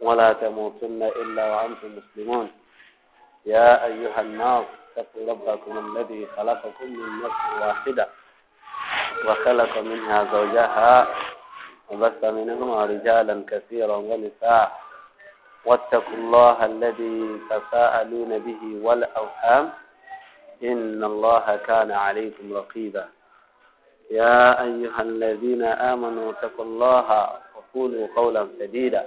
ولا تموتن إلا وأنتم مسلمون يا أيها الناس اتقوا ربكم الذي خلقكم من نفس واحدة وخلق منها زوجها وبث منهما رجالا كثيرا ونساء واتقوا الله الذي تساءلون به والأوهام إن الله كان عليكم رقيبا يا أيها الذين آمنوا اتقوا الله وقولوا قولا سديدا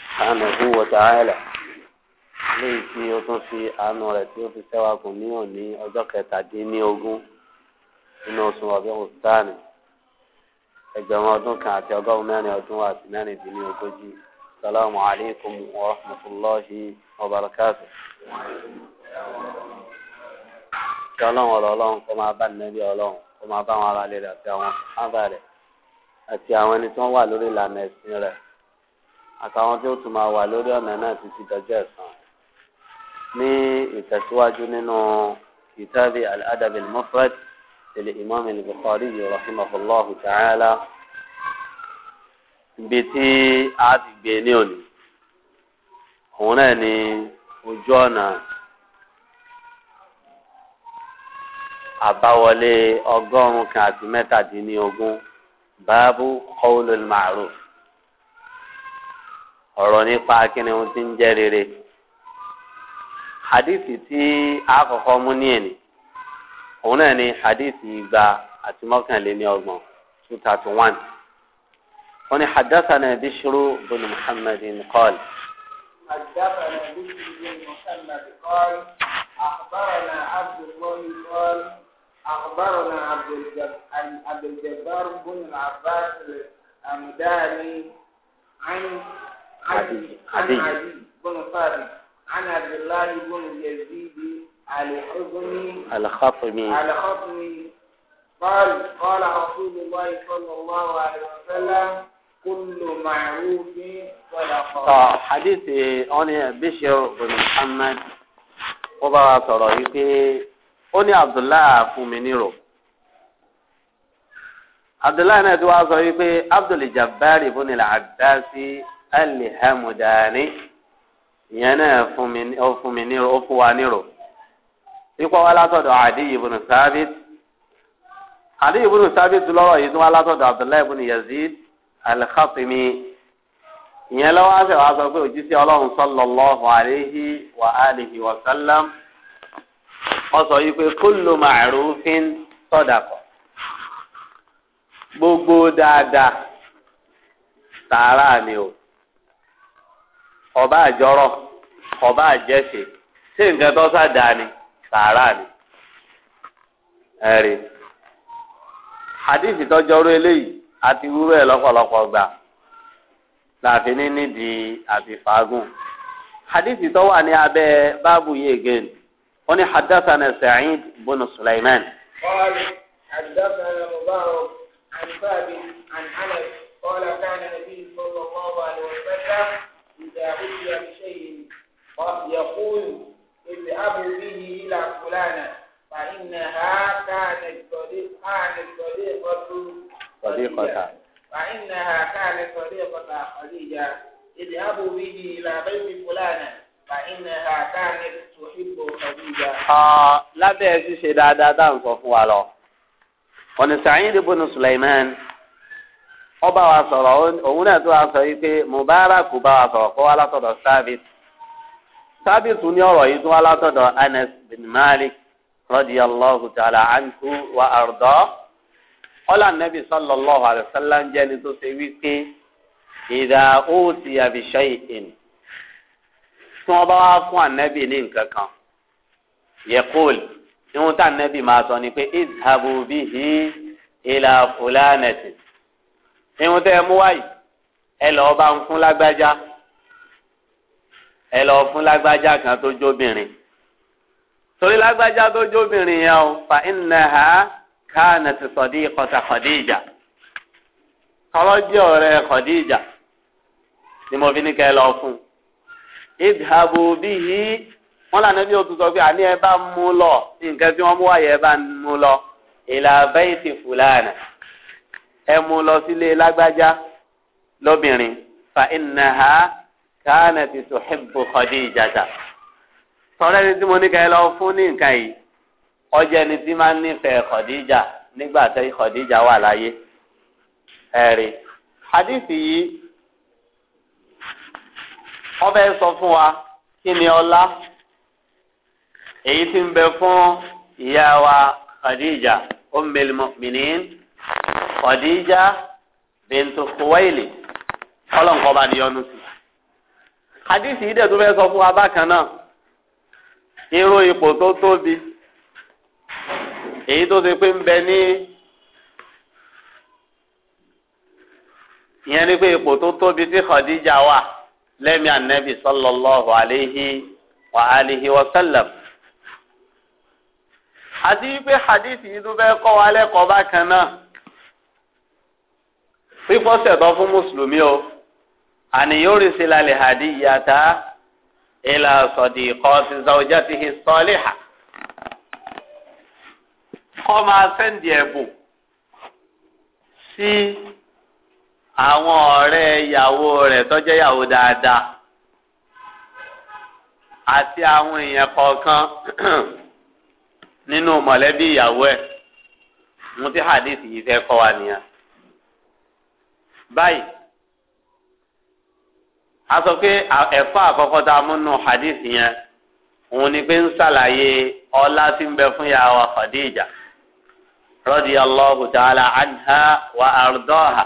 subhanahu wa ta'ala léyìí tí ó tún fi àánú rẹ̀ tí o fi sẹ́wà kù ní òní ọjọ́ kẹtàdínlógún nínú oṣù ọ̀bẹ òsùtánì ẹgbẹ̀rún ọdún kan àti ọgọ́rùn ọdún àti mẹ́rin dín ní ogójì salamu alaykum wa rahmatulahi wa barakatu. ọlọ́run ọlọ́run kó máa bá ọlọ́run kó máa bá wọn ara lè àti àwọn àti àwọn ẹni tí àtàwọn tí ó tún máa wà lórí ọ̀nà náà títí dọjọ́ ẹ̀san ní ìtẹ̀síwájú nínú kitabi al-adab al-mufrad tẹ̀lé imam al-bukhari rahimahullahu ta'ala ibi tí a ti gbé ní òní òun náà ni ojú ọ̀nà àbáwọlé ọgọ́rùn-ún kan àti mẹ́tàdínlógún báábù qawlul ma'ruf ọ̀rọ̀ nípa kíni ohun tí ń jẹ́ rere hadithi tí a kọ́kọ́ mú ní ẹ̀nì òun náà ni hadithi igba àti mọ́kànléní ọgbọ̀n two thirty one wọ́n ní hadathana bishiru bin muhammad qal. hadathana bishiru bin muhammad qal akhbarana abdullahi qal akhbarana abdul jabbar bin abbas عدي عدي بن ثابت عن عبد الله بن يزيد الحزمي الخطمي الخطمي قال قال رسول الله صلى الله عليه وسلم كل معروف صدقه حديث انا بشير بن محمد وبا ترى يبي oni abdullahi afunminiro abdullahi náà ti wá sọ wípé abdul jabbar ibn al alihamudani ìyẹn náà fún mi ó fún mi nírò ó fún wa nírò ikọ̀ wa látọ̀dọ̀ àdí ibùnú sábìt àdí ibùnú sábìt lọ́rọ̀ yìí tún wa látọ̀dọ̀ abdullahi ibùnú yazid alikhatimi ìyẹn lọ́wọ́ àti wàá sọ pé òjíṣẹ́ ọlọ́run sallallahu alayhi wa alihi wa sallam wọ́n yìí pé kullu ma'rufin sadaqa gbogbo dáadáa tààrà ni o. ọba àjọrọ ọba àjẹsè ṣé nǹkan tó sàdá ni sàárà ni ẹ̀rí hadith tọjọrọ eléyìí àti wúrọ ẹ lọ́pọ̀lọpọ̀ gbà láàfin ní di àfìfàgùn hadith tó wà ní abẹ́ again ni hadathana sa'id bin sulaiman. قال حدثنا مبارك عن ثابت الداعية بشيء قد يقول اذهبوا به إلى فلانة فإنها كانت كانت صديقة صديقة فإنها كانت صديقة خديجة اذهبوا به إلى بيت فلانة فإنها كانت تحب خديجة. آه لا بأس شيء دادا دام فوق ولو. ونسعيد بن سليمان ọba wa sọ̀rọ̀ òun náà tó wa sọ yìí pé mubarak bá wa sọ̀rọ̀ kó wa látọ̀dọ̀ sábìt sábìt ní ọ̀rọ̀ yìí tó wa látọ̀dọ̀ anas bin malik radiyallahu ta'ala anhu wa arda ọlá nabi sallallahu alayhi wa sallam jẹ́ ni tó ṣe wípé ìdá òòtì àbíṣẹ́ ìhìn tí wọ́n bá wá fún ànábì ní nǹkan kan yẹkul ìhun tá ànábì máa sọ ni pé izhabu bihi ila fulanati irun tẹ́ ẹ mú wáyìí ẹ lọ́ọ́ bá ń fún lágbájá ẹ lọ́ọ́ fún lágbájá kan tó jóbìnrin torí lágbájá tó jóbìnrin yẹn o fa innaha kanat sadiqata Khadija kọ́lọ́jì ọ̀rẹ́ Khadija ni mo fi ní kẹ́ ẹ lọ́ọ́ fún idhabu bihi wọn lànà bí o tún àní ẹ bá mú lọ nǹkan tí wọn mú wáyé ẹ bá mú lọ ila bayti fulana ẹ mú lọ sílé lágbájá lóbìnrin fa innaha kanat tuhibbu Khadijata tọ́lá ẹni tí mo ní ká ẹ lọ fún ní nǹkan yìí ọjọ́ ẹni tí máa ń nífẹ̀ẹ́ Khadija nígbà tí Khadija wà láyé ẹ̀rí hadisi yìí wọ́n sọ fún wa kí ni ọlá èyí tí ń bẹ fún ìyá wa Khadija ummul mu'minin. Khadija bintu Khuwaili ọlọ́nkọ́ bá níyọnu sí. hadith yìí dẹ̀ tó fẹ́ sọ fún wa bákan náà irú ipò tó tóbi èyí tó ti pé ń bẹ ní ìyẹn ni pé ipò tó tóbi tí Khadija wà lẹ́mí ànẹ́bí sallallahu alayhi wa alihi wa sallam. àti pé hadith yìí tó fẹ́ kọ́ wa lẹ́kọ̀ọ́ bákan náà fífọ́ sẹ̀tọ́ fún mùsùlùmí o àníyàn oríṣi lálẹ́ hàdí ìyàtá ìlà sọ̀dì kọ́ọ̀sì zawjatihi salihah kọ́ máa sẹ́ǹdì ẹ̀bùn sí àwọn ọ̀rẹ́ ìyàwó rẹ̀ tọ́jẹ́ ìyàwó dáadáa àti àwọn èèyàn kọ̀ọ̀kan nínú mọ̀lẹ́bí ìyàwó ẹ̀ mo ti hadith yìí fẹ́ kọ́ wa nìyẹn. báyìí a sọ pé ẹ̀kọ́ àkọ́kọ́ tá a mú nù hadith yẹn òun ni pé ń ṣàlàyé ọlá tí ń bẹ fún ya wa Khadija radiyallahu ta'ala anha wa ardọha.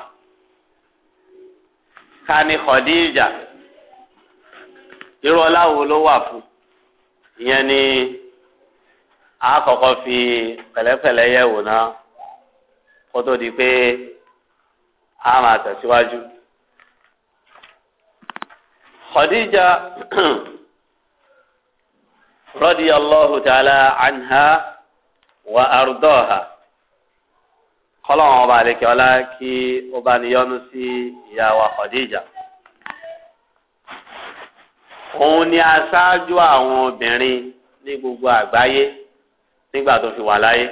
ká ní Khadija irú ọlá wo ló wà fún ìyẹn ni a kọ́kọ́ fi pẹ̀lẹ́pẹ̀lẹ́ yẹ̀ wò náà kó tó di pé. a máa tẹ̀síwájú. Khadija radiyallahu ta'ala anha wa ardaha kọ́lọ́wọ́n ọba àlekè ọlá kí ó bá ní yọ́nú sí ìyá wa Khadija. Òun ni aṣáájú àwọn obìnrin ní gbogbo àgbáyé nígbà tó fi wà láyé.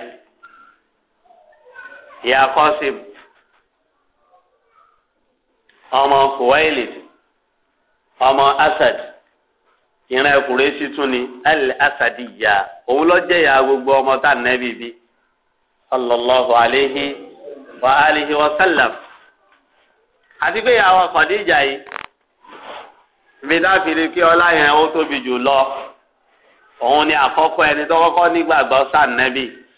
Ìyá Kọ́sìmù. ọmọ kuwaili ọmọ asad ìran ẹkùnrin sí tún ni ya òun ló ìyá gbogbo ọmọ tá nẹ́bí bí sallallahu alayhi wa alihi wa sallam àti pé àwọn yìí mi dáfiri kí ọlá yẹn tóbi jù lọ òun ni àkọ́kọ́ ẹni tó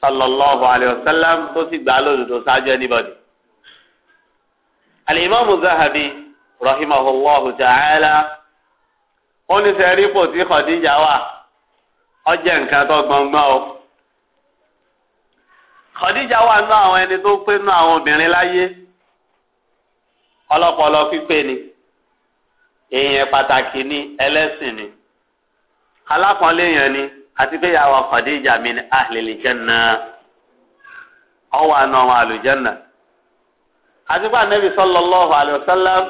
sallallahu alayhi wa sallam tó sì gbà lódodo alimami zahabi rahimahullahu ta'ala ó ní sẹ́rí pò tí Khadija wà ọjẹ́ nǹkan tó gbọ̀ngbọ̀n o Khadija wà nínú àwọn ẹni tó pé nínú àwọn obìnrin láyé ọlọ́pọlọ pípé ni èèyàn pàtàkì ni ẹlẹ́sìn ni alákọ̀ọ́lé yẹn ni àti pé yàwó Khadija min ahlil janna ọwọ́ àna ọmọ àlùjànnà àtìpá nẹ́bí sallallahu alaihi wasallam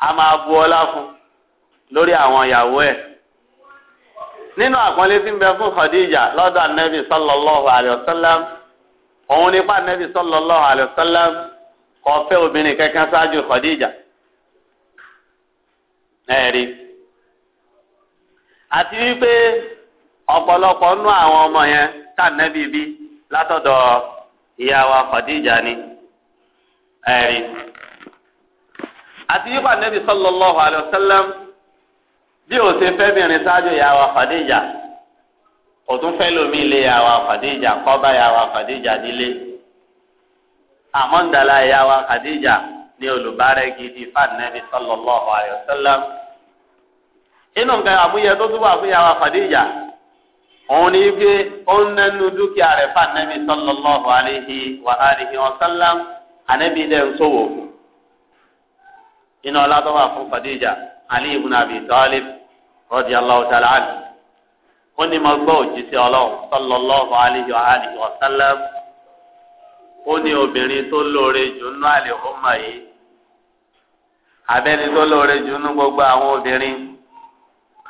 a máa bu ọlá fún lórí àwọn ìyàwó ẹ̀ nínú àpọ́nlé tí ń bẹ fún Khadija lọ́dọ̀ nẹ́bí sallallahu alaihi wasallam òun nípa nẹ́bí sallallahu alaihi wasallam kò fẹ́ obìnrin kankan ṣáájú Khadija ẹ̀rí àti wípé ọ̀pọ̀lọpọ̀ nú àwọn ọmọ yẹn tá nẹ́bí bí látọ̀dọ̀ ìyá wa Khadija ni ẹ̀rí. àti yípa nẹ́bí sallallahu alaihi wasallam bí o ṣe fẹ́ bìnrin ṣáájú ìyàwó Khadija o tún fẹ́ lómi ilé ìyàwó Khadija kọ́ba ìyàwó Khadija nílé àmọ́ ń dàlá ìyàwó Khadija ní olùbárẹ́ gidi fànẹ́bí sallallahu alaihi wasallam inú nǹkan àmúyẹ tó túbọ̀ àfúyàwó Khadija òun ni pé ó nẹnu dúkìá rẹ̀ fànẹ́bí sallallahu alaihi wa alihi anabi dẹ̀ ń sọ̀wọ́ fún iná ọlátọ́wà fún Khadija Ali ibn Abi Talib radiyallahu ta'ala anhu ó ní mo gbọ́ òjíṣẹ́ sallallahu alayhi wa alihi wa sallam ó ní obìnrin tó lóore jù nínú àlè ọmọ yìí abẹ́ni tó lóore jù gbogbo àwọn obìnrin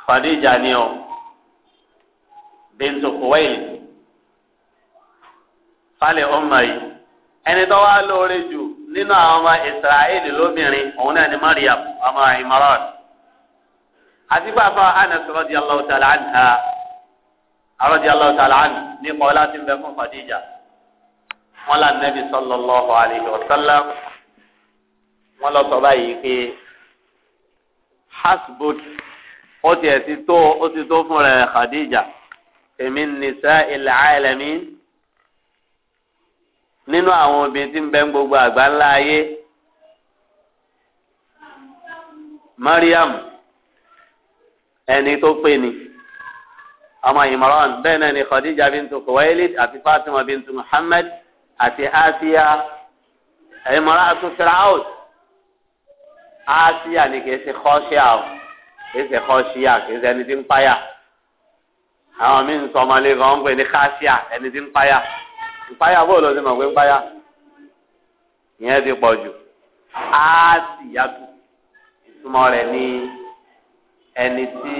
Khadija ni ọ bintu Khuwaylid falẹ̀ ọmọ yi. ẹni tó wá lóore jù nínú àwọn ọmọ Israẹli lóbìnrin òun náà ni Mariam ọmọ Imran àti bàbá Anas radiyallahu ta'ala anha radiyallahu ta'ala anhu nípa ọlá tí ń bẹ fún Khadija wọn là Nabi sallallahu alayhi wa sallam wọn lọ sọ báyìí pé hasbuk ó tiẹ̀ ti tó ó ti tó fún rẹ̀ Khadija min nisa'il alamin nínú àwọn obìnrin tí ń bẹ ń gbogbo àgbá ńlá ayé Mariam ẹni tó pè ní ọmọ Imran bẹ́ẹ̀ náà ni Khadija bintu Khuwailid àti Fatima bintu Muhammad àti Asiya imra'atu Fir'aun Asiya ni kìí ṣe kọ́ṣíà o kìí ṣe kọ́ṣíà kìí ṣe ẹni tí ń páyà àwọn míì ń sọ ọmọlé kan ń pè ní káṣíà ẹni tí ń páyà. Mpaya bó lọ sí mọ̀ pé mpaya, ìyẹn ti pọ̀ jù si ya yàtọ̀ ituma ọrịa ní ẹni tí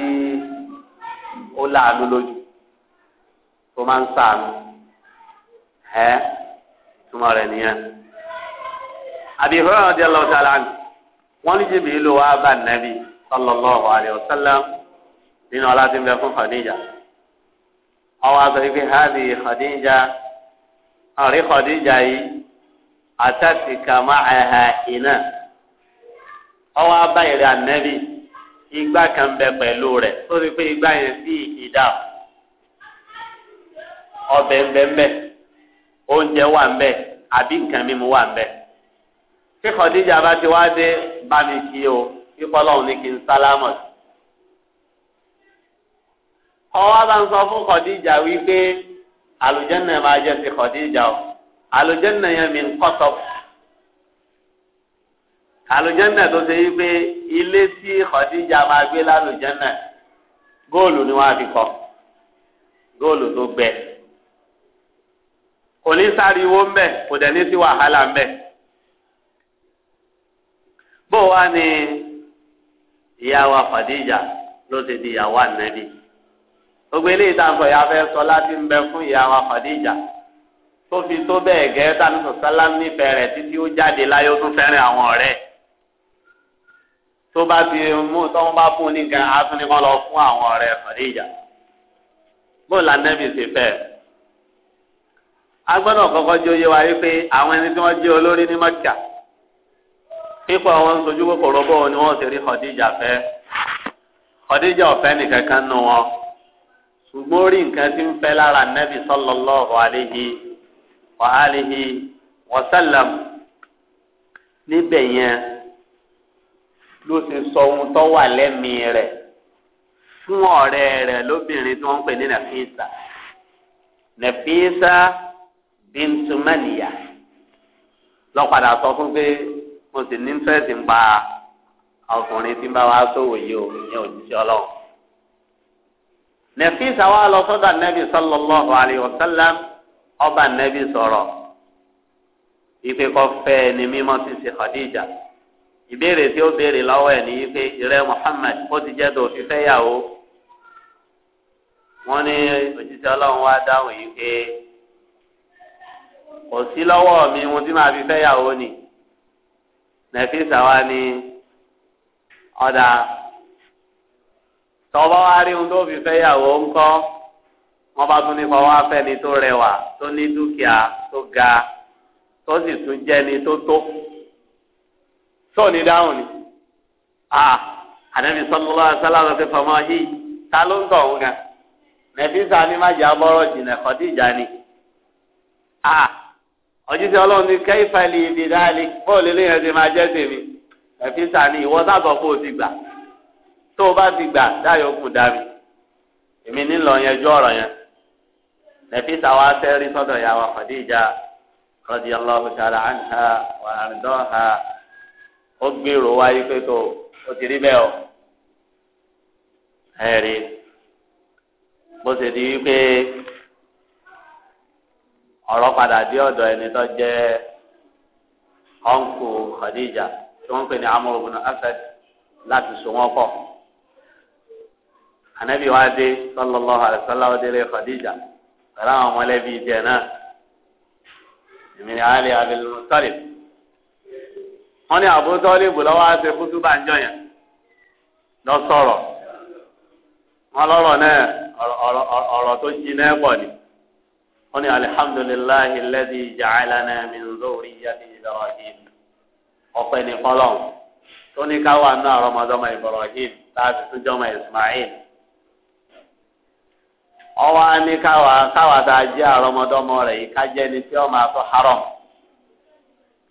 ó láàánú lójú tó máa ń sàánú ẹ ìtumọ̀ rẹ̀ Abi Hurairah radiyallahu ta'ala anhu wọ́n ní jìbìí ló wá bá nàbí sallallahu alayhi wa sallam nínú ń bẹ fún Khadija. Àwọn àgbẹ̀ Khadija. àrí Khadija yìí àtàtì kàmá ẹ̀hà iná ọwọ́ abáyẹ̀rẹ̀ ànẹ́bí igbá kan bẹ pẹ̀lú rẹ̀ ó rí pé igbá yẹn ìdá ọbẹ̀ oúnjẹ wa ń àbí nǹkan mímu wa ń bẹ tí bá ti wá mi o àlùjẹ́nà máa jẹ́ ti Khadija o àlùjẹ́nà yẹn mi ń kọ́tọ̀ àlùjẹ́nà tó ṣe wípé ilé tí Khadija máa gbé lálùjẹ́nà góòlù ni wọ́n á fi kọ́ góòlù tó gbẹ kò ní sáriwo ń bẹ kò dẹ̀ ní sí wàhálà ń bó wá ni ìyá wa Khadija ló ti di ìyàwó ànábì gbogbo eléyìí tá a sọ yàrá fẹ́ sọ láti ń bẹ fún ìyá wa Khadija tó fi tó bẹ́ẹ̀ gẹ́ tani sọ̀sálà nífẹ̀ẹ́ rẹ̀ títí ó jáde láyé ó tún fẹ́ràn àwọn ọ̀rẹ́ tó bá ti mú tọ́wọ́n bá fún ní nǹkan àtúnìkan lọ fún àwọn ọ̀rẹ́ Khadija bó la nẹ́bì ṣe fẹ́ a kọ́kọ́ jẹ́ oyé wa yí pé àwọn ẹni tí wọ́n jẹ́ olórí ní Mẹ́kà pípọ̀ wọn sojú kòkòrò bó ni wọ́n ti rí Khadija fẹ́ Khadija ọ̀fẹ́ nìkankan nù wọn ṣùgbọ́n orí nǹkan tí ń fẹ́ lára nẹ́bí sallallahu alaihi wa alihi wa sallam níbẹ̀ yẹn ló ti sọ ohun tó wà lẹ́mìí rẹ̀ fún ọ̀rẹ́ rẹ̀ lóbìnrin tí wọ́n ń pè ní nàfíìsà nàfíìsà bíntumẹ́nìyà lọ́padà sọ fún pé mo sì ní fẹ́ẹ̀sì ń pa ọkùnrin tí ń bá wa sọ̀wọ́ yìí ò ní òjíṣẹ́ ọlọ́run nẹfisa wa lọ sọ́dọ̀ anabi sallallahu alayhi wa sallam ọba anabi sọ̀rọ̀ ipe kọ fẹ́ ni mímọ́ ti ṣe Khadija ìbéèrè tí ó béèrè lọ́wọ́ ẹ̀ ní ipe ìrẹ́ Muhammad ó ti jẹ́ tó fífẹ́ yàwó wọ́n ní òjijì Ọlọ́run wa dáhùn yìí pé kò sí lọ́wọ́ mi mo ti máa fi fẹ́ yàwó ni nẹfisa wa ni ọdà tọ́wọ́ wá rí ohun tó fi fẹ́ yàwó ńkọ́ wọ́n bá tún nípa wá fẹ́ni tó rẹwà tó ní dúkìá tó ga tó sì tún jẹ́ni tó tó tó ní dáhùn ni ànábi sọlọ́lá sálàmù pé fọmọ yìí ta ló ń tọ̀ òun gan nẹ̀físà ni má jà bọ́rọ̀ jìnà kọ́dí ìjà ni ọjísé ọlọ́run ní kẹ́hìfà lè dè dáálé bọ́ọ̀lù eléyàn ti máa jẹ́ tèmi nẹ̀físà ni ìwọ sábọ̀ kó o ti gbà tó o bá fi gbà dáyọ̀ kù dá mi èmi nílò yẹn ju ọ̀rọ̀ yẹn nẹfisa wa sẹ́rí sọ́dọ̀ ya wa Khadija radiyallahu ta'ala anha wa ardọ́ha ó gbèrò wáyé pé tó o ti rí bẹ́ẹ̀ o ẹ̀rí bó ṣe di wípé ọ̀rọ̀ padà dé ọ̀dọ̀ ẹni tó jẹ́ ọ̀nkù Khadija tí wọ́n ń pè ní Amr Asad láti so wọ́n pọ̀ anabi wa dé sallallahu alaihi wasallam délé Khadija pẹ̀lú àwọn ọmọlẹ́bí tiẹ̀ náà èmi ni Ali Abdul Muttalib wọ́n ní Abu Talib lọ́wọ́ àti kútúbà ń jọ yẹn lọ sọ̀rọ̀ wọ́n lọ́rọ̀ náà ọ̀rọ̀ tó jiná pọ̀ ni wọ́n ní alihamdulilayi lẹ́dí ja'alana min zuriyati Ibrahim ọ̀pẹ ní fọlọ́n tó ní káwọn náà rọmọdọ́mọ Ibrahim láti tún jọmọ Ismail. ọwọ́ á ní káwa tá a jẹ́ àrọ́mọdọ́mọ rẹ̀ yìí ká jẹ́ ni tí ó máa tó haram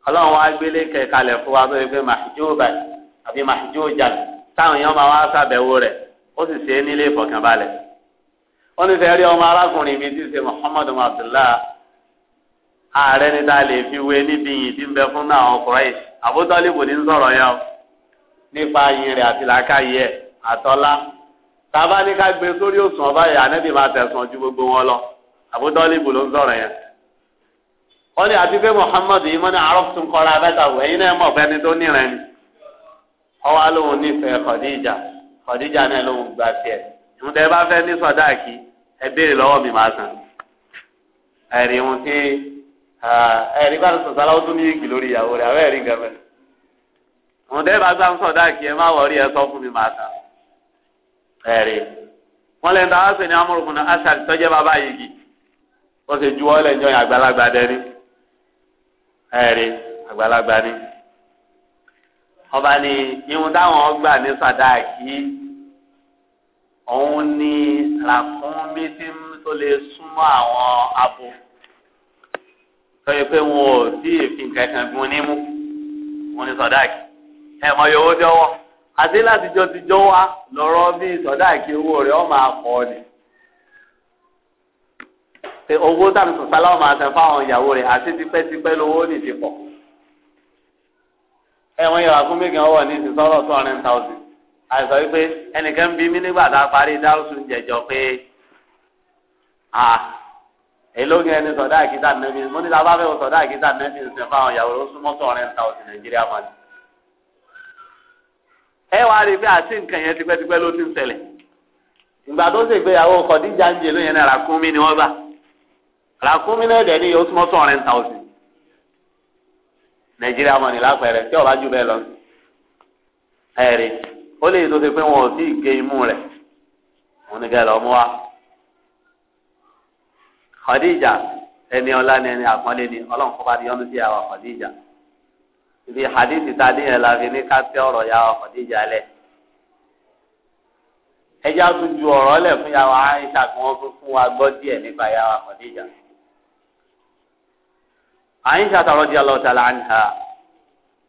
ọlọ́run wá gbélé kẹ̀kalẹ̀ fún wa tó yẹ pé màjúùbà àbí màjúùjà táwọn èèyàn máa wá ṣàbẹ̀wò rẹ̀ ó sì ṣe é nílé ìfọ̀kànbalẹ̀ ó ní fẹ́ẹ́ rí ọmọ arákùnrin mi tí ń ṣe Muhammad Abdullah ààrẹ ní ta lè fi wé níbi yìí tí ń bẹ fún náà ọkùnrin ní sọ̀rọ̀ yẹn o nípa rẹ̀ àtọ́lá tàbá ní ká gbé sórí òsùn ọba yìí ànẹ́bí máa tẹ̀sán ju gbogbo wọn lọ àbúdọ́lé ibò ló ń sọ̀rọ̀ yẹn. wọ́n ní àti pé Muhammad yìí mọ́ ní arọ́fún kọ́ra abẹ́tàwọ̀ ẹ̀yin náà mọ̀ bẹ́ni tó níran ni. ọwọ́ lòun nífẹ̀ẹ́ Khadija Khadija náà lòun gba tiẹ̀. ìmúdẹ́ bá fẹ́ ní sọ̀dáàkì ẹ béèrè lọ́wọ́ mi máa san. ẹ̀rí wọn tí ẹ̀rí bá ẹ̀rí wọ́n lẹ́nu táwọn pè ní amúrùkùn náà aṣáájú tọ́jẹ́ bàbá yìí wọ́n sì ju ọ́lẹ̀ jọyìn àgbàlagbà dẹ́rí ẹ̀rí àgbàlagbà ni ọba ni irun táwọn gbà ní sàdáàkì òun ni làkúnmí tí tó lè súnmọ́ àwọn abo sọ́yìn pé wọn ò tí ì fi nǹkan kan gun nímú wọn ni sàdáàkì ẹ̀ mọ̀ yòówó tí ọwọ́ àti látijọ́ tijọ́ wa lọ́rọ́ bí sọ̀dá ìkí owó rẹ̀ ọ́ máa pọ̀ ni owó tàbí sọ̀sálà ọ̀ máa tẹ̀ fáwọn ìyàwó rẹ̀ àti tipẹ́tipẹ́ lówó ní ti pọ̀ ẹ̀wọ̀n yàrá fún mi kàn wọ̀ ní ìsọ̀rọ̀ two hundred thousand àìsàn wípé ẹnìkan bí mi nígbà tá a parí dáhùsù jẹjọ pé à èlógún ẹni sọ̀dá ìkítà nẹ́bí mo ní ta bá fẹ́ sọ̀dá ìkítà nẹ́bí ń sìn fáwọn ìyàwó rẹ̀ ó súnmọ́ two hundred thousand nàìjíríà mọ́ni ẹ wá rí i pé àti nǹkan yẹn tipẹ́tipẹ́ ló ti ń ṣẹlẹ̀ ìgbà tó ṣe ìgbéyàwó kọ̀díjà ń jẹ ló yẹn náà ràkúnmí ni wọ́n bá ràkúnmí náà dẹ̀ ní yóò tún mọ́ two hundred thousand nàìjíríà mọ̀ ní lápẹ̀rẹ̀ tí ọ̀bá jù bẹ́ẹ̀ lọ ẹ̀rí ó lè tó ṣe pé wọn ò tí ì gé imú rẹ̀ òun ni gẹ́lẹ́ ọmọ wa kọ̀díjà ẹni ọlá ni ẹni àpọ́nlé ni ọlọ́run kọ́ bá di yọ́nú sí àwa kọ̀díjà ibi hadithi ta dín yẹn la fi ní ká tẹ́ ọ̀rọ̀ ya Khadija lẹ̀ ẹjá tún ju ọ̀rọ̀ lẹ̀ fún yàrá Aisha kí wọ́n fún wa gbọ́ díẹ̀ nípa yàrá Khadija Aisha radiyallahu ta'ala anha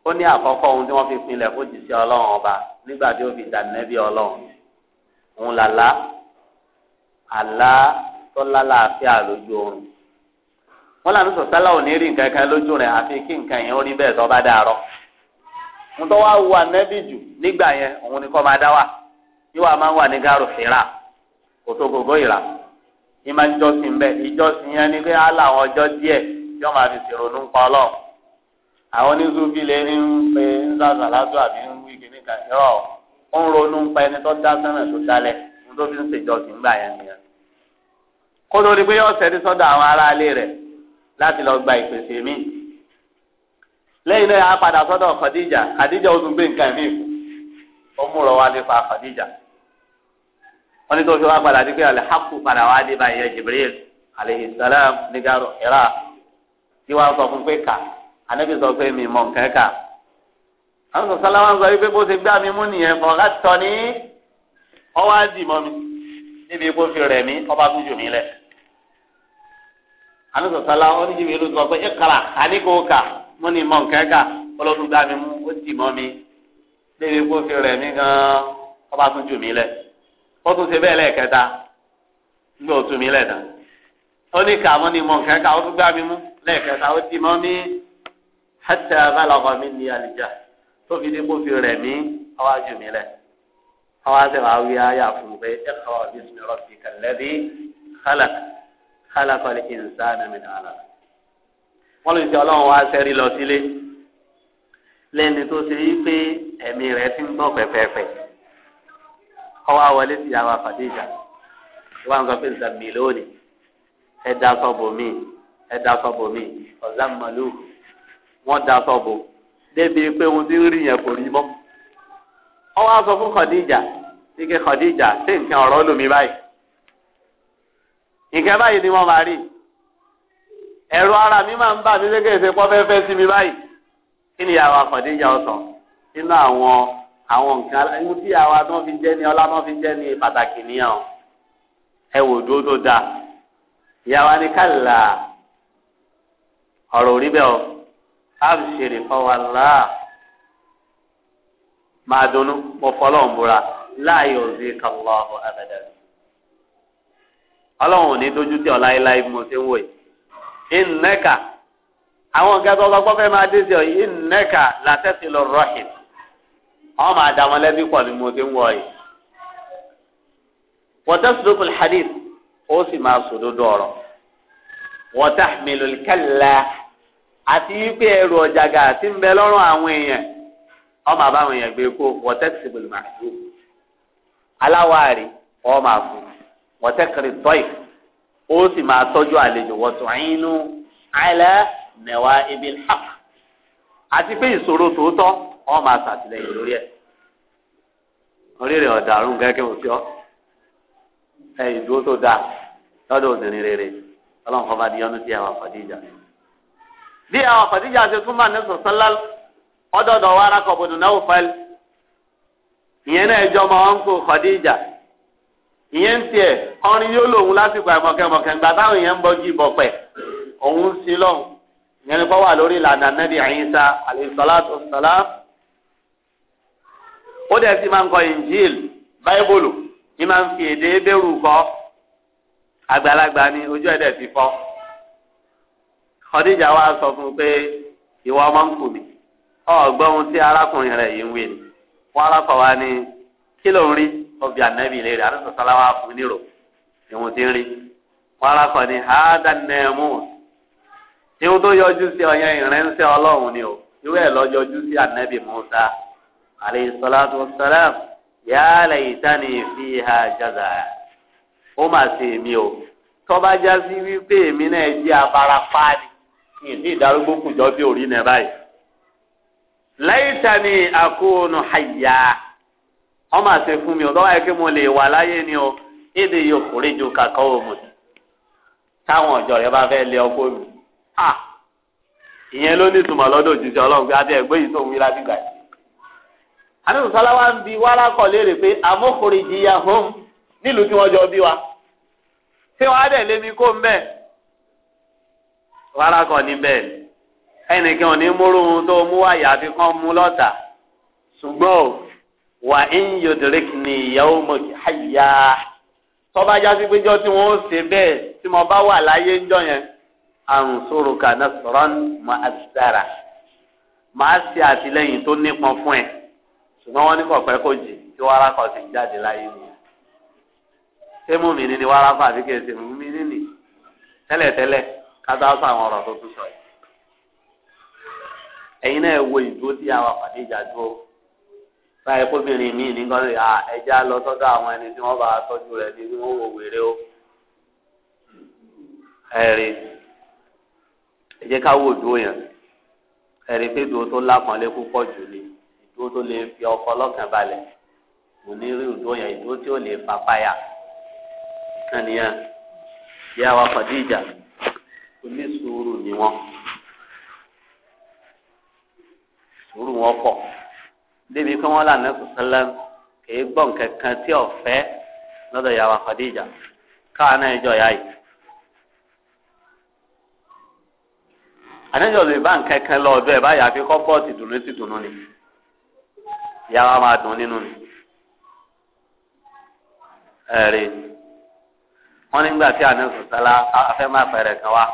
ó ní àkọ́kọ́ ohun tí wọ́n fi pinlẹ̀ fún jìṣẹ́ ọlọ́run ọba nígbà tí ó fi dànẹ́bí ọlọ́run òun làlá àlá tó lálàáfíà lójú oorun wọn làbí sọsálà ò ní rí nǹkan kan lójú rẹ àfi kí nǹkan yẹn ó rí bẹ́ẹ̀ tó bá dàárọ ntọ́ wa wu anẹ́bí jù nígbà yẹn òun ni kọ́ máa dá wa yíwa máa ń wà ní kòtò gògó ìrà ni pé á làwọn ọjọ́ díẹ̀ máa fi pa àwọn oníṣubí lè ní ń pe ń sàṣà àbí ń wí kíní kan ó ń ronú pa ẹni tó dá sẹ́nà tó dálẹ̀ láti lọ gba ìpèsè mi lẹ́yìn náà a padà sọ́dọ̀ Khadija Khadija ó tún gbé nǹkan mi kù ó mú rọ wá nípa Khadija wọn ní tó fi wá padà dé pé alihaku padà wá dé báyìí Jibril alayhi salam nígbàrọ ìrà tí wàá sọ fún pé kà anabi sọ pé mi mọ nǹkan kà àwọn sọ sálámà sọ wípé bó ṣe gbá mi mú nìyẹn bọ̀ ká tọ́ ní ọwọ́ á mi níbi kó fi rẹ̀ mí ọba gújù mi lẹ̀ àmísọ̀ sálá ó ní jìbìlú sọ pé ìkàrà àníkòókà mo ní ìmọ̀ nǹkan kà ọlọ́dún gbá mi mú ó sì mọ́ mi lébi kó fi rẹ̀ mí gan-an ọba tún jù mí lẹ̀ ó tún ṣe bẹ́ẹ̀ lẹ́ẹ̀kẹta nígbà ó tún mí lẹ̀ tán ó ní kà mo ní ìmọ̀ nǹkan kà ó tún gbá mi mú lẹ́ẹ̀kẹta ó sì mọ́ mi hẹ́tẹ́ abálọ́kọ̀ mi ní àlìjá tó fi dé kó fi rẹ̀ mí ọwá jù mí lẹ̀ ọwá sẹ́wàá wí ayà fún pé ẹ̀kọ́ bísí mi rọ̀ kálákọ̀lì ìnsánà mi nàlá. wọ́n lè ti ọlọ́run wá sẹ́rí lọ sílé lẹ́ni tó ṣe wípé ẹ̀mí rẹ̀ ti ń gbọ́ pẹ́pẹ́pẹ́ ọwọ́ àwọlé ti yàwá fàdíjà wọ́n á ń sọ pé nsàmì lónìí ẹ da sọ́bù mi ẹ da sọ́bù mi ọ̀zá màlúù wọ́n da sọ́bù débi pé ohun tí ń rí yẹn kò rí mọ́. wọ́n wá sọ fún Khadija ike Khadija ṣé nǹkan ọ̀rọ̀ lómi báyìí ìkẹ́ báyìí ni wọ́n máa rí ẹ̀rọ ara mi máa ń bà mí lẹ́gẹ̀ẹ́ ṣe pọ́ fẹ́fẹ́ sí mi báyìí kí ni ìyàwó àkàndínjà ọ̀sán nínú àwọn àwọn nǹkan ẹni tí ìyàwó adán fi jẹ́ ni ọlá adán fi jẹ́ ni pàtàkì nìyàn ẹ wò dúró tó dáa ìyàwó ni kálá ọ̀rọ̀ orí bẹ́ẹ̀ o àbùṣèrè fọwọ́lá máa dunnú mo fọlọ́ ń búra láàyè òzì kàlọ́ àbẹ̀dẹ̀ ọlọ́run ní dojú tì ọ́ láéláé bí ṣe ń wò yìí. ìnẹ́kà àwọn ọ̀gá tó ọgbọ́n máa dé sí ọ yìí ìnẹ́kà làtẹ́sí lọ rọ́ọ̀hìn máa dà wọn lẹ́bí pọ̀ ni mo ṣe ń wò yìí. wọ́tẹ́sídókòlù hadith ó sì máa sòdodo ọ̀rọ̀ wọ́tàmílùl kálá àti wípé ẹrù ọ̀jàgà àti ń bẹ lọ́rùn àwọn èèyàn èèyàn gbé kó wọ́tẹ́kiri tọ́ì ó sì máa tọ́jú àlejò wọ́tún àyínú àìlẹ́ nẹ̀wá ibi hàp àti pé ìṣòro tòótọ́ wọ́n máa ṣàtìlẹ́yìn lórí ẹ̀ orí rẹ̀ ọ̀dàrún gẹ́gẹ́ òsì ọ́ ẹ̀ ìdúró tó dáa lọ́dọ̀ obìnrin rere ọlọ́run kọ́ bá di ọdún sí àwọn Khadija bí àwọn Khadija ṣe tún máa ní sọ̀sánlá ọdọọdọ wa arákọ̀bọ̀dùn náà fẹ́lẹ̀ ìyẹn náà ẹjọ́ máa ń kó Khadija ìyẹn ń tiẹ̀ ọrin yóò lòun lásìkò àìmọ̀kẹ́mọ̀kẹ́ ńgbà táwọn èèyàn ń bọ́jú ìbọ̀pẹ̀ òun ń sin ìyẹn ni kọ́ wà lórí ìlànà nẹ́bí àyínsá àlèsọ́látò sọ́lá ó dẹ̀ sì máa ń kọ ìnjíìl báíbòlù ní máa ń fi èdè bẹ́rù kọ́ àgbàlagbà ni ojú ẹ̀ dẹ̀ ti fọ́ Khadija wa sọ fún un pé ìwọ ọmọ ń kù mí ọ̀gbọ́n ohun tí arákùnrin rẹ̀ yìí ń wí ni wọ́n arákọ̀ wa ni kí ló ń rí ọbẹ anabi lè rí arúgbó sáláwá fún nírò ìwọn ti rí wọn arákọ ni hada nẹẹmú tí ó tó yọjú sí ọyàn ìrẹsẹ Ọlọ́run ni o irú ẹ lọ yọjú sí anabi Musa alayhi salatu wassalam ya laytani fiha jaza ó mà sí èmi o tọ́ba já wípé èmi náà jẹ́ abara páálí kí n ní ìdarúgbó kùjọ́ bí orí náà báyìí laytani akunu hayya. ma àti fún mi ọ̀dọ́ wáyé pé mo lè wà láyé ni o èdè yóò kórè ju kàkọ́ òmùd táwọn bá fẹ́ lé mi Ha! ló ní ìtumọ̀ lọ́dọ̀ òjíṣẹ́ ọlọ́run pé adé ẹgbẹ́ yìí tó bi pé amókòrè wa kọ wáyà àfikún mú lọ́tà wà ń yodrik ní yawma hayya tọ́ba jásí pé jọ́ tí wọ́n ṣe bẹ́ẹ̀ tí mo bá wà láyé ńjọ́ yẹn ansuruka nasran mu'azzara màá ṣe àtìlẹ́yìn tó nípọn fún ẹ ṣùgbọ́n wọ́n ní kọ̀pẹ́ kò jì kí wàrà kan ti jáde láyé mi ṣé mi ní ni wàrà fún àbíkẹ́ ṣe mú mi ní ni tẹ́lẹ̀tẹ́lẹ̀ kátó àwọn àwọn ọ̀rọ̀ tó tún sọ yìí ẹ̀yin náà wo ìdúró tí a wà pàdé ìjà dúró. báyìí kóbìnrin mi nìkan lè à ẹja lọ sọ́dọ̀ àwọn ẹni tí wọ́n bá tọ́jú rẹ ní bí wò wèrè o. ẹ̀rí ẹ jẹ́ ká wò dúró yẹn ẹ̀rí pé dúró tó lápọ̀nlé púpọ̀ jù ni ìdúró tó lè fi ọkọ kò ní rí ìdúró yẹn ìdúró tí ò lè fa àwa pàdé ìjà ni débi pé wọ́n là ní sọ́sọ́lá kì í gbọ́ nǹkan kan tí ọ̀fẹ́ lọ́dọ̀ yàrá Khadija káwa náà jọ yá yìí. àníjọ́ lè bá nǹkan kan lọ ọ̀dọ̀ ẹ̀ báyà fi kọ́ pọ́ọ̀tì dùnú sí dùnú ni yàrá máa dùn nínú ni. ẹ̀rí wọ́n nígbà tí àní sọ́sọ́lá afẹ́ máa fẹ̀rẹ̀ kan wá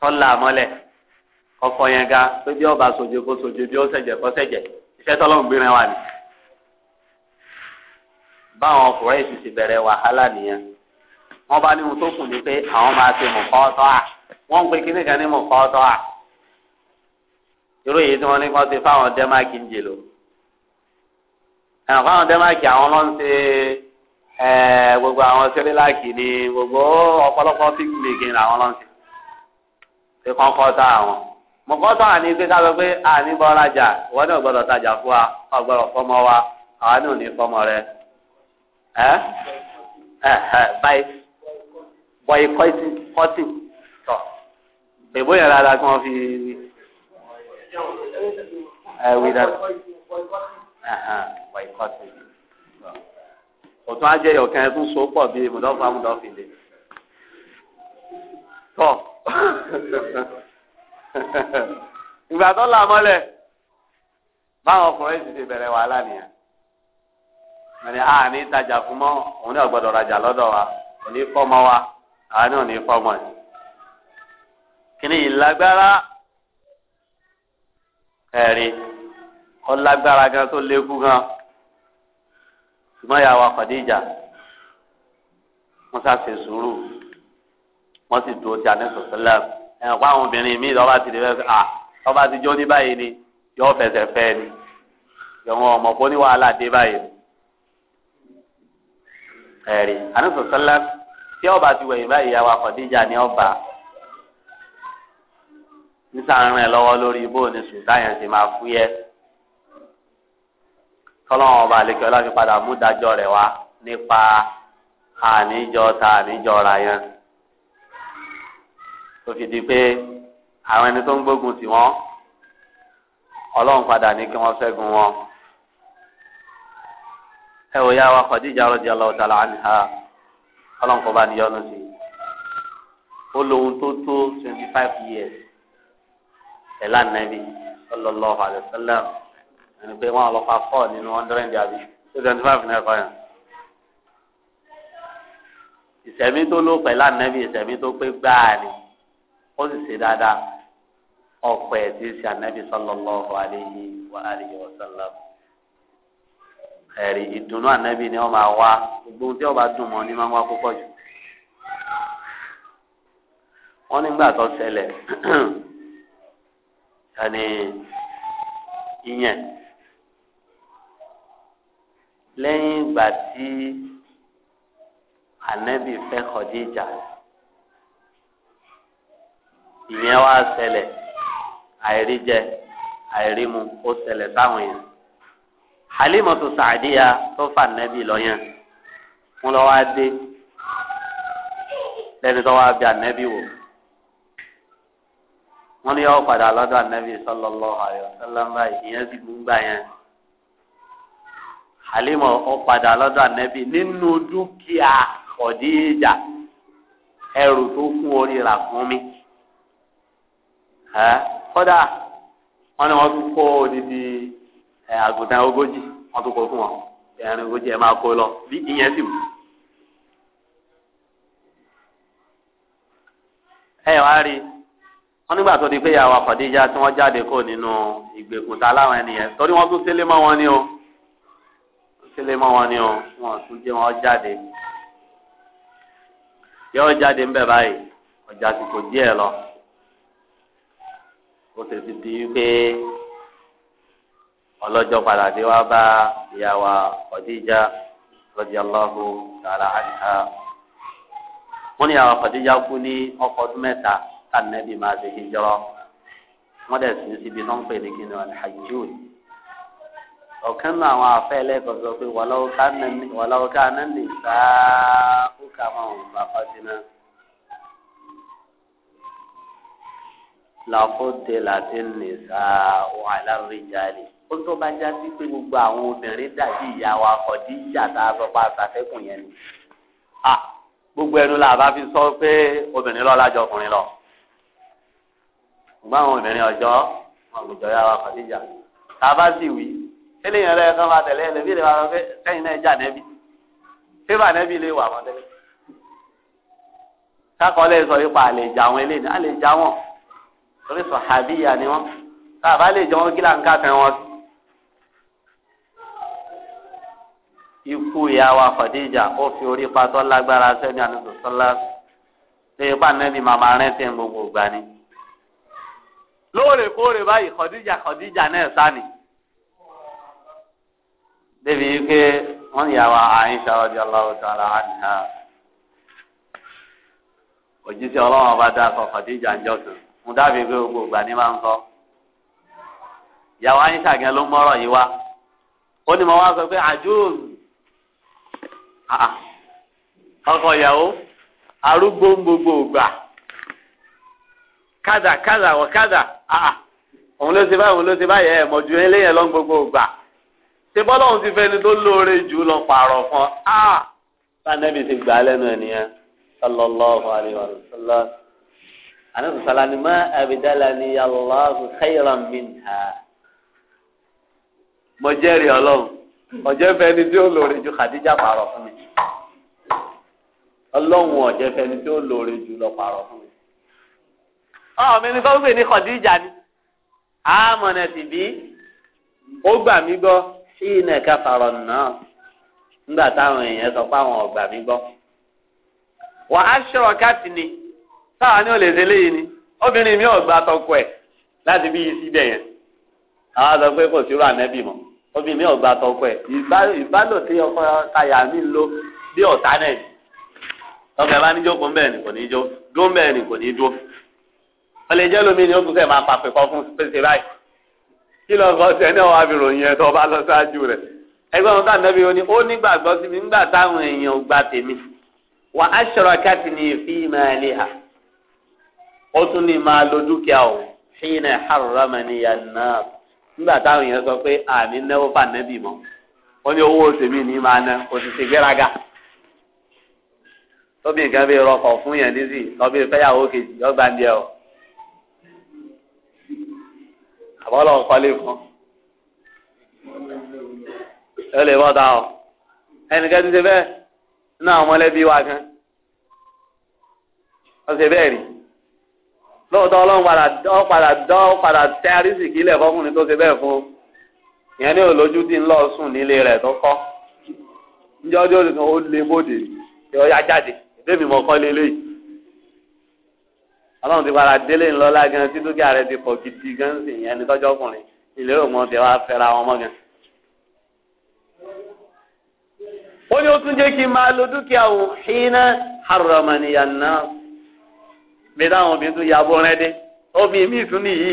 tọ́lá mọ́lẹ̀ ọkọ yẹn ga pé bí ọba sojo kó sojo bí ó ṣẹ̀jẹ̀ kó ṣẹ̀jẹ̀ iṣẹ́ tọ́lọ́run gbéra wa ni. báwọn ọkùnrin èsì sì bẹ̀rẹ̀ wàhálà nìyẹn wọ́n bá ní tó kù ni pé àwọn máa ṣe mọ̀kọ́ ọ̀tọ́ à wọ́n ń pe kíní kan ní mọ̀kọ́ ọ̀tọ́ à. irú èyí tí wọ́n ní kán ṣe fáwọn dẹ́máàkì ń jè lò. fáwọn dẹ́máàkì àwọn ló ń gbogbo àwọn sẹ́lẹ̀láàkì ni gbogbo ọ̀pọ̀lọpọ̀ fíìmù mèkì làwọn ló ń ṣe. kọ́ńkọ́ tá àwọn mọ̀kọ́tọ̀ àní pé ká sọ pé àní bọ́ rajà wọ́n náà gbọ́dọ̀ tajà fún wa ọgbọ́dọ̀ fọmọ wa àwa náà ní fọmọ rẹ ẹ ẹ báyìí bọ̀yì kọ́tì kọ́tì tọ̀ èbó yẹn rárá kí wọ́n fi ẹ wí dáa bọ̀yì kọ́tì òtún ajẹ́ yọ̀kan ẹ̀ so pọ̀ bíi mùdọ́fà mùdọ́fì tọ̀. ìgbà tó là mọ́lẹ̀ báwọn ọkùnrin ti ti bẹ̀rẹ̀ wàhálà nìyẹn mẹ́rin a ní ìtajà fún mọ́ òun náà gbọ́dọ̀ rajà lọ́dọ̀ wa kò ní fọ́mọ wa àwa náà ní fọ́mọ ẹ̀ kíni ìlágbára ẹ̀rí ọlágbára gan tó lékú gan ṣùgbọ́n ìyá wa Khadija wọ́n sá ṣe sùúrù wọ́n sì dúró ti àdéhùn ẹ̀kọ́ àwọn obìnrin mi lọ́ba ti di fẹ́ lọ́ba ti jó ní ni yọ fẹsẹ̀ fẹ́ ni ìwọ̀n ọmọ kó ní wàhálà dé báyìí. ẹ̀rí ọba ti wẹ̀yìn báyìí yà wà ọba nísàárín ẹ̀ lọ́wọ́ lórí ibò ní ti máa tọ́lọ́wọ́n ọba àlekè padà mú dájọ́ rẹ̀ tó fi di pé àwọn ẹni tó ń gbógun tì wọ́n ọlọ́run padà ní kí wọ́n ṣẹ́gun wọn. ẹ wò yá wa Khadija radiyallahu ta'ala anha ọlọ́run kọ́ bá níyọ́nù sí i. ó lóhun tó tó twenty five years ẹ̀là nàbì sallallahu alaihi wasallam ẹni pé wọ́n lọ pa four nínú hundred àbí twenty five náà kọ́ yẹn. ìsẹ̀mí tó ló pẹ̀lú ànábì ìsẹ̀mí tó pé gbáà ni ó sì ṣe dáadáa ọ̀pọ̀ ẹ̀ tí ṣe ànábì sallallahu alayhi wa alihi wa sallam ẹ̀rí ìdùnnú ànábì ni wọ́n máa wá gbogbo tí wọ́n bá dùn mọ́ ni máa ń wá púpọ̀ jù wọ́n nígbà tó ṣẹlẹ̀ ẹni ìyẹn lẹ́yìn ìgbà tí ànábì fẹ́ Khadija. ìyẹn wá ṣẹlẹ̀ àìríjẹ àìrímu ó ṣẹlẹ̀ sáwọn yẹn Halimatu tó fà nẹ́bí tó wá bí ànẹ́bí wò wọ́n ní yọ padà lọ́dọ̀ ànẹ́bí sallallahu alaihi wasallam ìyẹn sì gbúngbà yẹn. Halima ó padà nínú dúkìá ẹrù tó kún orí rà fún mi. ẹ wọn ni wọn tún kó odidi àgùntàn ogójì wọn tún fún wọn ẹrin ogójì ẹ máa lọ bí ìyẹn sì wù. ẹ wá rí wọn nígbà tó di pé ìyàwó tí wọ́n jáde kó nínú láwọn torí ni wọn ni o ó sì ti di pé ọlọ́jọ́ padà dé wá bá ìyá wa Khadija radiyallahu ta'ala anha wọ́n ní ìyá wa Khadija kú ní ọkọ̀ ọdún mẹ́ta kánẹ́bí máa ṣe hijrọ wọ́n dẹ̀ sí síbi tó ń pè ní kíni alhajjul ọ̀kan náà àwọn afẹ́ lẹ́kọ̀ọ́ sọ pé wàlọ́wọ́ ká nẹ́ni sáà ó kà máa ń bá fọ́sí náà. làkúndé láti nìsa wàhálà rìjálì ó tó bá já sí pé gbogbo àwọn obìnrin dàbí ìyá wa kọ̀dí ìyá tá a sọ pé àtàkẹ́kùn yẹn ni gbogbo ẹnu la bá fi sọ pé obìnrin lọ lájọ ọkùnrin lọ ṣùgbọ́n àwọn obìnrin ọjọ́ àwùjọ yà wá kọ̀dí ìyá tá a bá sì wí eléyìí ẹlẹ́yìn kan máa tẹ̀lé ẹlẹ́bí lè máa sọ pé sẹ́yìn náà jà nẹ́bí fífà nẹ́bí lè wà mọ́ tẹ́lẹ̀ kákọ́ lè sọ ipa àlè jà torí sọ̀hábíyà ni wọ́n tá a bá lè jọ wọn kí láǹkà kan wọn. ikú ìyá wa Khadija ó fi orí patọ́ lágbára sẹ́ni àdúgbò sọ́lá ṣe ipá nẹ́bí màmá rántí gbogbo ìgbà ni. lóòrèkóòrè báyìí Khadija Khadija náà sáni. débi wípé wọ́n ìyá wa Aisha radiyallahu ta'ala anha òjíṣẹ́ ọlọ́wọ́n bá dáa kọ Khadija ń jọ́sìn mo dábìí pé gbogbo ìgbà ni máa ń sọ ìyàwó ayíṣà gan ló mọ́rọ̀ yìí wá ó ní mo wá sọ pé àjùm ọkọ ìyàwó arúgbó ń gbogbo ìgbà kádà kádà wọ kádà òun ló ti báyìí òun ló ti báyìí ẹ̀ mọ̀jú eléyẹn lọ ń gbogbo ìgbà ṣé bọ́lọ́hún ti fẹ́ni tó lóore jù lọ pààrọ̀ fún ọ. sanẹ́bí ti gbà á lẹ́nu ẹ̀ nìyẹn sallallahu alayhi wa sallam anabi salani ma abidalani Allahu khayran minha mo jẹ́rìí Ọlọ́run ọjọ́ fẹni tí ó lóore ju Khadija pààrọ̀ fún mi Ọlọ́run ọjọ́ fẹni tí ó lóore ju lọ pààrọ̀ fún mi. ọ mi ni kọ́ńpé ní Khadija ni àmọ̀nà ti bí ó gbà mí gbọ́ sí iná káfàrọ̀ náà nígbà táwọn èèyàn sọ pé àwọn ò mí gbọ́. wà ṣọ̀rọ̀ káàtì ni. táwa ní olè ṣẹlẹ̀ yìí ni obìnrin mi ò gba tọkọ ẹ̀ láti bí yìí síbẹ̀ yẹn àwọn sọ pé kò mi ò gba tọkọ ọkọ mi ń lo bí ọ̀tá náà ni níjó ni kò ní jó dó ni kò ní dó wọ́n jẹ́ lómi ni ó tún fún pèsè báyìí kí tó lọ ẹgbẹ́ wọn nẹ́bí ó nígbàgbọ́ nígbà ó tún ní máa lo dúkìá o ṣìnà haramaniyan náà nígbà táwọn èèyàn sọ pé àní náwó bá nẹ́bì mọ́ ó ní owó tèmi ní máa ná kò sì ṣe gbéraga tóbi nǹkan bí rọkọ̀ fún yẹn nísì lọ́bí fẹ́yàwó kejì ọgbà ń jẹ o àbọ̀lọ̀ kọ́lé fún ẹ lè bọ́ o ẹnìkan ti ṣe bẹ́ẹ̀ nínú àwọn mọ̀lẹ́bí wa kan ó ṣe bẹ́ẹ̀ rí. lóòótọ́ ọlọ́run padà dán padà àrísìkí ilẹ̀ fọkùnrin tó ṣe bẹ́ẹ̀ fún o ìyẹn ní olójú tí ń lọ sùn nílé rẹ̀ tó kọ́ níjọ́ lé bòde jáde mọ̀ kọ́ ọlọ́run ti padà délé ńlọ́lá gan rẹ̀ ti gidi gan ìyẹn ní tọ́jọ́ ọkùnrin ìlérò mọ́ ti wá fẹ́ra wọn mọ́ gan. ó ní ó tún jẹ́ kí n máa lo dúkìá òun bí táwọn obìnrin tún ya bọ́rẹ́ dé obìnrin míì tún nìyí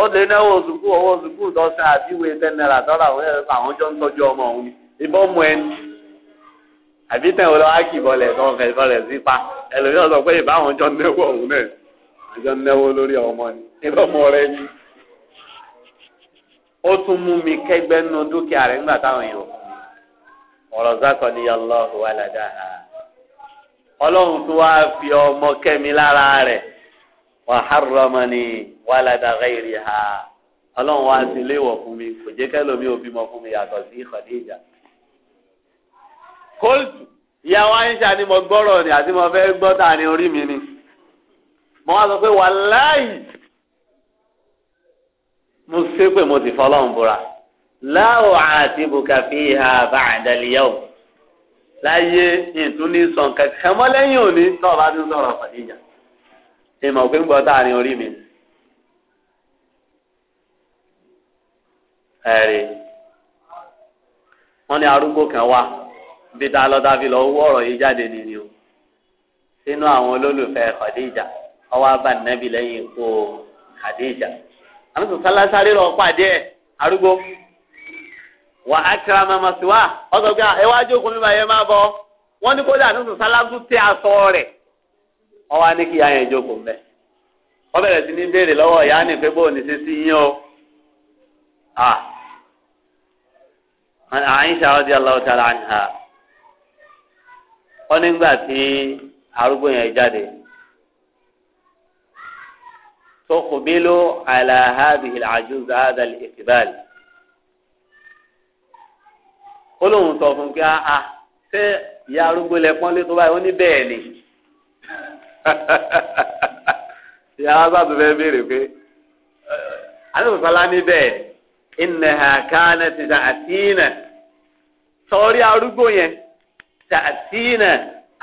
ó lè náwó sùkúù owó sùkúù tọ́sán àti ìwé ten tọ́lá òun ẹ̀rọ àwọn jọ ń tọ́jú ọmọ òun ni ìbọn mú ẹni àbí tẹ̀ wọ́n wá kì bọ́lẹ̀ tó ń fẹ́ bọ́lẹ̀ sí pa ẹlòmíràn sọ pé ìbáwọn jọ náwó òun náà àjọ náwó lórí ọmọ ni ìbọn mọ rẹ ni ó tún mú mi kẹ́gbẹ́ nu dúkìá rẹ̀ nígbà táwọn èèyàn ọ̀rọ̀ zákọ̀ níyà lọ́ọ̀ wà ládàá ọlọ́run tó wá fi ọmọ kẹ́mi lára rẹ̀ wà hárọ́mọ́ni wà ládàgá ìrì ha ọlọ́run wá sí ilé ìwọ̀ fún mi kò jẹ́ kẹ́lómi ò bímọ fún mi yàtọ̀ sí Khadija. kóòtù ìyàwó àyíṣà ni mo gbọ́rọ̀ ni àti mo fẹ́ gbọ́ ta ni orí mi ni mo wá sọ pé wàláì mo ṣépè mo ti fọlọ́run búra láwọ̀ àti bùkàfíì ha ba'da al láyé ìtún ní sàn kankan mọ́ lẹ́yìn òní tó ọba ti ń sọ̀rọ̀ pé ń táàrin orí mi. ẹ̀rí wọ́n ní arúgbó kan wá bí ta lọ́ta lọ yìí jáde nìyí o sínú àwọn olólùfẹ Khadija ọwọ́ abá ikú pàdé arúgbó. wà á kíra màmá sí wa ọsọ pé ah, ẹ wá jókòó bọ wọn ní kódà ní sùn sálábù tẹ aṣọ rẹ ọwọ á ní kí ìyá yẹn jókòó mẹ wọn bẹ̀rẹ̀ sí ní béèrè lọ́wọ́ ìyá ní pé bóun ní ṣe sí yín o àyíṣà ọdí aláwọ tààrà àyíṣà wọn nígbà tí arúgbó yẹn jáde tó kò bí ló àjùzà àdàlì ó lóun sọ fún un pé áá ah, ah, ṣé ìyá arúgbó lẹ pọ́nlé tó báyìí ó ní bẹ́ẹ̀ ni ìyá sábà fẹ́ béèrè pé alùpùpàlà ní bẹ́ẹ̀ ìnàhà kánà ti dà àtìnà sọrí arúgbó yẹn dà àtìnà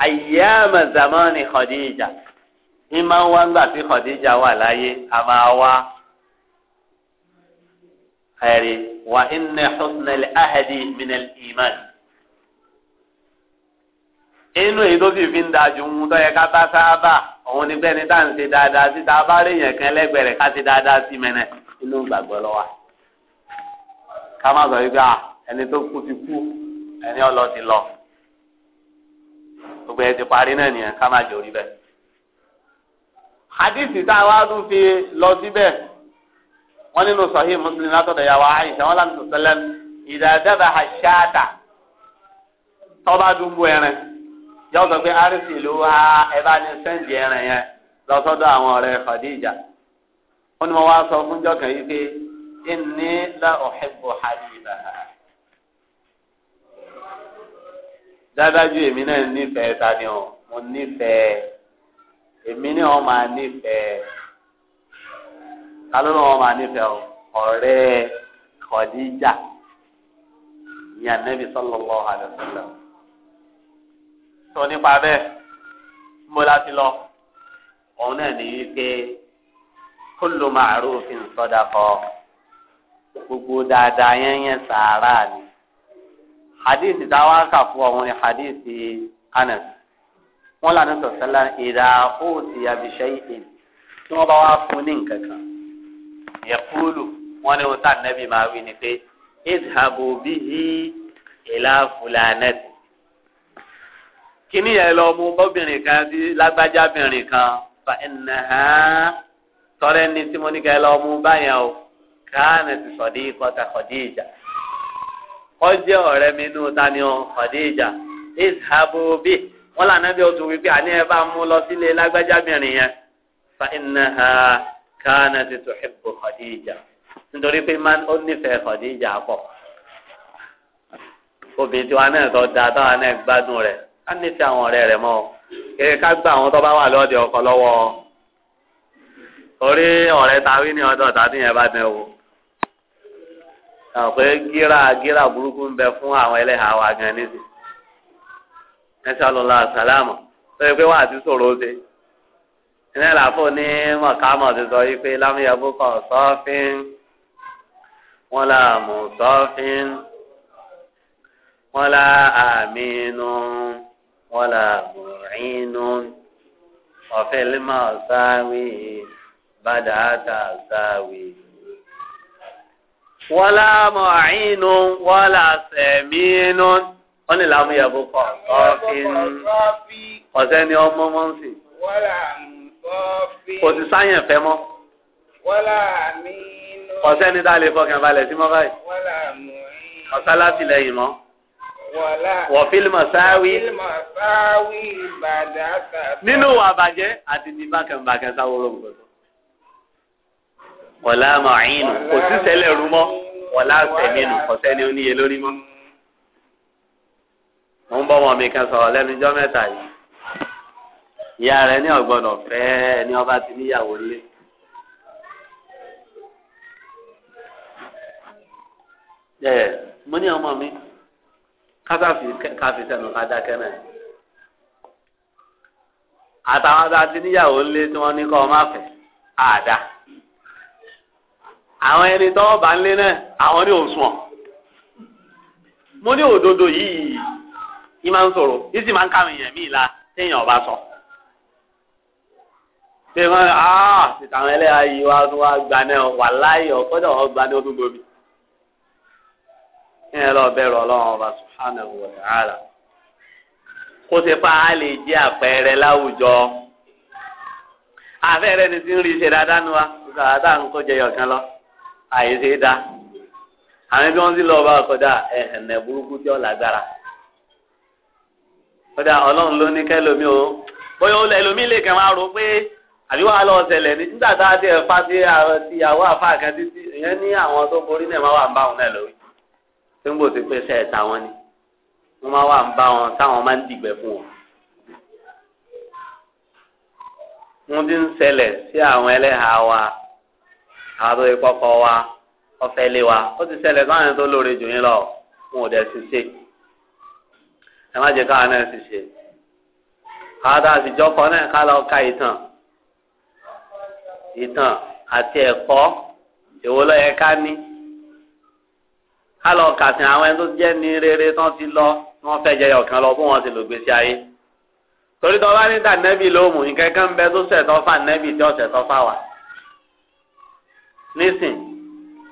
àyàmà zamani Khadija ìmọ̀ wá gbà tí Khadija wà láyé a máa wá ẹ̀rí wà inna husnal ahadi minal iman. inú èyí tó sì fi ń da ju ohun tó yẹ ká bá sáábà òun ni pé ní tá à ń ṣe dáadáa sí tá bá rí èèyàn kan lẹ́gbẹ̀ẹ́ rẹ̀ ká ṣe dáadáa sí mẹ́nẹ̀ inú ìgbàgbọ́ lọ́wọ́ ká má sọ wípé ẹni tó kú ti kú ẹni ọlọ ti lọ gbogbo ẹ ti parí náà nìyẹn ká má jòrí bẹ́ẹ̀. hadith tá a wá tún fi lọ síbẹ̀. ya nínú sahih muslim látọ̀dọ̀ yàwó àyìnṣẹ́ wọn láti sọ̀sẹ́lẹ̀ ìdàdàbà àṣáàdà tọ́ba dùgbò ẹ̀rìn yóò sọ pé àrísì ìlú wa ẹ bá ní sẹ́ǹdì ya yẹn lọ sọ́dọ̀ àwọn ọ̀rẹ́ Khadija wọ́n ní wọ́n sọ fún jọ́kàn yìí inni la uhibbu habibaha o mo o ma ni ta ló lọ́wọ́ máa nífẹ̀ẹ́ o ọ̀rẹ́ Khadija ní anabi sallallahu alaihi wasallam tó nípa bẹ́ẹ̀ mo láti lọ òun náà ní wípé kullu ma'rufin sadaqa gbogbo dáadáa yẹn yẹn sàárà ni hadithi táwa kà fún ọ̀hún ni hadithi Anas wọn lànà sọ̀sẹ́lá ìdá òòtì àbíṣẹ́ tí wọ́n bá wá fún ní nǹkan kan yaqulu wọn ní wọn tá nẹ́bí máa wí ni pé idhabu bihi ìlà fulanati kíní yẹn lọ mú bọ́bìnrin kan sí lágbájábìnrin kan fa innaha tọrẹ ní tí mo ní kẹ lọ mú báyẹn o káànà ti sọdí kọta Khadija ọjẹ ọ̀rẹ́ mi nù tani o Khadija idhabu bihi wọn lànà bí o tún wípé àní ẹ bá mú lọ sílé lágbájábìnrin yẹn fa innaha kánà ti tuhibbu Khadija nítorí pé ó nífẹ̀ẹ́ Khadija pọ̀ obìnrin tiwa náà tó da táwa náà gbádùn rẹ̀ ká nífẹ̀ẹ́ àwọn ọ̀rẹ́ rẹ̀ mọ́ kéèké ká gbà àwọn tó bá wà lọ́dẹ ọkọ lọ́wọ́ orí ọ̀rẹ́ ta wí ní ọdọ̀ tàbí yẹn bá dẹ̀ wò àwọn pé gíra gíra burúkú ń bẹ fún àwọn ẹlẹ́hà wa gan nísì ẹ̀ṣọ́ lọ́la sàlámù tó pé wà á ti sọ̀rọ̀ ó ṣe ilé làbò ní mọ̀kámọ̀ ti sọ yìí pé lámúyàbó kan sọ́fín wọn là mú sọ́fín wọn là àmínú wọn là mùrínú ọ̀fẹ́ límọ̀ sáwì bàdàtà sáwì. wọn là mùrínú wọn là sẹ̀mínú wọn ni lámúyàbó kan sọ́fín ọ̀sẹ̀ ni ọmọ mọ́sìn. wọn là mú kò sí sáyẹn fẹ́ mọ́. wọ́lá mi nù. ọ̀sẹ́ ni dáa lè fọkàn balẹ̀ sí mọ́ báyìí. wọ́lá mi. ọ̀sálàtì lẹ́yìn mọ́. wọ́lá. wọ́fílmọ̀ sáwí. wọ́fílmọ̀ sáwí ìbàdàn àtàtà. nínú àbàjẹ́ àti ní bákẹ́ńbákẹ́ sáwọ́rọ̀ gbọ́dọ̀. wọ́lá mọ̀ ìnù kò rú mọ́ wọ́lá sẹ̀mínù ọ̀sẹ́ ni ó mọ́. mo ń bọ́ ọmọ mi kan sọ̀rọ̀ lẹ́nu jọ́ mẹ́ta yìí ìyá rẹ̀ ní ọ̀gbọ́dọ̀ fẹ́ ẹni ọba ti níyàwó lé. ẹ mo ní ọmọ mi kásáfì káfí sẹnu adákẹ́ náà àtàwọn ọba ti níyàwó lé tí wọ́n ní kọ́ ọ má fẹ́ àdá àwọn ẹni tọ́wọ́ bá ń lé náà àwọn ní òṣùwọ̀n mo ní òdodo yìí yìí máa ń sọ̀rọ̀ yìí máa ń kàwé yẹn míì la téèyàn ọba sọ. So ṣé wọn aa ah, tìtàwọn ẹlẹ́yà yìí wá tún wá gba náà wà láyé ọ̀kọ́dọ̀ wọn gba ní ọdún gbòmí. kí ni lọ bẹ̀rù ọlọ́run ọba subhanahu wa ta'ala kó ṣe fa á lè jẹ́ àpẹẹrẹ láwùjọ. àfẹ́rẹ́ ni ti ń rí ṣe dáadáa nu wa ṣùgbọ́n àdá ń kó jẹyọ kan lọ àyè ṣe é dá. àwọn ibi wọn sì lọ bá ọkọdà ẹ̀hẹ̀nẹ̀ burúkú tí ó lágbára. kódà ọlọ́run ló ní kẹ́lómi o bóyá ó lẹ́lómi lè kẹ́ máa rò àbí wàá lọ ní nígbà tá a ti sí ìyàwó àfa kan títí ìyẹn ní àwọn tó borí náà máa wà ń bá wọn náà lórí tó ń bò ti pé sẹ́ẹ̀ táwọn ni wọ́n máa wà ń bá wọn táwọn máa ń dìgbẹ́ fún wọn. wọ́n ti ń ṣẹlẹ̀ sí àwọn ẹlẹ́hà wa àwọn tó yẹ kọ́kọ́ wa ọ̀fẹ́ lé wa ó ti ṣẹlẹ̀ sáwọn ẹni tó lóore jù yín lọ wọn ò dẹ̀ ẹ má jẹ́ káwọn náà sì ṣe àwọn ìtàn àti ẹ̀kọ́ èwo ló yẹ ká ní ká lọ kàsìn àwọn ẹni tó jẹ́ ní rere tán ti lọ tí wọ́n fẹ́ jẹyọ kan lọ fún wọn ti lò gbèsè ayé torí tọ́ bá ní dà nẹ́bì lóòmù nǹkan kan bẹ tó ṣẹ̀tọ́ fà nẹ́bì tí ó ṣẹ̀tọ́ fà wá nísìn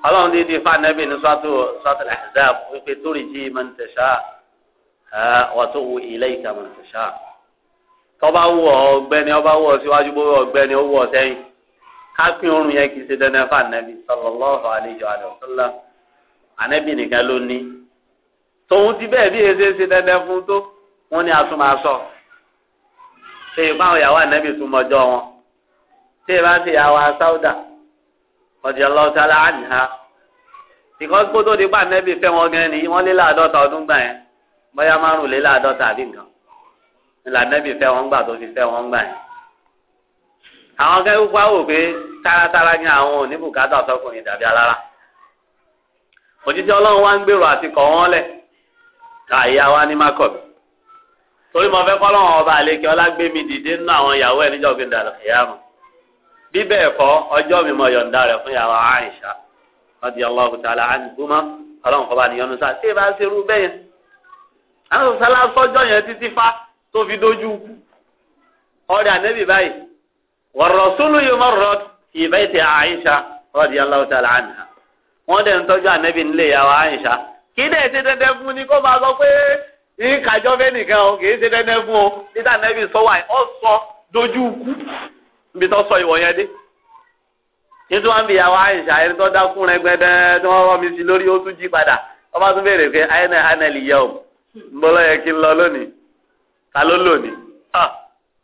ọlọ́run ti di fà nẹ́bì ní sọ́tò sọ́tò Ahzab wípé tó rì jí man tasha wa tu'u ilayka man tọ́ bá wù ọ́ ọgbẹ́ni ọ kápẹ́ orun yẹn kì í ṣe dandan fún anabi sallallahu alayhi wa sallam anabi nìkan ló ní tòun ti bẹ́ẹ̀ bí èsè ṣe dandan fún tó wọ́n ní atúmọ̀sọ ṣe ìfọ̀ àwọn ìyàwó anabi tún mọ́jọ́ wọn ṣe ìbá ṣe ìyàwó asáwùdà radiyallahu ta'ala anha because kó tó di pa anabi fẹ́ wọn gan ni wọ́n lé láàdọ́ta ọdún gbà yẹn bóyá márùn lé láàdọ́ta àbí nǹkan ni lànàbì fẹ́ wọn gbà tó fi fẹ́ wọn gbà yẹn àwọn akẹ́kọ̀ọ́ pa wò pé táratára ni àwọn ò bùkátà ọ̀sọ́kùnrin dàbí alára òjijì ọlọ́run wá ń gbèrò àti kọ̀ wọ́n lẹ̀ káyà wá ní mákọ̀bí torí mo fẹ́ kọ́lọ́run ọba àlekè ọlá dìde nínú àwọn ìyàwó ẹ̀ níjọ́ gbé dàlọ́ ìyáàmù bí bẹ́ẹ̀ kọ́ ọjọ́ mi mọ̀ yọ̀ǹda rẹ̀ fún ìyàwó Àìṣà radiyallahu ta'ala anhuma ọlọ́run kọ́ bá ní yọnu sáà tí ì bá ṣe irú bẹ́ẹ̀ àwọn sọ́jọ́ yẹn títí fá tó fi dójú ọ̀rẹ́ ànẹ́bì báyìí wọ̀rọ̀súlù yìí mọ̀ rọ̀ ìbẹ́ ti àyíṣà rọ̀dí aláwùjọ wọ́n tọ́jú ànẹ́bí nílé ìyàwó kí dẹ̀ ṣe dẹ́dẹ́ fún ni kó máa sọ pé ọ sọ dojú kú níbi tó sọ ìwọ̀ yẹn dé ìyàwó ẹni tó rẹ gbẹdẹ tí mi sí lórí ó tún jí padà bá tún béèrè pé kí lọ lónìí ah,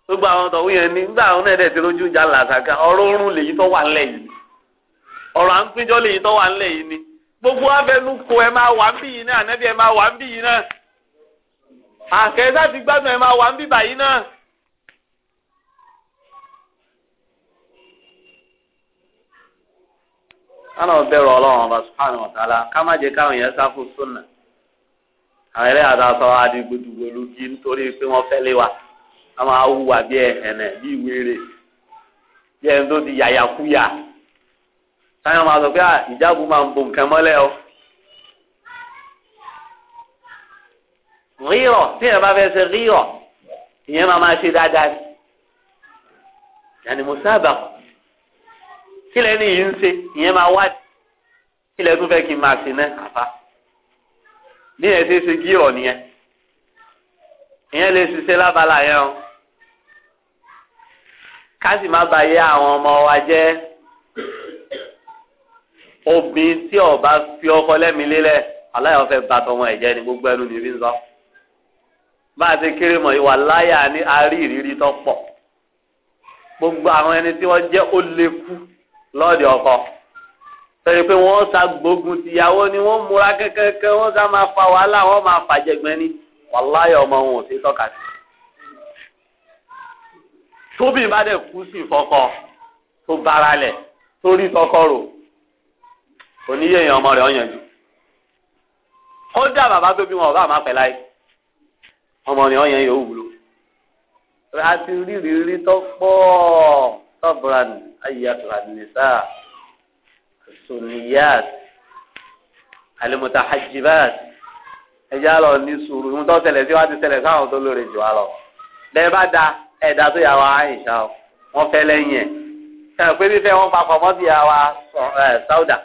gbogbo àwọn tọ̀hún yẹn ni nígbà àwọn náà dẹ̀ lójú ìjà làtàkà ọ̀rọ̀ oorun lèyí tó wà ńlẹ̀ yìí ọ̀rọ̀ à lèyí tó wà ni gbogbo abẹnú ko máa wà ń bì yìí náà ànẹ́bí máa wà ń bì yìí náà àkẹ́sà ti gbádùn máa wà ń bì náà. kánà bẹ̀rù ọlọ́run ọba ká má káwọn yẹn wa. a máa wùwà bí ẹ̀hẹ̀nẹ̀ bí ìwéèrè bí ẹni tó ti yàyà kúyà táyà máa sọ pé ah, ìjáàbù máa ń bo nǹkan mọ́lẹ̀ o. rírọ̀ tí èèyàn bá fẹ́ ṣe rírọ̀ ìyẹn máa máa ṣe dáadáa yàní musaba kí lẹ́ni yìí ń ṣe ìyẹn máa wá kí lẹ́nu fẹ́ kí n máa ṣe náà àfa bí ẹ̀ ṣe ṣe gírọ̀ nìyẹn lè ṣiṣẹ́ lábala yẹn o ká sì má bàa yé àwọn ọmọ wa jẹ́ obìnrin tí ọba fi ọkọ lẹ́mi lélẹ̀ aláyọ̀ fẹ́ ba tọmọ ẹ̀jẹ̀ ni gbogbo ẹnu nìbí ń sọ bá a ti kéré mọ̀ ìwà láyà ní arí ìrírí tó pọ̀ gbogbo àwọn ẹni tí wọ́n jẹ́ ó lékú lọ́ọ̀dì ọkọ sọ̀rọ̀ pé wọ́n sa gbógun tìyàwó ni wọ́n múra kẹ́kẹ́kẹ́ wọ́n sá máa fa wàhálà wọ́n máa fàjẹ̀gbẹ́ ni wàláyà ọmọ wọn ò sí tọ́ka sí tóbi bá dẹ̀ kú sí fọkọ tó bára lẹ̀ tó rí fọkọ rò oníyẹ̀yìn ọmọ rẹ̀ ọ̀yànjú kódà bàbá tó wọn ọba àmà láyé ọmọ rẹ̀ ọ̀yàn yóò wúlò a ti rí rírí tó pọ̀ tọ́bùrà ní ayélujára nìsá suniyat alimutahajibat ẹja lọ ní sùúrù ń tọ́ tẹ̀lẹ̀ tí wọ́n ti tẹ̀lẹ̀ sáwọn tó lóore jù wá lọ bẹ́ẹ̀ bá da ẹ̀dá tó yà wá àyíṣà o wọ́n fẹ́ lẹ́yìn ẹ̀ pé fífẹ́ wọn papọ̀ mọ́ sí yàwá sáúdà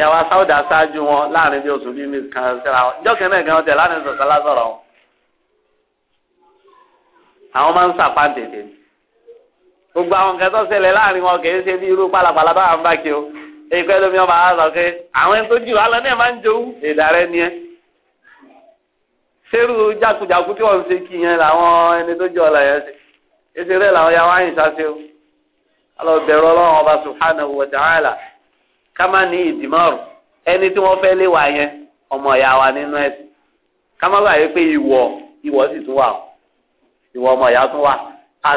yàwá sáúdà ṣáájú wọn láàrin bí oṣù bíi kan síra wọn ìjọ kẹ́nẹ́ gan tẹ̀ láàrin sọ̀tà lásọ̀rọ̀ wọn àwọn máa ń sàpá tètè gbogbo àwọn kan tó ṣẹlẹ̀ láàrin wọn kì í ṣe bí irú pálapàla báwa ń bá kí o èyí pẹ́ lómi ọba àwọn sọ pé àwọn ẹni tó jù wá lọ náà máa ń jowú ìdàrẹ́ ni ẹ́ seru jakujaku tí wọn ṣe kí yẹn làwọn ẹni tó jọ ọlà yẹn ṣe ẹsẹ rẹ làwọn ya ṣáṣe o alọ bẹ̀rù ọba subhanahu wa ta'ala kama ní ìdìmọrù ẹni tí wọn fẹ́ lé wa yẹn ọmọ ìyá wa nínú ẹsẹ kama bá yẹ pé ìwọ ìwọ wà o ìwọ ọmọ ìyá wà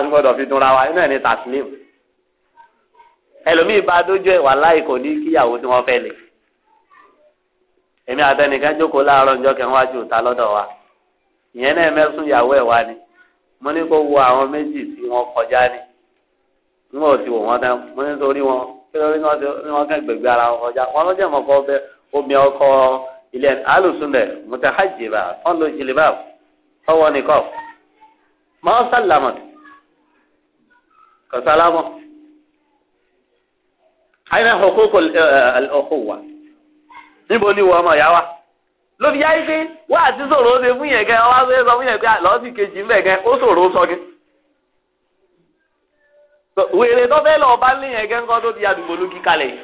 ń gbọ́dọ̀ fi wa wà láì kò ní kíyàwó tí ìyẹn náà mẹ́sùn ìyàwó ẹ̀ wá ni mo ní kó wo àwọn méjì tí wọ́n kọjá ni n ò ti wò wọ́n tán mo ní torí wọn kí lórí wọn kàn gbègbè ara wọn kọjá wọn ló jẹ́ mọ́ kọ́ bẹ́ẹ̀ omi ọkọ ilé alùsùnlẹ̀ mùtàhájìbà wọn lo jìlìbà fọwọ́ nìkọ́ máa sàlámọ̀ kọ̀sálámọ̀ àyìnbá ọkọ̀ ọkọ̀ wà níbo ni wọ́n mọ̀ yá wa ló fi yáyí pé wá àti sòrò ṣe fún yẹn gan ọwọ́ àti sọ fún yẹn pé ah, lọ́ọ̀sì kejì ń bẹ̀ gan ó sòrò sọ gan. wèrè tó fẹ́ lọ́ọ́ bá lé yẹn gan kọ́ tó ti àdúgbò ló kí kalẹ̀ yìí.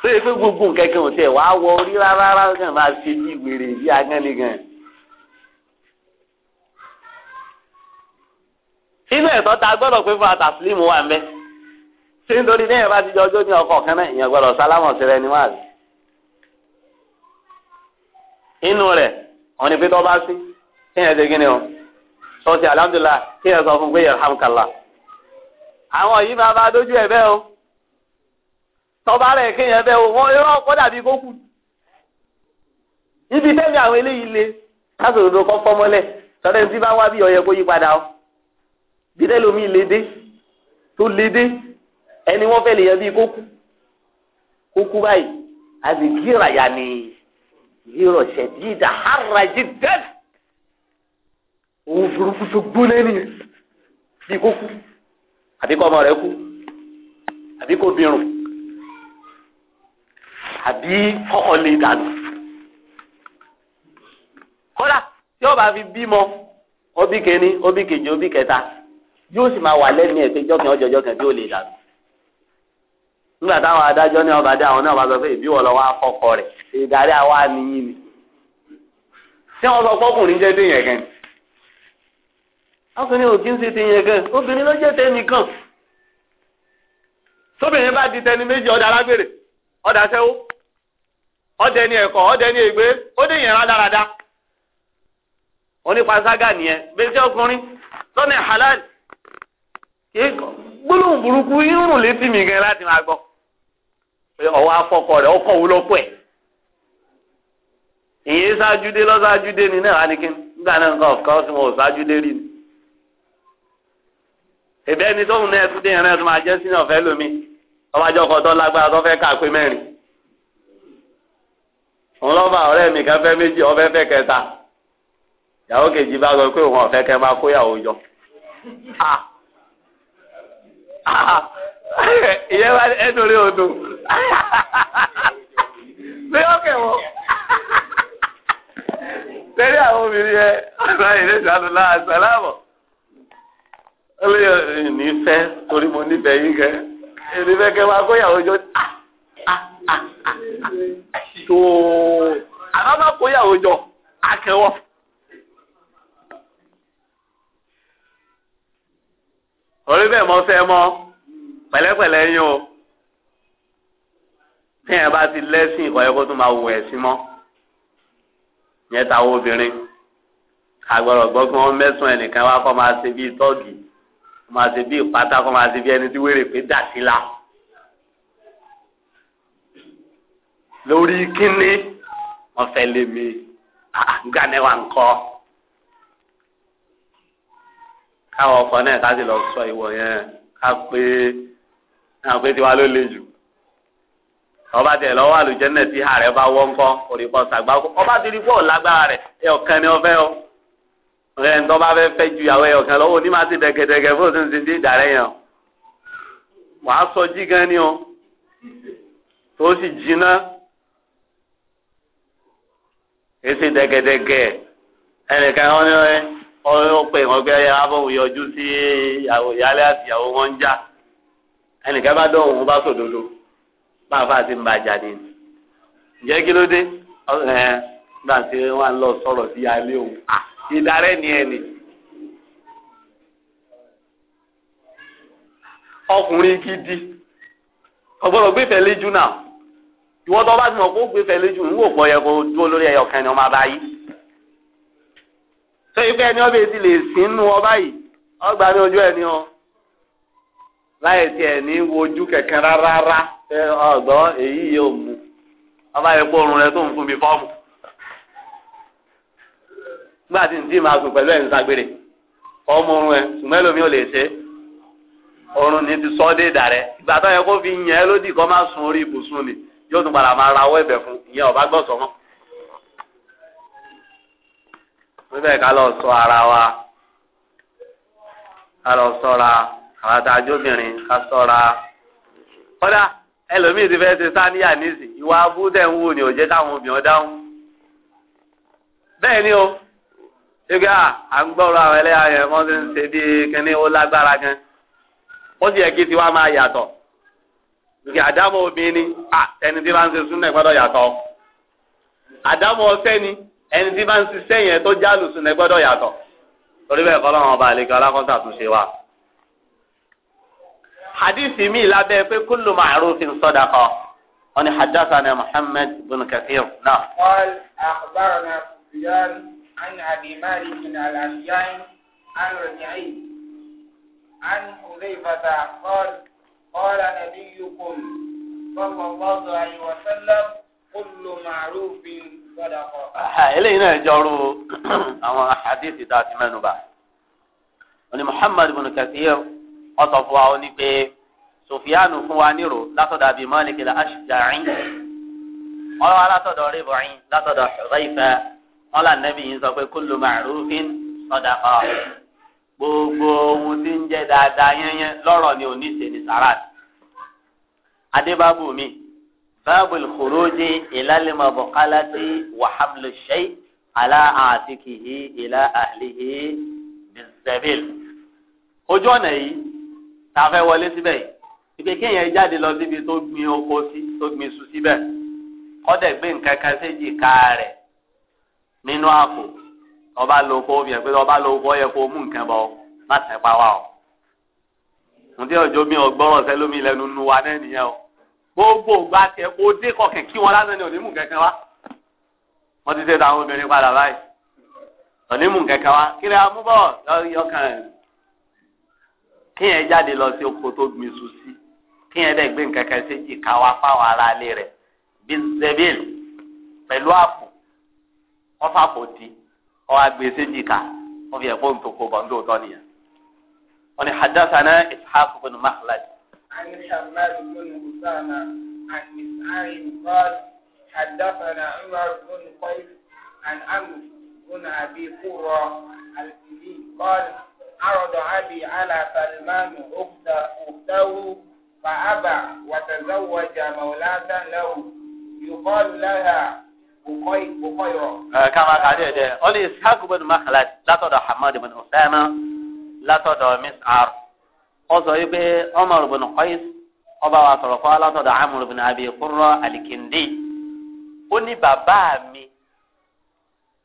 tó yẹ gbogbo nǹkan kan ò tẹ̀ wá wọ orí rárá rárá gan máa ṣe bí wèrè bí agánni gan. inú ẹ̀tọ́ ta gbọ́dọ̀ pé fún àtàsílímù wa ń bẹ́ ṣé nítorí lẹ́yìn bá ti jọ ọjọ́ ní ọkọ̀ kan náà ìyẹn gbọ́dọ̀ sálámọ̀ sí rẹ níwájú inú rẹ̀ wọn ni pé tó bá sí kí yẹn ṣe kí ni o sọ ti alhamdulilah kí yẹn sọ fún pé yarhamukallah àwọn yìí máa bá dójú ẹ̀ bẹ́ẹ̀ o tọ́ba rẹ̀ kí yẹn bẹ́ẹ̀ o wọ́n yọ kọ́ dàbí kó kù ibi tẹ́mi àwọn eléyìí le kásòdodo kọ́ fọ́mọ́lẹ̀ sọ́dọ̀ tí bá wá bí ọ̀yẹ́ kó yí padà o bí tẹ́lómi lè dé tó lè dé ẹni wọ́n fẹ́ lè yẹ bí kó kú báyìí àti gíràyà nìyí zero ṣẹdida haraji dẹt òun furuufu tó gbóná nìyẹn bí kò kú àbí kò ọmọ rẹ̀ kú àbí kò bírun àbí kọkọ lè dànù kódà tí ó bá fi bímọ òbí kẹni òbí kejì òbí kẹta yóò sì máa wà lẹ́nu ẹ̀ pé jọ́kìn ọjọ́ jọ́kìn tí ó lè dànù nígbà táwọn adájọ́ ní ọba dé àwọn náà wá sọ pé ìbí wọ̀ lọ́wọ́ afọ́kọ rẹ̀. ìdarí àwa nìyí ni tí wọn sọ pọkùnrin jẹ dé yẹn ọkùnrin ò kí ń ṣe ti yẹn obìnrin ló jẹ tẹnìkan tóbìnrin bá di tẹni méjì ọdà alágbèrè ọdà sẹwó ọdẹ ni ẹkọ ọdẹ ni ègbé ó dé yẹn rádaràda nìyẹn ọkùnrin lọnà halal kì í afọkọ rẹ ọkọ wo ẹ. ìyẹn ṣáájúdé lọ́ṣáájúdé ni náà wáni kíni nígbà náà nǹkan ọ̀fọ̀ kan wọn ò ṣáájúdé ebe ni. ìbẹ́ ẹni tóun náà tún dé ìrìn ẹ̀sùn máa jẹ́ sínú ọ̀fẹ́ lómi ọmọ àjọkọ̀ tó lágbára tó fẹ́ káàpé òun lọ́ba ọ̀rẹ́ mi méjì kẹta kejì bá pé òun kẹ máa jọ. Ah! Ah! ìyẹn odò Tẹ́lí àwọn obìnrin yẹn, àná ìrẹ́ ìṣàlùlá àṣàlámọ̀. Ó lè ní fẹ́ torí mo níbẹ̀ yín gẹ́. Èmi fẹ́ kẹ́ máa kóyàwó jọ. Ah, ah, ah, tó àná máa kóyàwó jọ akẹ́wọ̀. Orí bẹ́ẹ̀ mọ fẹ́ mọ pẹ̀lẹ́pẹ̀lẹ́ yín o. Tí yẹn bá ti lẹ́sìn ìkọ̀yọ́kọ́ tó máa wù ẹ̀sìn mọ́ yẹn táwọn obìnrin agbọ̀rọ̀ gbọ́ kí wọ́n mẹ́sàn-án ẹnìkan wá kọ́ máa ṣe bíi tọ́ọ̀gì kọ́ máa ṣe bíi pátá kọ́ máa ṣe bíi ẹni tí wéré pé dà sí la. lórí kínní wọ́n fẹ́ lé mi gbanẹ́wà ńkọ́. káwọn ọkọ náà ká sì lọ sọ ìwọ yẹn ká pé ká pé tiwa ló le jù ọba tẹ lọ́wọ́ àlùjẹ́nẹ̀ tí ààrẹ bá wọ́n kọ́ òrìkọ́ sàgbákò ọba ti rí pọ̀ lágbára rẹ̀ ẹ ọ̀kan ni ọfẹ́ o rẹ̀ ń tọ́ba fẹ́ fẹ́ ju ìyàwó ẹ ọ̀kan lọ́wọ́ òní máa ti dẹ̀gẹ̀dẹ̀gẹ̀ fún òsì ti dàrẹ́ yẹn o wàá sọ jí gan ni o tó sì jiná èsì dẹ̀gẹ̀dẹ̀gẹ̀ ẹnìkan wọn ni wọn pè wọn pé abóhùn yọjú sí ìyàwó ìyálé àti ìyàwó wọn ń já ẹnìkan bá dọ̀ òun bá sòdodo. báwo ti ń ba jáde ni ǹjẹ́ kí ló dé ẹ̀ nígbà tí wọ́n lọ sọ̀rọ̀ sí alẹ́ òun ìdarẹ́ ni ẹ̀ ni. ọkùnrin gidi ọgbọ́dọ̀ gbé fẹ́lẹ́ jù náà ìwọ́n tó bá ti mọ̀ kó gbé fẹ́lẹ́ jù ń wò pọ̀ yẹ kó dúró lórí ẹyọ kan ni ọmọ abá yìí. ìfẹ́ ọbẹ̀ ti lè ọ tiẹ̀ ní wojú kẹ̀kẹ́ ṣe ọgbọ́n èyí yóò mú ọba yẹ kó oorun rẹ tó ń fún mi fọ́ọ̀mù gbà tí n tí máa sùn pẹ̀lú ẹ̀ ń sagbèrè ọmọ oorun ẹ ṣùgbọ́n ẹlòmíì ò lè ṣe oorun ní ti sọ ọ́ dé rẹ ìgbà tó yẹ kó fi yẹn lódì kó má sun orí ibùsùn ni yóò tún padà máa rawọ́ ẹ̀bẹ̀ fún ìyẹn ọba gbọ́sọ̀ mọ́. níbẹ̀ ká lọ sọ ara wa ká lọ sọ́ra àwọn àtàjọ́bìnrin ká sọ́ra kódà ẹlòmíì ti fẹ́ ṣe sáníyà nísì ìwà abúdẹ̀ ń wò ní òjẹ́ káwọn obìnrin dáhùn. bẹ́ẹ̀ ni o ṣébi à ń gbọ́rọ̀ àwọn ẹlẹ́yà yẹn wọ́n ti ń ṣe bí kínní ó lágbára gan. ó sì yẹ kí tiwa máa yàtọ̀. ìgbà àdámọ̀ obìnrin ni à ẹni tí bá ń ṣe súnà gbọ́dọ̀ yàtọ̀. àdámọ̀ ọ̀sẹ́ ni ẹni tí bá ń ṣiṣẹ́ yẹn tó jálù súnà gbọ́dọ̀ yàtọ̀. torí bẹ́ẹ̀ kọ́ hadithi mi lábẹ́ pé kullu ma'rufin sadaqa wọ́n ní hadathana muhammad bin kathir náà. qal akhbarana sufyan an abi malik al-ashja'i an rabi'i an hudhaifata qal qala nabiyukum sallallahu alayhi wa sallam kullu ma'rufin sadaqa. eléyìí náà jọrú àwọn hadithi tá a ti mẹ́nu bà wọ́n ní muhammad bin kathir ọsọ fún wa ó ní pé sofiyanu fún wa nírò látọ̀dọ̀ àbí mọ́lìkì la aṣèjárín wọn wá látọ̀dọ̀ rìbọ̀rin látọ̀dọ̀ ṣẹ̀fẹ̀ wọn là nẹ́bí yìí sọ pé kúlù màrúfin sọ̀dà kọ́ gbogbo ohun tí ń jẹ́ dáadáa yẹ́nyẹ́ lọ́rọ̀ ni òní ṣe ní sàràt adébábù báàbù ìkòrójì ìlàlímọ̀ bọ̀kálátì wàhálù ṣẹ́yì ìlà àlìhì bìsẹ̀bìl ojú ọ̀nà yìí tá a fẹ́ wọlé síbẹ̀ yìí ìgbé kéèyàn jáde lọ síbi tó gbin oko sí tó gbin iṣu síbẹ̀ kọ́dẹ̀ gbé nǹkan kan séjì ká rẹ̀ nínú àpò ọba lo oko yẹn pé ọba lo oko yẹ kó mú nǹkan bọ láti pa wá o ǹdí ọjọ́ mi ọgbọ́rọ̀ sẹ́lómi lẹ́nu nu wa náà nìyẹn o gbogbo gba tiẹ̀ kó dé kọkàn kí wọn lásán ni òní mú kankan wá wọ́n ti ṣe táwọn obìnrin padà báyìí òní mú kankan wá kí lè amúbọ̀ yọkàn kíyẹn jáde lọ sí oko tó gbin iṣu sí kíyẹn dẹ̀ gbé nǹkan kan séjì ká wá fáwọn aráalé rẹ̀ bíi zebel pẹ̀lú àpò wọ́n fàpò di wọ́n wá gbé séjì ká wọ́n fi ẹ̀fọ́ ntòkò bọ̀ ńdò tọ́ nìyẹn. wọ́n ní hadassana ishaq bin mahlad. عن حماد بن أسامة عن مسعر قال حدثنا عمر بن قيس عن عمرو بن أبي قرة الكلي قال عرض أبي على سلمان أخته فأبى وتزوج مولاة له يقال لها كما قال أولي إسحاق بن مخلد لا تدع حماد بن أسامة لا تدع مسعر أصيب عمر بن قيس ọba wa sọ̀rọ̀ fún alátọ̀dọ̀ amúlù bin abi kúrọ̀ alikindi ó ní bàbá mi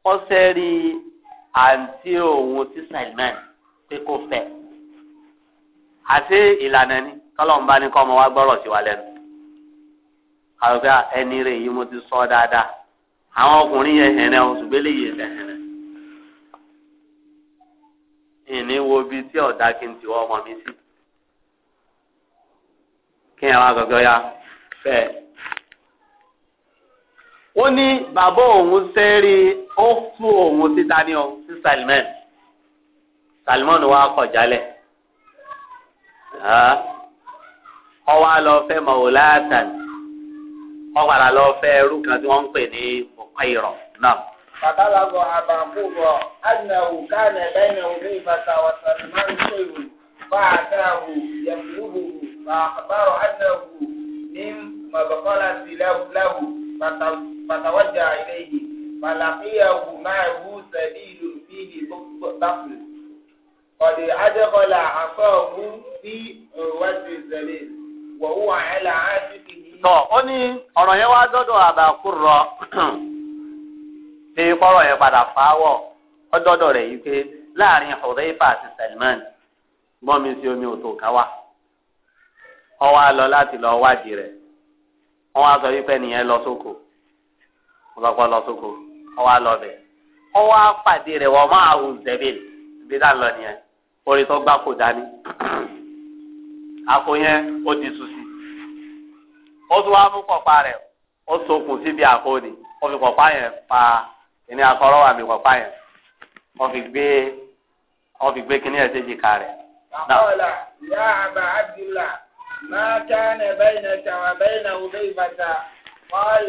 ó sẹ́rí àǹtí òun ti Salman pé kò àti ìlànà ni tọ́lọ́mùbá ní kọ́ ọmọ wa gbọ́rọ̀ sí wa lẹ́nu àrògbé ẹni rẹ̀ yìí mo ti sọ dáadáa àwọn ọkùnrin yẹn hẹ̀rẹ̀ oṣù gbélé yìí ẹ̀fẹ̀ hẹ̀rẹ̀ ìní wo bi tí ọ̀dà kí n ti wọ ọmọ mi sí kí ya ó ní bàbá òun ó fún òun títa ní ọ Salmon wa kọ̀ jálẹ̀ ọwọ́ á lọ fẹ́ mọ̀wòláàtàn wọ́n padà lọ fẹ́ ẹrú kan tí wọ́n ń pè ní bùkọ́ìrọ̀ náà. Bàbálagbọ̀ àbàkùrọ̀ Adìnàwò káàdì ẹ̀bẹ́ni omi ìbàtà wàtàlì máa ń ṣòwò bá a dáàbò yẹ̀kúrúbù bàbárọ̀ Adìnàwò ní mọ̀bọ̀kọ́lá sí láwù pàtàwọ́jà ilé yìí. Màlàkíyàwó máa wú sẹ́bí ìlú fíìlì قد أدخل عصاه في عروة الزليل وهو على عاتقه tọ ó ní ọ̀rọ̀ yẹn wá dọ́dọ̀ àbàkùrọ̀ pé kọ́rọ̀ yẹn padà fáwọ̀ ó dọ́dọ̀ rẹ̀ yìí pé láàrin Hudhayfa àti Salman bọ́mi sí omi òtò ká wá ó wá lọ láti lọ wádìí rẹ̀ wọ́n wá sọ wípé nìyẹn lọ sóko ọlọ́pàá lọ sóko ó wá lọ bẹ̀ ó wá pàdé rẹ̀ wọ́n máa hù zẹ́bìlì bí dáa lọ nìyẹn orin tó gbá kò dání àpò yẹn ó di sùsì ó tún wá mú pọ̀pá rẹ̀ ó sokùn síbi àpò ni ó fi pọ̀pá yẹn pa ìní akọ́rọ́ wà mí pọ̀pá yẹn ó fi gbé ó fi gbé kíní ẹ̀ séjì ká rẹ̀. àkọọ́lá ìyá àbá abdullah máa ká ní bẹ́ẹ̀ ní sàwọn bẹ́ẹ̀ ní òbí ìbàdà wọ́n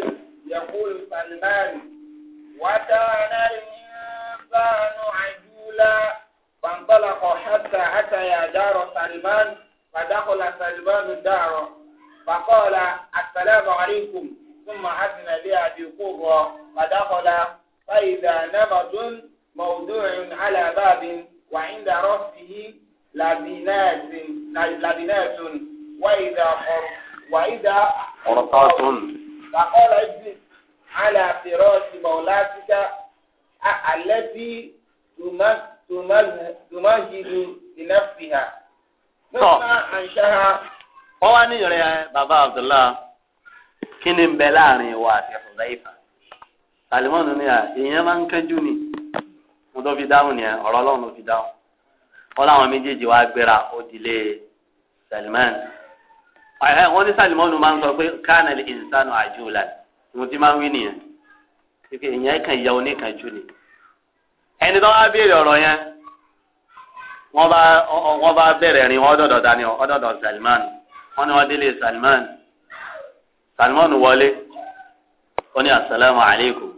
yẹ̀kú ìpàdánù wàtá náà ní bá a nù àjúlá. فانطلق حتى أتيا دار سلمان فدخل سلمان الدار فقال السلام عليكم ثم أذن لأبي قرة فدخل فإذا نبض موضوع على باب وعند رأسه لبنات لبنات وإذا قر وإذا قرطاس فقال اجلس على فراش مولاتك التي تمس tùmáhìlù ìnáfìhà. tọ́ wọ́n wá ní ìrẹ́ bàbá Abdullah kí ni ń bẹ láàrin ìwà àti Hudhaifa Salimanu ni èèyàn máa ń kẹ́jú ni mo tó fi dáhùn ni ọ̀rọ̀ ọlọ́run ló fi dáhùn wọ́n láwọn méjèèjì wá gbéra ó dilé wọ́n ní Salimanu máa ń sọ pé kánàlì àjùlá máa ń wí nìyẹn èèyàn kan ni. ẹni tó wá béèrè ọ̀rọ̀ yẹn wọ́n bá wọ́n bá bẹ̀rẹ̀ wọn wọ́n Salman wọ́n ní wọ́n délé Salman Salman wọlé ó ní asalaamu aleykum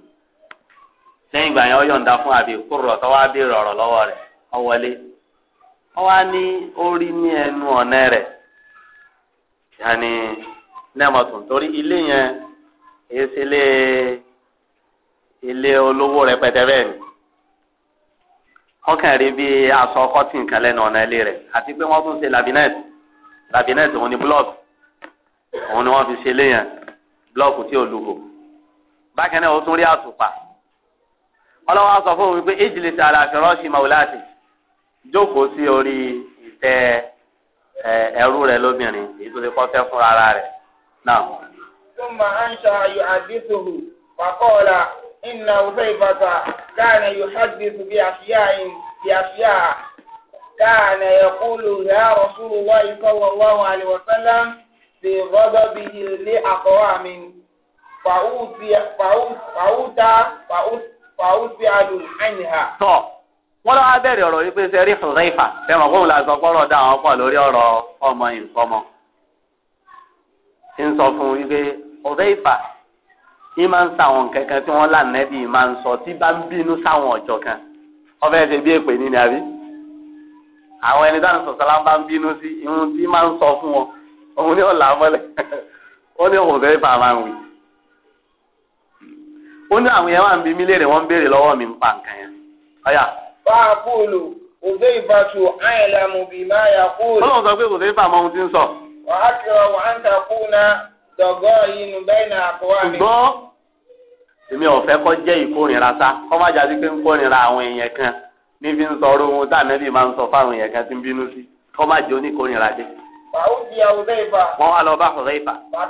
lẹ́yìn ìgbà yẹn ó yọ̀ǹda fún àbí kúrò tó wá béèrè ọ̀rọ̀ lọ́wọ́ ni ó wọlé ó wá ní orí ní ẹnu ọ̀nà yanni torí ilé yẹn ọkàn rí bí aṣọ kọ́tìn kan lẹ́nu ọ̀nà ilé rẹ̀ àti pé wọ́n tún ṣe labinẹ́ẹ̀tì labinẹ́ẹ̀tì òun ni blọọkì òun ni wọ́n fi ṣe léyàn blọọkì tí ò lùhò bákan náà ó tún rí àtùpà ọlọ́wọ́ aṣọ fún mi pé ejìlè ti jókòó sí orí ẹrú lóbìnrin èyí ara rẹ̀ náà. إن عتيبة كان يحدث بأشياء بأشياء كان يقولها رسول الله صلى الله عليه وسلم في غضبه لأقوام فأوتي عنها. wọ́n lọ́wọ́ abẹ́rẹ́ ọ̀rọ̀ yìí pé ṣe rí ṣùgbọ́n tẹ́wọ̀n kóun la sọ pọ́rọ̀ dá àwọn pọ̀ lórí ọ̀rọ̀ ọmọ ń sọ fún yìí máa ń sàwọn kankan tí wọ́n lànàbí máa ń sọ tí bá ń bínú sáwọn ọ̀jọ̀ kan ọbẹ̀ ṣe bí èpè nínú àbí àwọn ẹni táwọn sọ̀sọ́lá bá ń bínú sí irun tí máa ń sọ fún wọn òun ní ọ̀là mọ́lẹ̀ ó ní òun fẹ́ fà máa ń wí ó ní àwọn yẹn máa ń bí mí léèrè wọ́n ń béèrè lọ́wọ́ mi ń pa nǹkan yẹn ọ̀yà. fáàkùlù òbẹ́ ìbátú àìlàmù bíi máa yà kúrò. ọlọ́run sọ pé kò fẹ́ fà mọ́ ohun tí ń sọ. wàá kí ọ wàá ń takú ná dọ̀gọ́ yìí nù bẹ́ẹ̀ ní àkọ́wá mi èmi ọ̀fẹ́ kọ́ jẹ́ ìkórìíra sá kọ́ má jáde pé ń kórìíra àwọn èèyàn kan ní fi ń sọ ọ̀rọ̀ ohun tá ànábì máa ń sọ fáwọn èèyàn kan tí ń bínú sí kọ́ má jẹ́ oníkórìíra dé. wọ́n wá lọ bá sọ̀rọ̀ ìfà. wọ́n wá lọ bá sọ̀rọ̀ ìfà wọ́n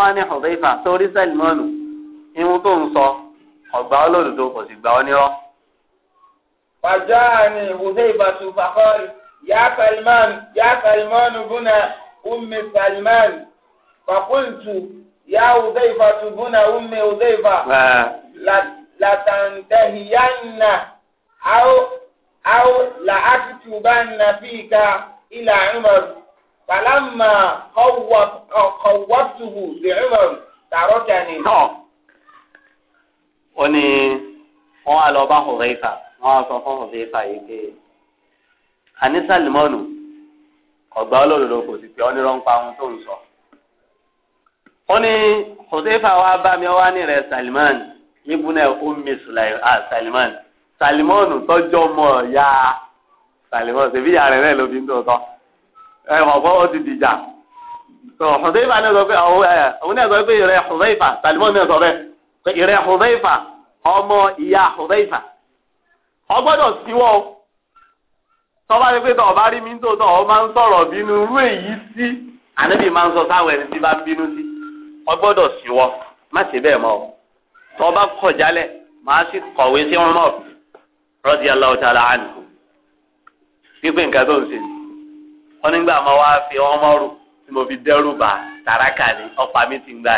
wá ní sọ̀rọ̀ ìfà sórí Salmanu irun tó ń sọ ọ̀gbà olódodo kò sì gbà فجاءني هذيبة فقال يا سلمان يا سلمان بن أم سلمان فقلت يا هذيبة بن أم هذيبة لتنتهين أو أو لأكتبن فيك إلى عمر فلما خوف خوفته لعمر تركني. ó ní wọ́n á wọn sọ fún òfin fàyè pé anisa limọnu ọgbà olódodo kò sì pé ọ nírọ̀ ń pa ohun tó ń sọ. ó ní Hudayfa wa bá mi wá ní rẹ̀ Salman ibùnà Ummi Salman Salmanu tọ́jọ́ mọ̀ ya Salman ṣèbí ya rẹ̀ náà ló fi ń tòótọ́ ẹ mọ̀ fọ́ ó ti dìjà tó Hudayfa náà sọ pé òun náà sọ pé ìrẹ̀ Hudayfa Salman náà sọ bẹ́ẹ̀ ìrẹ̀ Hudayfa ọmọ ìyá Hudayfa. ọ gbọ́dọ̀ síwọ́ tọ́ba yẹ pé tọ́ ọba rí mi ọ máa ń sọ̀rọ̀ bínú irú èyí sí ànábì máa ń sọ sáwọn ẹni tí bá ń bínú sí ọ gbọ́dọ̀ síwọ́ má ṣe bẹ́ẹ̀ mọ́ o tọ́ba kọ̀ jálẹ̀ màá sì kọ̀wé sí pípé nǹkan tó ń ṣe wọn nígbà máa wá fi tí mo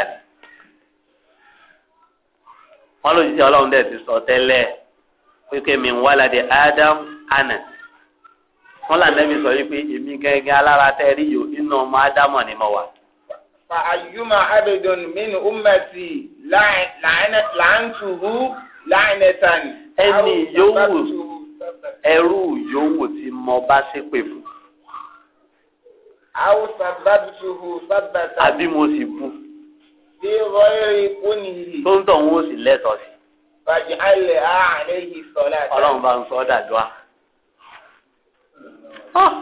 pé mi ń wálàdé Adam ana wọn là nẹbi sọ wípé èmi gẹ́gẹ́ alára tẹ rí yòó inú ọmọ Ádámọ̀ ni mo wà. fa ayuma abedun minu umati laantuhu laanatan. ẹni yòówù ẹrú yòówù tí mo bá ṣépè fún. awusa babituhu babata. àbí mo sì bú. bí rọ́ọ̀rì kúnìyí. tó ń tọ̀ ń wò lẹ́tọ̀ọ́ sí. fàjìlẹ̀ àlẹ́yìí sọ̀lá. ọlọ́run bá ń sọ ọ́ dàdúrà.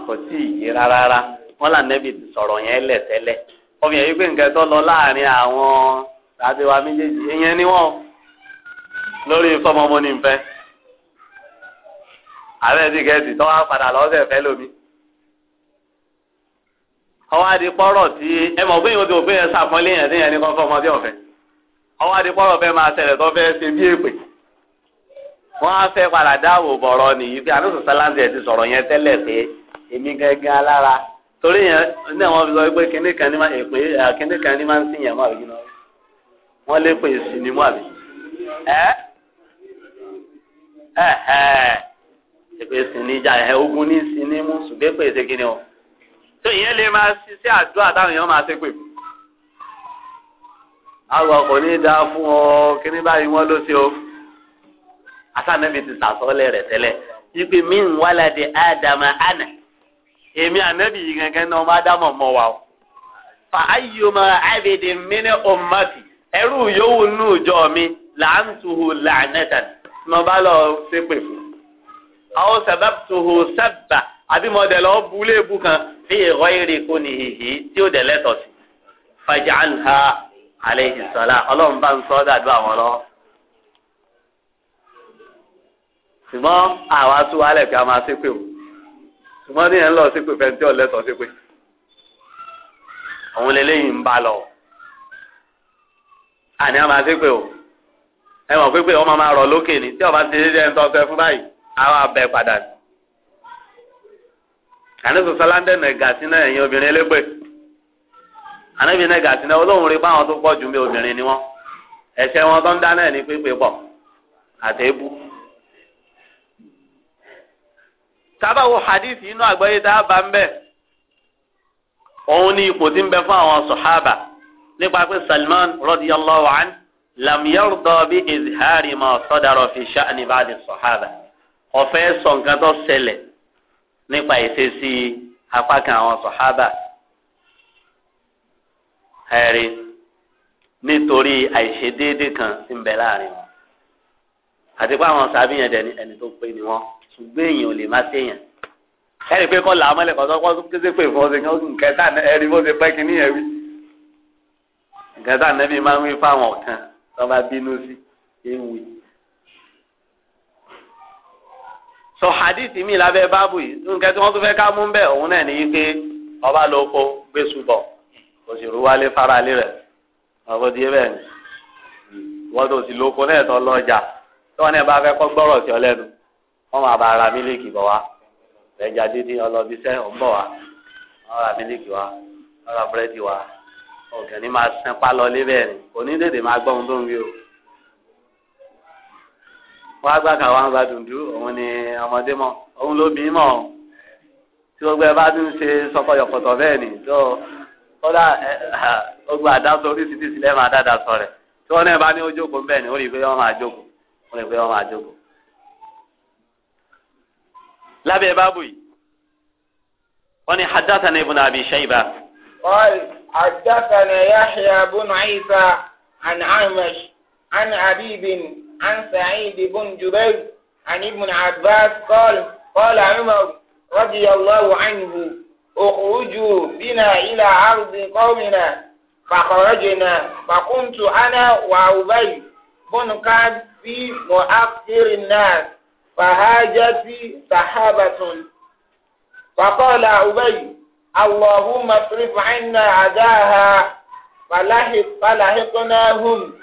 kò sí ìyè rárá wọn là nẹ́bi sọ̀rọ̀ yẹn lẹ̀ tẹ́lẹ̀ ọmọ nǹkan tó lọ láàrin àwọn àtiwá méjèèjì ìyẹn ni lórí fọmọmọ ní padà lọ́sẹ̀ fẹ́ lómi ọwọ́ adi pọ́rọ̀ tí ẹ mọ̀ pé ìwọ́n ti wò pé ẹ sàpọ́nlé ọwọ́ adìpọ́rọ̀ fẹ́ máa ṣẹlẹ̀ tó fẹ́ ṣe bí èpè wọ́n á padà dáàbò bọrọ nìyí pé àdúgbò sáláńtì ẹ̀ ti sọ̀rọ̀ yẹn tẹ́lẹ̀ pé èmi gẹ́gẹ́ alára torí yẹn pé kíní kan ní máa èpè kíní kan ní máa ń sìn yẹn mọ́ àbí ni àbí èpè sí ni ogun ní ni mú o tó lè máa ṣiṣẹ́ àdúrà táwọn èèyàn máa ṣe pè àwọn kò ní dáa fún ọ kíní báyìí wọn ló ṣe o asanabi ti sàsọlẹ rẹ tẹ́lẹ̀ ipe mi ń wálá di Adama Ana. èmi ànábì yìí gangan náà ọmọ mọ wa o fa ayyuma abidin mini ummati ẹrú yòówù nù ìjọ mi làǹtuhu làǹtàn mo bá lọ ṣépè fún àwọn sababtuhu sábà àbí mo dẹ̀ lọ bu léèbù kan fi ghayri ko tí ó dẹ̀ lẹ́tọ̀ sí fàjà Faja ha. aleyhi sọlá ọlọ́run bá ń sọ ọ́ dàdú àwọn lọ́wọ́. ṣùgbọ́n àwa tún wálẹ̀ fi a máa ṣépè o ṣùgbọ́n ní ẹ̀ ń lọ ṣépè fẹ́ tí ọ̀lẹ́sọ̀ ṣépè òun lélẹ́yìn ń bá lọ àní a máa ṣépè o ẹ mọ̀ pépè wọ́n máa máa rọ̀ lókè ni tí ọba ti dé ẹni tó fẹ́ fún báyìí àwa bẹ padà ní. àní sọ̀sọ́ láńdẹ̀nà ẹ̀gà sínú ẹ̀yìn obìnrin elégbè anábì náà gàtí náà olóhùn rí báwọn tó pọ̀ jù mí obìnrin ni wọ́n ẹ̀ṣẹ̀ wọn tó ń dá náà ní pípé pọ̀ àtẹ́bù. tábàwò hadith inú àgbáyé tá a bá ń bẹ̀ òun ní ipò tí ń bẹ fún àwọn sọ̀hábà nípa pé Salman radiyallahu an lam yarda bi ma sadara fi sha'ni ba'di sọ̀hábà ọ̀fẹ́ sọ nǹkan nípa ìṣesí apá kan àwọn sọ̀hábà ẹ̀rí nítorí àìṣedéédé kan ń bẹ láàrin wọn àti pé àwọn sábìyàn dẹni ẹni tó pé ni wọn ṣùgbọ́n èèyàn ò lè má séèyàn ẹ̀rí pé kọ́ là á mọ́lẹ̀ kọ́ sọ́kọ́ kése pé ìfọwọ́sẹ̀ kan oṣù kẹta ẹ̀rí bó ṣe pẹ́ kí níyẹn wí. nǹkan tá ànábì máa ń wí fáwọn kan tó bá bínú sí ewu. sọ hadith mi lábẹ́ báàbù yìí nǹkan tí wọ́n tún fẹ́ ká mú bẹ́ẹ̀ òun náà ní í pé ọba lóko gbé òṣèlú wálé faralé rẹ̀ ọ̀gbọ́n di bẹ́ẹ̀ ni wọ́n tó ti lóko náà tọ́ lọ́jà tọ́wọ́n náà bá fẹ́ kọ́ gbọ́rọ̀ sí ọ lẹ́nu wọ́n máa bá ara mílíkì bọ̀ wá ẹja dídín ọlọ́bíṣẹ́ ò ń bọ̀ wá wọ́n ra mílíkì wá wọ́n ra búrẹ́dì wá ọ̀gẹ̀ ni máa sẹ́ pálọ̀ lé bẹ́ẹ̀ ni òní máa gbọ́ ohun tó ń wí o. wọ́n á gbà ká wọn bá dùndú òun ni ọmọdé mọ̀ òun ló bí mọ̀ tí gbogbo ẹ bá tún ṣe sọkọyọkọtọ bẹ́ẹ̀ ni tó kódà ogun àdáso oríṣiríṣi lẹ́ẹ̀ máa dáadáa sọ rẹ̀ tí wọ́n náà bá ní ojókòó ń bẹ̀ ni ó rí i pé wọ́n máa jókòó ó rí i pé wọ́n máa jókòó. lábẹ́ báàbù yìí wọ́n ní haddathana ibn abi shayba. qal haddathana yahya ibn isa an amash an abibin an sa'id ibn jubair an ibn abbas qal qala umar radiyallahu anhu. اخرجوا بنا إلى عرض قومنا فخرجنا فكنت أنا وأبي بن كعب في مؤخر الناس فهاجت سحابة فقال أبي اللهم اصرف عنا عداها فلحق فلحقناهم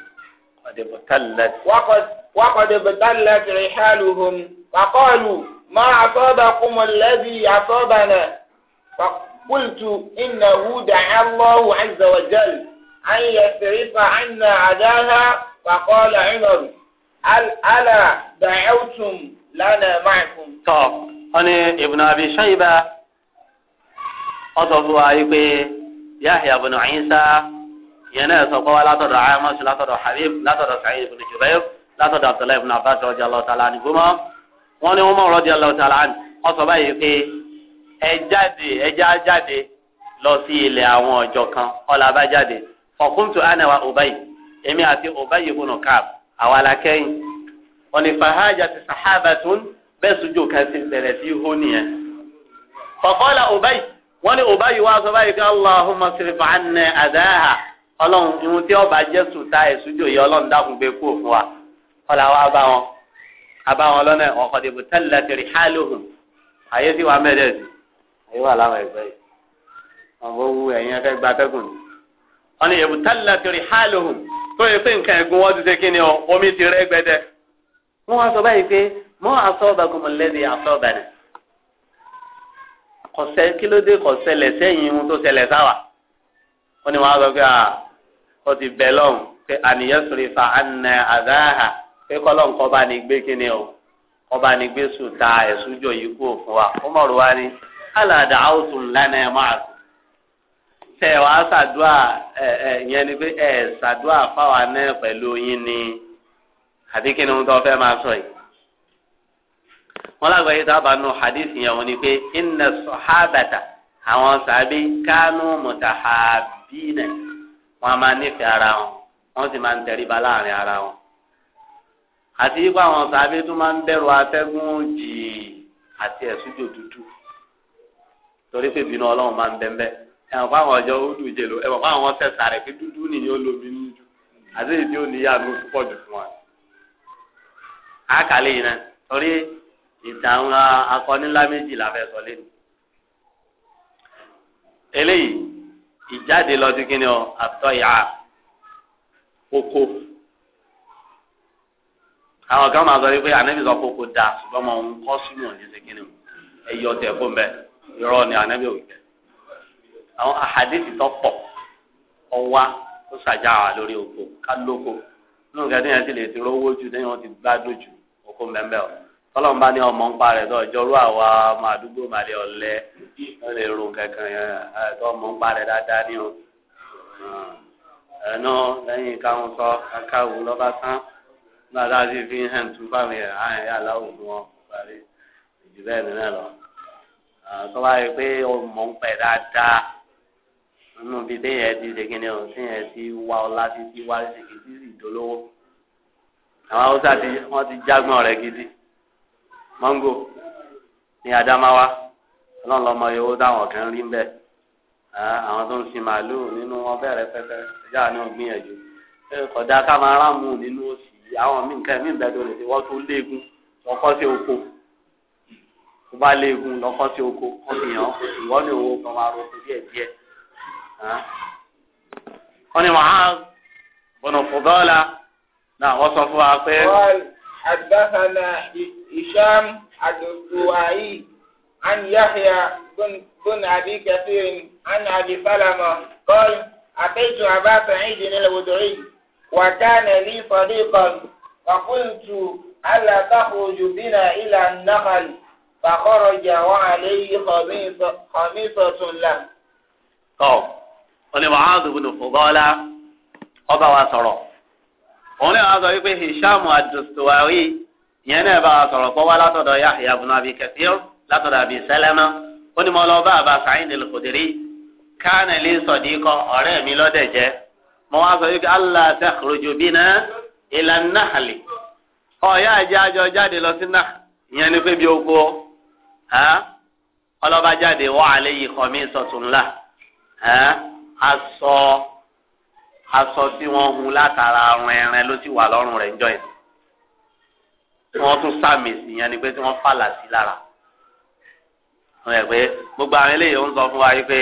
قد ابتلت وقد وقد ابتلت رحالهم فقالوا ما أصابكم الذي أصابنا فقلت إنه دعا الله عز وجل أن يصرف عنا عداها فقال عمر ألا دعوتم لنا معكم طب أنا ابن أبي شيبة أطلب عليك يحيى بن عيسى ينا سقوا لا ترى عامش لا ترى حبيب لا ترى سعيد بن جبير لا ترى عبد الله بن عباس رضي الله تعالى عنهما وأنا عمر رضي الله تعالى عنه أصبح يقول ẹ jáde ẹ já jáde lọ sí ilẹ̀ àwọn ọjọ́ kan ọ̀là bá jáde ọ̀kúntù ànáwá ọ̀báyì èmi àti ọ̀báyì ìbùnú káàb àwọn alákẹ́yìn ọ̀nìfàhájà ti sàhábà tún bẹ́ẹ̀ sójú kan ti bẹ̀rẹ̀ sí hó nìyẹn. fọ̀kọ́lá ọ̀báyì wọ́n ní ọ̀báyì wá sọ báyìí ká Allahumma sirif anna àdáhà ọlọ́run irun tí ọba jésù ta ìsújò èyí wà láwọn ẹgbẹ́ yìí ọ̀bọ̀ wu ẹ̀yin ẹ̀fẹ́ gba atẹ́gùn ni. wọ́n ní yẹ̀bù tálílà torí hálòhùn tó yẹ pé nǹkan ẹ̀gún wọn ti ṣe kí ọ omi ti rẹ́ gbẹdẹ. wọ́n wá sọ báyìí pé mọ́ asọ́bàgùn lẹ́ni asọ́bàdàn kọ̀sẹ́ kí ló dé kọ̀sẹ́lẹ̀ sẹ́yìn ohun tó ṣẹlẹ̀ sáwà. wọ́n ní wọ́n á sọ pé ọ ti bẹ̀ lọ́hùn pé àníyàn sọ̀rọ̀ ìfà àná àdáhà pé kọ́lọ́n kọ́ bá ní gbé kí ni kọ́ bá ní gbé sùn ta ẹ̀sùn jọ yìí kú òfin wa ó mọ̀rọ̀ wá ní alàdà àwùsùn lánàá máa sùn tẹ wàá ṣàdúà ẹ ẹ yẹn ni pé ẹ ṣàdúà fáwa náà pẹ̀lú yín ni àbí kí ni wọn tó fẹ́ máa sọ yìí wọn lágbàá yìí sábà nù hadith yẹn wọn ni pé inna sọhábàtà àwọn sàbí kánú mùtàhábìnà wọn máa nífẹ̀ẹ́ ara wọn wọn sì máa ń tẹríba láàrin ara wọn àti yípa àwọn sàbí tó máa ń bẹ̀rù atẹ́gùn jì àti ẹ̀sùjò tútù torí pé ìbínú ọlọ́run máa ń bẹ́ẹ̀ bẹ́ẹ̀ ẹ̀wọ̀n fún àwọn ọjọ́ ó dùn jèlò ẹ̀wọ̀n fún àwọn ọ̀sẹ̀ sàrẹ̀ pé dúdú nìyẹn ó lomi ní jù àti ìdí òní yàgò pọ̀ jù fún wa. àkàlẹ́ yìí náà torí ìtàn àwọn méjì la fẹ́ sọ lẹ́nu. eléyìí ìjáde lọ sí kíni ọ àtọ́ ìhà oko àwọn kan máa sọ wípé ànábìsọ̀ kókó da ṣùgbọ́n mo ń kọ́ sínú òní sí ẹ̀yọ́ tẹ̀ fún bẹ́ẹ̀ irọ́ ni ànábì òkè àwọn àhàdìsì tó pọ̀ ọwá ó ṣàjáwà lórí oko ká nínú kẹ́tí yẹn ti lè ti rówó jù lẹ́yìn wọn ti gbádùn jù oko mẹ́mẹ́ o tọ́lọ́n bá ní ọmọ ń parẹ́ tó ọjọ́rú àwa ọmọ àdúgbò màlẹ́ ọ̀lẹ́ ó lè ro kankan yẹn tó ọmọ ń parẹ́ dáadáa ní o ẹnu lẹ́yìn káwọn sọ káwù lọ́ba tán gbàdá sí fi hàn tún fáwọn yẹn àyàn yà láwùjọ wọn parí ìjì bẹ́ẹ̀ nínú lọ tó bá yẹ pé o mọ̀ ń pẹ̀ dáadáa nínú ibi téèyàn ti ṣe ni o téèyàn ti wá ọlá ti ti wá ṣèkì tí sì dolówó àwọn haúsá ti wọ́n ti jágbọ́n rẹ̀ gidi mọ́ngò ní Adamawa ọlọ́run lọ́mọ yòówó táwọn kan rí bẹ́ẹ̀ àwọn tó ń sin màálùú nínú wọn bẹ̀rẹ̀ pẹ́pẹ́ ìyá ni wọ́n gbìyànjú kódà ká máa nínú òsì àwọn míì nǹkan lè ṣe wọ́n tó léegun wọ́n kọ́ sí oko tó bá léegun lọ́kọ́ sí oko wọ́n fi hàn ìwọ́ ní owó kan máa ro díẹ̀ díẹ̀. wọ́n ní Mu'adh bin Fudala náà wọ́n sọ fún wa pé. حدثنا هشام الدستوائي عن يحيى بن أبي كثير عن أبي سلمة قال أتيت أبا سعيد الخدري وكان لي صديقا فقلت ألا تخرج بنا إلى النخل fàkọ́rọ̀jà wà àléyìí kọ̀mísọ̀tún là. tọ́ oní muhammed bin fúgọ́lá ọba wa sọ̀rọ̀ òun náà wá sọ wípé hisham adustuwari ìyẹn náà bá wa sọ̀rọ̀ pọ̀ wá látọ̀dọ̀ yahya bin abi kathir látọ̀dọ̀ abi salama ó ní mo lọ bá àbá sa'id al-khudri káàní lè ọ̀rẹ́ mi lọ́dẹ̀ jẹ́ mo wá sọ wípé allah takhruju bina ila nahli ọ̀ya àjẹ́ àjọ jáde lọ sí náà ìyẹn ọlọ́ba jáde wọ́n àlẹ́ yìí kọ́ mi sọ̀tún ńlá aṣọ aṣọ tí wọ́n hun látara arun ẹran ló ti wà lọ́rùn rẹ̀ ńjọ́ yẹn wọ́n tún sàmì sí yẹn ni pé tí wọ́n fàlà sí lára wọ́n yẹ pé gbogbo àwọn eléyìí ń sọ fún wa yìí pé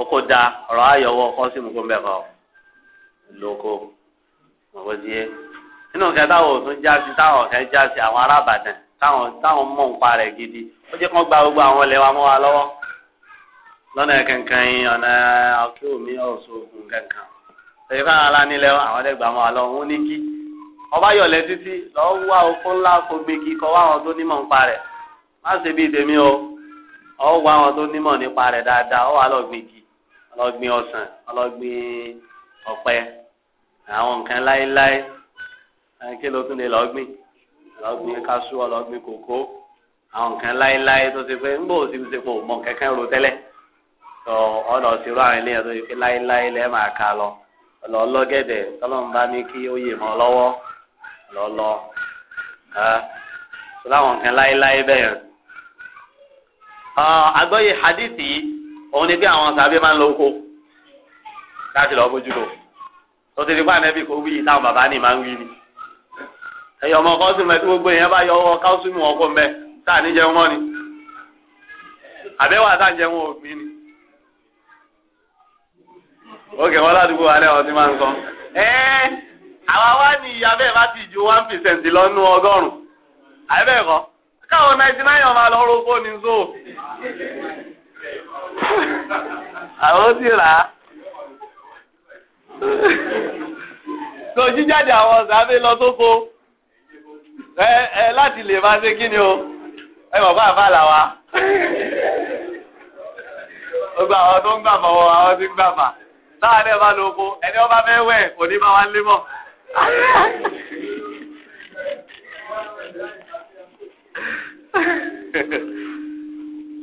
oko da ọ̀rọ̀ ayọ̀wọ̀ ọkọ sí mùkún bẹ́ẹ̀ kọ́ lóko ọ̀pọ̀ sí yé nínú kẹta wo tún já sí táwọn kẹ já sí àwọn arábàdàn táwọn táwọn mọ̀ ń parẹ́ gidi ó jẹ́ kán gba gbogbo àwọn ilẹ̀ wa mọ́ wa lọ́wọ́ lọ́nà kankan yìí ọ̀nà àti omi ọ̀ṣọ́gun kankan ẹ̀yìn fún ara nílẹ̀ àwọn ẹ̀dẹ́gbà mọ́ wa lọ́wọ́ wọn ní kí ọba yọ̀lẹ̀ títí lọ́wọ́ wá okó ńlá kó gbé kí kọ́ wá àwọn tó nímọ̀ nípa rẹ̀ má ṣe bí tèmi o ọwọ́ wá àwọn tó nímọ̀ nípa rẹ̀ dáadáa ọwọ́ alọ́gbìn kí ọlọ́gbìn ọ̀sán ọlọ́gbìn ọ̀pẹ àwọn nǹkan láéláé kí ló tún lè lọ́gbìn ọlọ́gbìn kaṣú ọlọ́gbìn kòkó àwọn nǹkan láéláé tó ṣe pé ń bò sí ṣe mọ kankan ro tẹ́lẹ̀ tó ọ̀nà òṣèré àwọn ilé tó ṣe pé láéláé lẹ́ẹ̀ máa kà lọ lọ lọ́gẹ̀dẹ̀ tọ́lọ́run bá ní kí ó yè mọ́ lọ́wọ́ lọ tó láwọn nǹkan láéláé bẹ́ẹ̀ ah, yẹn. hadithi òun ni bí àwọn sàbí máa ń lo oko láti lọ bójú lò tó ti di pa àmẹ́bí kò wí táwọn bàbá ní máa ń wí ni ẹ̀yọ̀ ọmọ kan sì gbogbo èèyàn bá yọ ọwọ́ káwọ́sùmù ọkọ̀ mẹ́ẹ̀ sáà ní jẹun mọ́ ni àbẹ́wà sáà ń jẹun ògbìn ni ókè wọn ládùúgbò alẹ́ ọtí máa ń sọ. ẹ́ẹ́ àwa wá ní ìyá bẹ́ẹ̀ bá ti ju one percent lọ́nú ọgọ́rùn-ún àbẹ́ẹ̀ kọ́ káwọn ninety nine ọmọ alọ́ ro fóònù so. àwọn ó sì rà á. so jíjáde àwọn ọ̀sán abẹ́ lọ sóko ẹ ẹ láti lè máa ṣe kí ni o ẹ mọ̀ bá àbá làwa gbogbo àwọn tó ń gbà fọwọ́ àwọn tí ń gbà fà láàárín ẹ̀ bá lo oko ẹni ọba mẹ́wẹ̀ kò ní bá wa lé mọ́.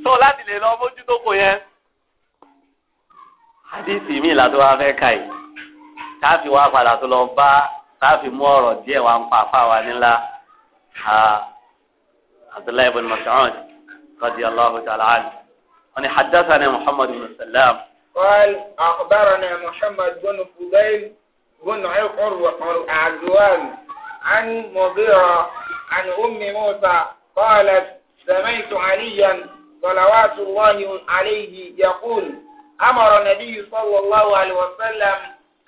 so láti lè lọ mójútó kò yẹn àdìsí mi ìlà tó wá fẹ́ ka yìí káfí wá padà tó lọ bá káfí mú ọ̀rọ̀ díẹ̀ wá ń pa àfa wa nílá. Ah, abdullahi ibn mas'ud radiyallahu ta'ala anhu wọ́n ní haddathana محمد بن salam. قال أخبرنا محمد بن فضيل بن عقر العزوان عن مغيرة عن أم موسى قالت سمعت عليا صلوات الله عليه يقول أمر النبي صلى الله عليه وسلم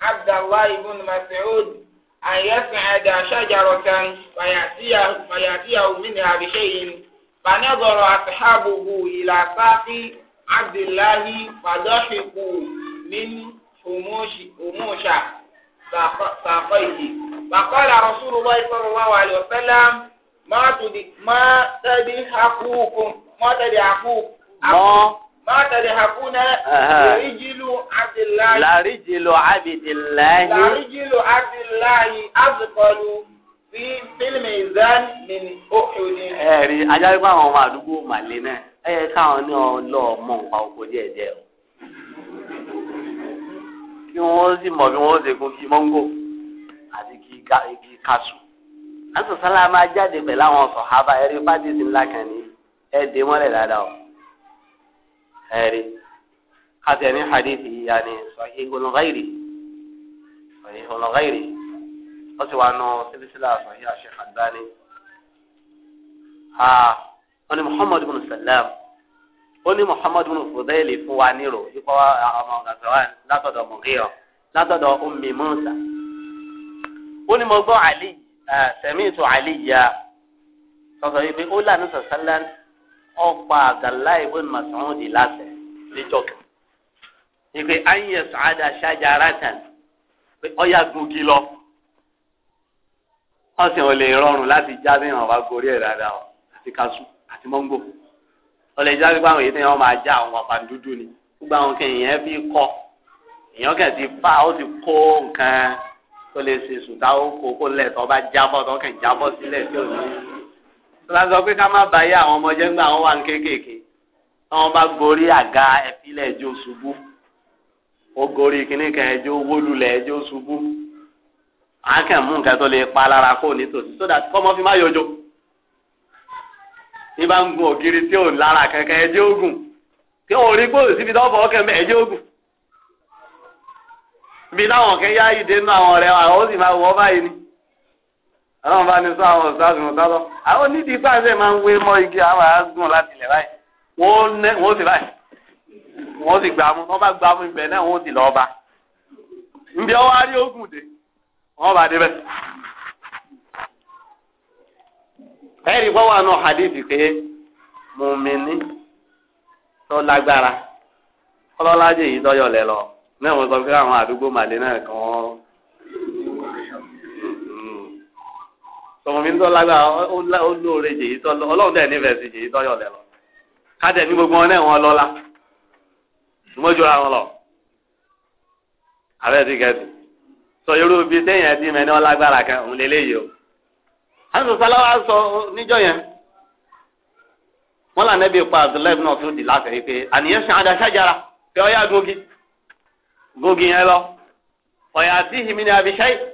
عبد الله بن مسعود àyẹ̀sìn ẹ̀dà ṣàjàrọ̀tàn fàyàtíyàwó mí ní àbíṣẹ́ yìí fanẹ́gọ̀rọ̀ àtàbùbù ìlàsáfì abdullahi fàdọ́ṣìkù nínú òmùṣà sàkọ́ ìdí. bàkọ́lá rasúlù lọ́ọ́ ìsọ̀rọ̀ wá wà lọ sẹ́lá mọ́tẹ́dì àkúkù. mọ́ ما تذهبون لرجل عبد الله لرجل عبد الله لرجل عبد الله أثقل في في الميزان من أحد ẹ̀rí ajáde pé àwọn ọmọ àdúgbò màlẹ́ náà ẹ yẹ káwọn ní ọlọ́ mọ nǹkan oko díẹ̀ díẹ̀ o kí wọ́n sì mọ̀ bí wọ́n ṣe kó kí mọ́ngò àti kí igi kaṣu àti sọ́sálà máa jáde pẹ̀lú àwọn sọ̀hábà ẹ̀rí pàdésì ńlá kan ní ẹ̀ẹ́dẹ́mọ́lẹ̀ dáadáa o ẹ̀rí kátìyà ní hadithi yaani sahihul ghairi sahihul ghairi wọ́n ti wà nù sílísílà sahih Sheikh Albani wọ́n ní Muhammad bin Salam ó ní Muhammad bin Fudayli fún wa nírò ikọ ọmọ gàzọwán látọ̀dọ̀ mọgíyọ látọ̀dọ̀ Ummi Musa ó ní mo gbọ́ Ali sẹmíìtù Ali yá sọsọ yìí pé ó lànà sọsọ ọ̀pá àgàlá ìwé màsàn-án di láṣẹ níjọ́ kan. ìpè ayé sàádà ṣáájà aráàtàn pé ọ̀yà gungi lọ. wọ́n sì ò lè rọrùn láti já bí wọn bá gorí ẹ̀ dáadáa o àti kaṣu àti mọ́ngò. wọ́n lè já bí báwọn èyí tí wọ́n máa já àwọn ọ̀pá dúdú ni. gbogbo àwọn kan èèyàn fi kọ́ èèyàn kàn ti bá ó ti kó nǹkan tó lè ṣe sùn táwọn kò kó lẹ̀ tó bá jábọ̀ tó kàn jábọ̀ sílẹ̀ tí ò ní lásán pé ká má báyé àwọn ọmọdé ńgbà wọn wà ní kéékèèké táwọn bá gorí àga ẹfílẹ̀ ẹjọ́ ṣubú ó gorí kínní kan ẹjọ́ wólulẹ̀ ẹjọ́ ṣubú àákàn mú nǹkan tó lè pa lára kó nítòsí so that kọ́mọ fi má yọjọ́ ní bá ń gun ògiri tí ò lára kankan ẹjọ́ ògùn kí wọn ò rí gbòòrò síbi tó fọwọ́ kẹ́mẹ́ ẹjọ́ ògùn ibi táwọn kan yá ìdénú àwọn ọ̀rẹ́ wa ó sì máa wọ́ báyìí ni. ọlọ́run bá ní sọ àwọn ọ̀sáàzù mọ̀tálọ́ àwọn onídìí pàṣẹ máa ń wé mọ́ igi àwọn àgùn láti ilẹ̀ báyìí wọ́n sì báyìí wọ́n sì gbàmú wọ́n bá gbàmú ibẹ̀ náà wọ́n ndị lọ́ọ́ bá ọwọ́ arí ogun dé wọ́n bá débẹ̀. ẹ̀rí fọwọ́ àná hadith pé mùmíní tó lágbára kọ́lọ́lájì yìí tọ́yọ̀ lọ náà tọmọmí ń tọ́ lágbára ó lóore jèyí tọ́ ọlọ́run dẹ̀ nífẹ̀ẹ́ sí jèyí tọ́ yọ̀lẹ̀ kájẹ̀ ní gbogbo wọn náà wọn lọ́la ìmọ̀jọra wọn lọ abẹ́ ti kẹ́sì sọ irú bíi téèyàn ẹbí mẹ́ni wọn lágbára kan òun lè léyìí o àwọn sọláwà sọ níjọ yẹn wọn là nẹbi pa abdullahi náà fún di láti pé àníyàn sàn àdàṣàjára pé ọyá gogi gogi yẹn lọ ọ̀yà àti hìmí ni àbíṣẹ́yì.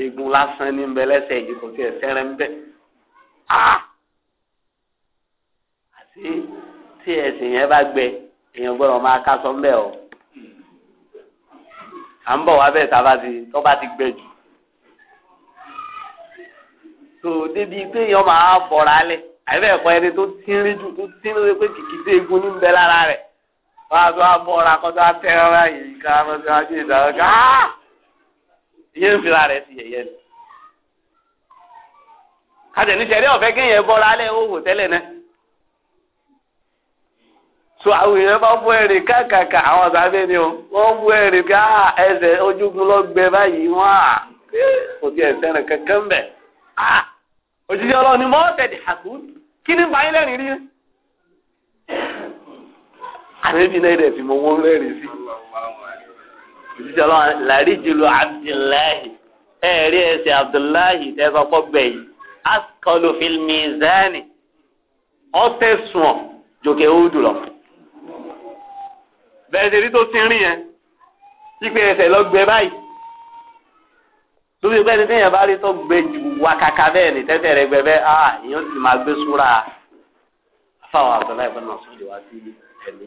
eegun lásán ní nbẹ lẹ́sẹ̀ yìí kò tiẹ̀ sẹrẹ nbẹ àti tí ẹsìn yẹn bá gbẹ èèyàn gbọ́dọ̀ máa ká sọ nbẹ o à ń bọ̀ wá bẹ́ẹ̀ tá a bá ti tó bá ti gbẹ jù tó débi pé èèyàn máa bọ̀ra alẹ́ àbẹ̀ ẹ̀kọ́ ẹni tó tínrín jù tó tínrín pé kìkì dé eegun ní nbẹ lára rẹ̀ wọ́n á tó a bọ̀ra kó tó báyìí ká ló ti wá sí ká. ihe ń fira rẹ̀ sí yẹ̀yẹ́ ni. kájẹ̀ ní sẹ́rí ọ̀fẹ́ kéèyàn bọ́ra so àwọn èèyàn bá bú ẹ̀rì káàkàkà àwọn sábẹ́ ni o wọ́n bú ẹ̀rì ká ẹsẹ̀ ojúgun lọ́gbẹ báyìí wọ́n à kò tí na sẹ́rìn kankan bẹ̀. òjijì ni mọ́ tẹ̀dí àkú kí ni báyìí lẹ́rìn rí fi òjijì ọlọ́run làrí jùlọ abdullahi ẹ̀rí ẹsẹ̀ abdullahi tẹ́sán kọ́ gbẹ̀yìn askọlù filimizani ọ̀sẹ̀ sùn jòkè òdù lọ. bẹ́ẹ̀ ṣe rí tó ti rìn yẹn pípẹ́ ẹsẹ̀ lọ gbẹ báyìí lórí pẹ́ẹ́ni téèyàn bá rí tó gbẹ jù wá kàkà bẹ́ẹ̀ ni tẹ́tẹ̀ rẹ gbẹ bẹ́ẹ̀ ah èèyàn ti máa gbé súra fáwọn abdullahi bọ́lá sọ́jọ́ wá sí ẹ̀mí.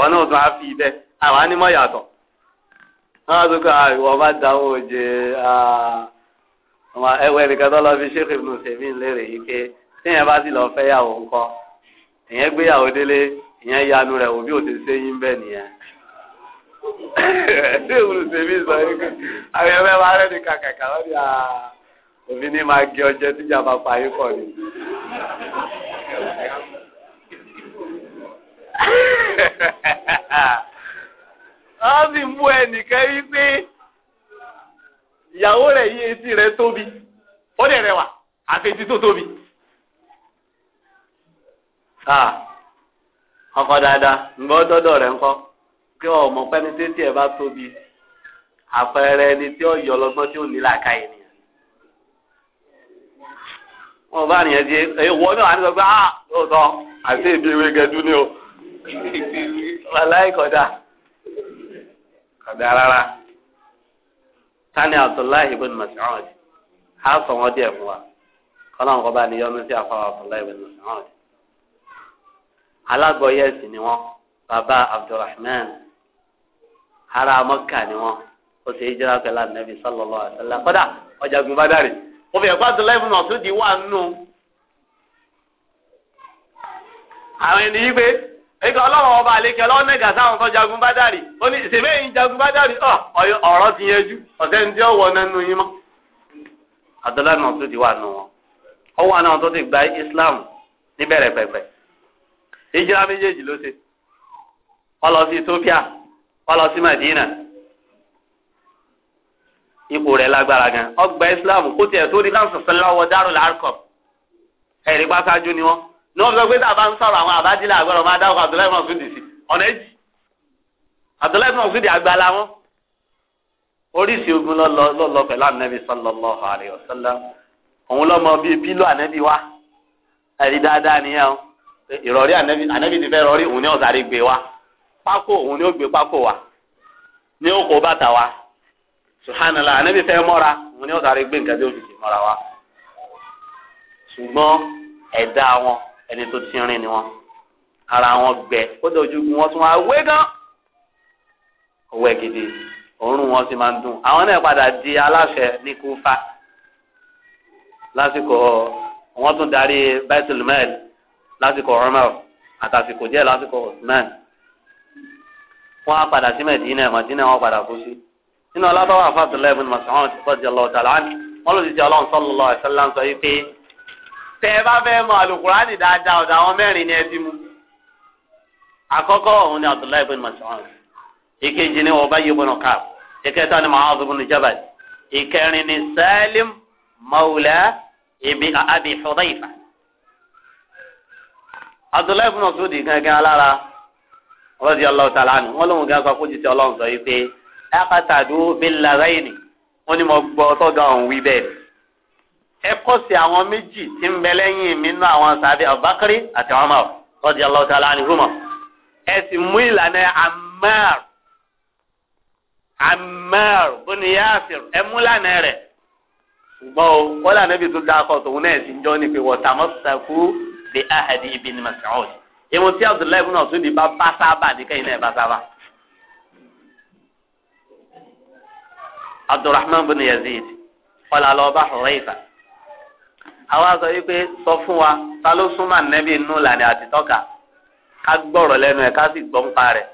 wọn náà tún á fi bẹ àwọn anímọ̀ yàtọ̀ wọn á tún kọ àwọn ah, ah, ọba dáwọ́ òjè ẹwẹ́ nìkan tó lọ fi nù lérè yìí pé bá sì lọ fẹ́ yàwó ńkọ́ ìyẹn gbéyàwó délé ìyẹn yanu rẹ̀ òbí ò ti ṣe yín bẹ́ẹ̀ nìyẹn. ṣéèkì nù sèmí sọ yìí pé àwọn ẹgbẹ́ òbí ah, máa gé tíjà pa yín ni. wọ́n sì mú ẹnìkan yí pé ìyàwó rẹ̀ yí etí rẹ̀ tóbi ó dẹ̀ rẹwà àfetí tó tóbi. ọkọ dáadáa ǹgbọ́ dọ́dọ̀ rẹ̀ ńkọ́ kí ọmọ pẹ́ni tẹ́tí ẹ̀ bá tóbi àpẹẹrẹ ẹni tí ó yọ lọ́gbọ́n tí ó ní làákàyè ni wọn bá nìyẹn di ẹyọ wọn náà á ní sọ pé ah lóòótọ́ àti ìbí ìwé gẹdú ni o wàláì kọjá kọjá rárá Tani abdullahi ibn mas'ud ha sọ wọn díẹ̀ fún wa kọlọ nǹkan bá níyọ sí àfọwọ abdullahi ibn mas'ud alágbọyé ẹ̀sìn ni wọn abdulrahman mọkà ni wọn ó sì jẹ́ àkàlà nàbì sallallahu alaihi kọ́dà ọjà di wà nù. àwọn ènìyàn gbé nígbà ọlọ́run ọba àlekẹ́ ọlọ́run nẹ̀gà sáwọn tó jagun bádàrí ó ní ìsèmẹ́yìn jagun bádàrí ọ ọ̀rọ̀ ti yẹjú ọ̀sẹ̀ ní tí ó wọ nínú yín mọ́. àdọ́lá náà tó ti wà nù wọn ó wà náà tó ti gba Islam níbẹ̀rẹ̀ pẹ̀pẹ̀ ìjìlá méjèèjì ló ṣe wọ́n lọ sí Ethiopia wọ́n lọ sí Madina ipò rẹ̀ lágbára gan ọgbà Islam kó tiẹ̀ tó ní láǹṣọ̀ṣọ́ lọ́wọ́ Darul ẹ̀rí ni wọ́n. ní wọ́n sọ pé tá a bá ń sọ̀rọ̀ àwọn àbájílẹ̀ àgbọ̀rọ̀ máa dáwọ́ Abdullahi mọ̀ sódì sí ọ̀nà èjì Abdullahi mọ̀ sódì àgbàlá wọn oríṣi ogun lọ́lọ́ pẹ̀lú anabi sallallahu alayhi wa sallam òun lọ́mọ bíi pílò anabi wa ẹ̀rí dáadáa nìyẹn o ìrọ̀rí anabi anabi ti fẹ́ rọrí òun ní ọ̀sàrí gbé wa pákó òun ní ó gbé pákó wa ní ó kó bàtà wa subhanallah anabi fẹ́ mọ́ra òun ní ọ̀sàrí gbé nǹkan tí ó fi ṣe mọ́ra wa ṣùgbọ́n ẹ̀dá wọn ẹni tó ti rìn ni wọn ara wọn gbẹ kódà ojúgun wọn tún awé gan owó ẹgidi òórùn wọn sì máa ń dùn àwọn náà padà di aláṣẹ ní kúfà lásìkò wọn tún darí baitul mal lásìkò Umar àtàsìkò díẹ̀ lásìkò Usman wọn á padà sí Mẹdínà Mẹdínà wọn padà kú sí nínú ọlọ́tọ́wọ́ àfàtúlẹ̀ ibn Mas'ud radiyallahu ta'ala anhu wọn lòdì sí ọlọ́run sallallahu alaihi wasallam sọ yìí pé tẹ́ ẹ bá fẹ́ mọ àlùkùránì dáadáa ọ̀dọ̀ àwọn mẹ́rin ni ẹ ti mú. àkọ́kọ́ òun ni abdullahi bin mas'ud ìkejì ni ubayy bin ka'b ìkẹta ni mu'adh bin jabal ìkẹrin ni salim mawla ibi abi hudayfa. abdullahi bin mas'ud gangan alára radiyallahu ta'ala anhu wọn lóun gan kó jìtì ọlọ́run sọ yìí pé aqtadu ẹ kọ́ sí àwọn méjì tí ń bẹ lẹ́yìn mi nú àwọn sàbẹ̀ Abubakar àti Umar radiyallahu ta'ala anhuma ẹ sì mú ìlànà Ammar Ammar bun Yasir ẹ mú lànà rẹ̀ ṣùgbọ́n o wọ́n lànà ibi tó dáa kọ́ tòun náà sì ń jọ́ ni pé wọ́n ta mọ́ sàkú bí ahadi ibn Mas'ud ìwọ̀n tí Abdullahi ibn Mas'ud bá bá sábà nìkẹ́yìn náà bá sábà. Abdurrahman bin Yazid wọ́n lọ bá Hurayfa àwa sọ yìí pé sọ fún wa ta ló súnmọ́ ànẹ́bí inú làní àti tọ́ka ká gbọ́rọ̀ lẹ́nu ẹ̀ ká sì gbọ́n pa rẹ̀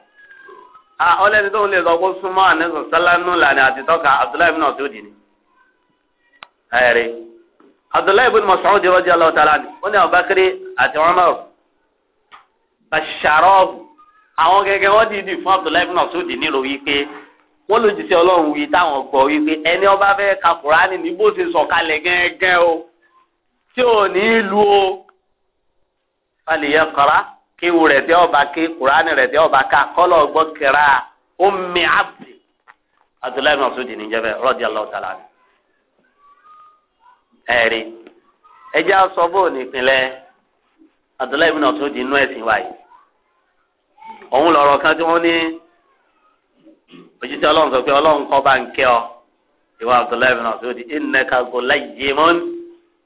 a ọlẹ́ni tó ń lè sọ pé súnmọ́ ànẹ́sọ̀ sálá inú làní àti tọ́ka Abdullahi ibn Mas'ud ni ẹ̀rí Abdullahi ibn Mas'ud radiyallahu ta'ala ni ó ní Abubakar àti Umar bàṣàrọ̀ àwọn gẹ́gẹ́ wọ́n dìídì fún Abdullahi ibn Mas'ud nílò wípé wọ́n lòdì sí Ọlọ́run wí táwọn gbọ́ wípé ẹni ó bá ka Kùránì ní bó ṣe sọ̀kalẹ̀ gẹ́gẹ́ o. tí ò ní lu o falẹ̀ kí kọ́ra rẹ̀ tí ọba ké kuraani rẹ̀ tí gbọ́ ó mi àbùdí Abdullahi Mas'ud ní jẹ́bẹ̀ radiyallahu ta'ala ni. ẹ̀rí ẹjẹ́ aṣọ bóun inú ẹ̀sìn wáyé òun lọ̀rọ̀ kan tí wọ́n ní òjijì ọlọ́run sọ pé ọlọ́run kọ́ bá ń kẹ́ ọ ìwà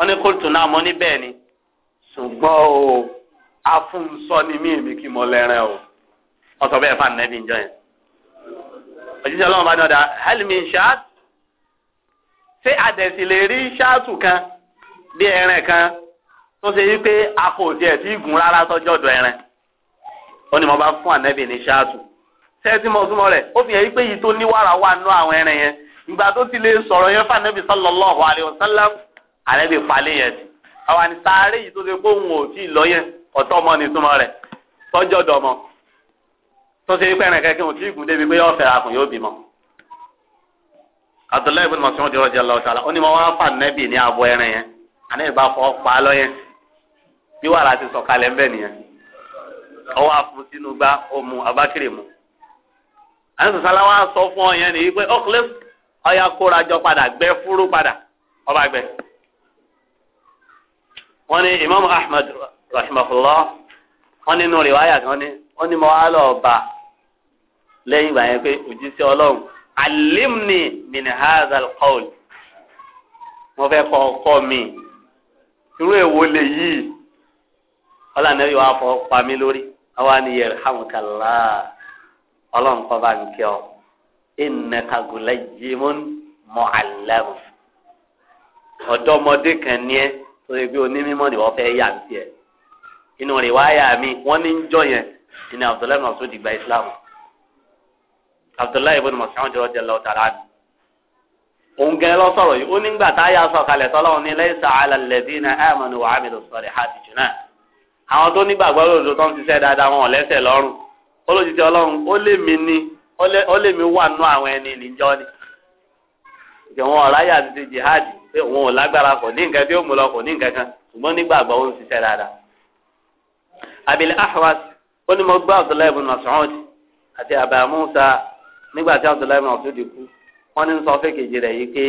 wọ́n ní kóòtù náà mọ́ ní bẹ́ẹ̀ ni ṣùgbọ́n o afúnṣọ ni mí èmi kí mo lẹ́rìn o wọ́n sọ bẹ́ẹ̀ fáànù nẹ́bí ìjọ yẹn òjíṣẹ́ ọlọ́run bá ní ọ̀dà helmi ṣáàt ṣé àdẹ̀sí lè rí ṣáàtù kan bí ẹran kan tó ṣe yí pé a kò tiẹ̀ tí gùn rárá tọ́jọ́ ọ̀dọ̀ ẹran ó ní mo bá fún ànẹ́bì ní ṣáàtù sẹ́ẹ̀tì mọ̀túnmọ̀ rẹ̀ ó fi hàn yí pé yìí tó níwàrà wà nú àwọn ẹran yẹn ìgbà tó ti lè sọ̀rọ̀ yẹn fún ànẹ́bì sallallahu alaihi wasallam àrẹ́bí palẹ̀ yẹn ti àwọn àni sáré yìí tó ṣe pé òun ò tí ì lọ yẹn ọ̀tọ̀ ọmọ ni túmọ̀ rẹ̀ tọ́jọ́ dọ̀mọ́ tó ṣe pé ẹ̀rìn kẹ́kẹ́ òun tí ìgùn débi pé yóò fẹ́ akùn yóò bímọ. Abdullahi ibn Mas'ud radiyallahu ta'ala ó ní mo wá fà nẹ́bì ní abọ́ ẹran yẹn àní ìbá fọ́ pa lọ yẹn bí wàrà ti sọ̀kalẹ̀ ń bẹ̀ nìyẹn ọwọ́ àfun sínú gbá òmu abákìrì mu. àní sọ̀sálà wa sọ fún ọ yẹn nìyí pé ọkùnrin ọ̀yà kóra jọ padà gbẹ fúrú padà ọba gbẹ wọ́n ní imam ahmed rahimahullah wọ́n nínú rìwáyà kan ní wọ́n ní mo wá lọ bá lẹ́yìn ìgbà yẹn pé òjíṣẹ́ ọlọ́run alimni min hazal qawl mo fẹ́ kọ́ ọkọ mi irú èwo lè yìí ọlọ́run náà yóò wá fọ́ pa mí lórí àwa ni yarhamukallah ọlọ́run kọ́ bá ń kí ọ innaka gulajimun mu'allam ọ̀dọ́mọdé kan ní ẹ́. sórí pé onímọ̀ ni wọ́n fẹ́ yà ní tiẹ̀ inú rẹ̀ wá yà mí wọ́n ní ń jọ yẹn ìní abdullahi gba islam abdullahi ibn masoud radiyallahu ta'ala anhu òun gẹ́gẹ́ lọ sọ̀rọ̀ yìí ó nígbà tá a yà sọ̀ kalẹ̀ tọ́lọ́run ní 'ala alladhina amanu wa 'amilu àwọn tó lòdò tó ń ṣiṣẹ́ dáadáa wọn lẹ́sẹ̀ lọ́rùn olójijì ọlọ́run ó lè ní ó lè pé òun ò lágbára kò ní nǹkan tí ó mú lọ kò ní nǹkan kan ṣùgbọ́n nígbàgbọ́ ó ń ṣiṣẹ́ dáadáa. abil ahwas ó ní mo gbọ́ abdullahi ibn mas'ud àti aba nígbà tí abdullahi ibn mas'ud kú wọ́n ní sọ fẹ́kẹ̀jì rẹ̀ yìí pé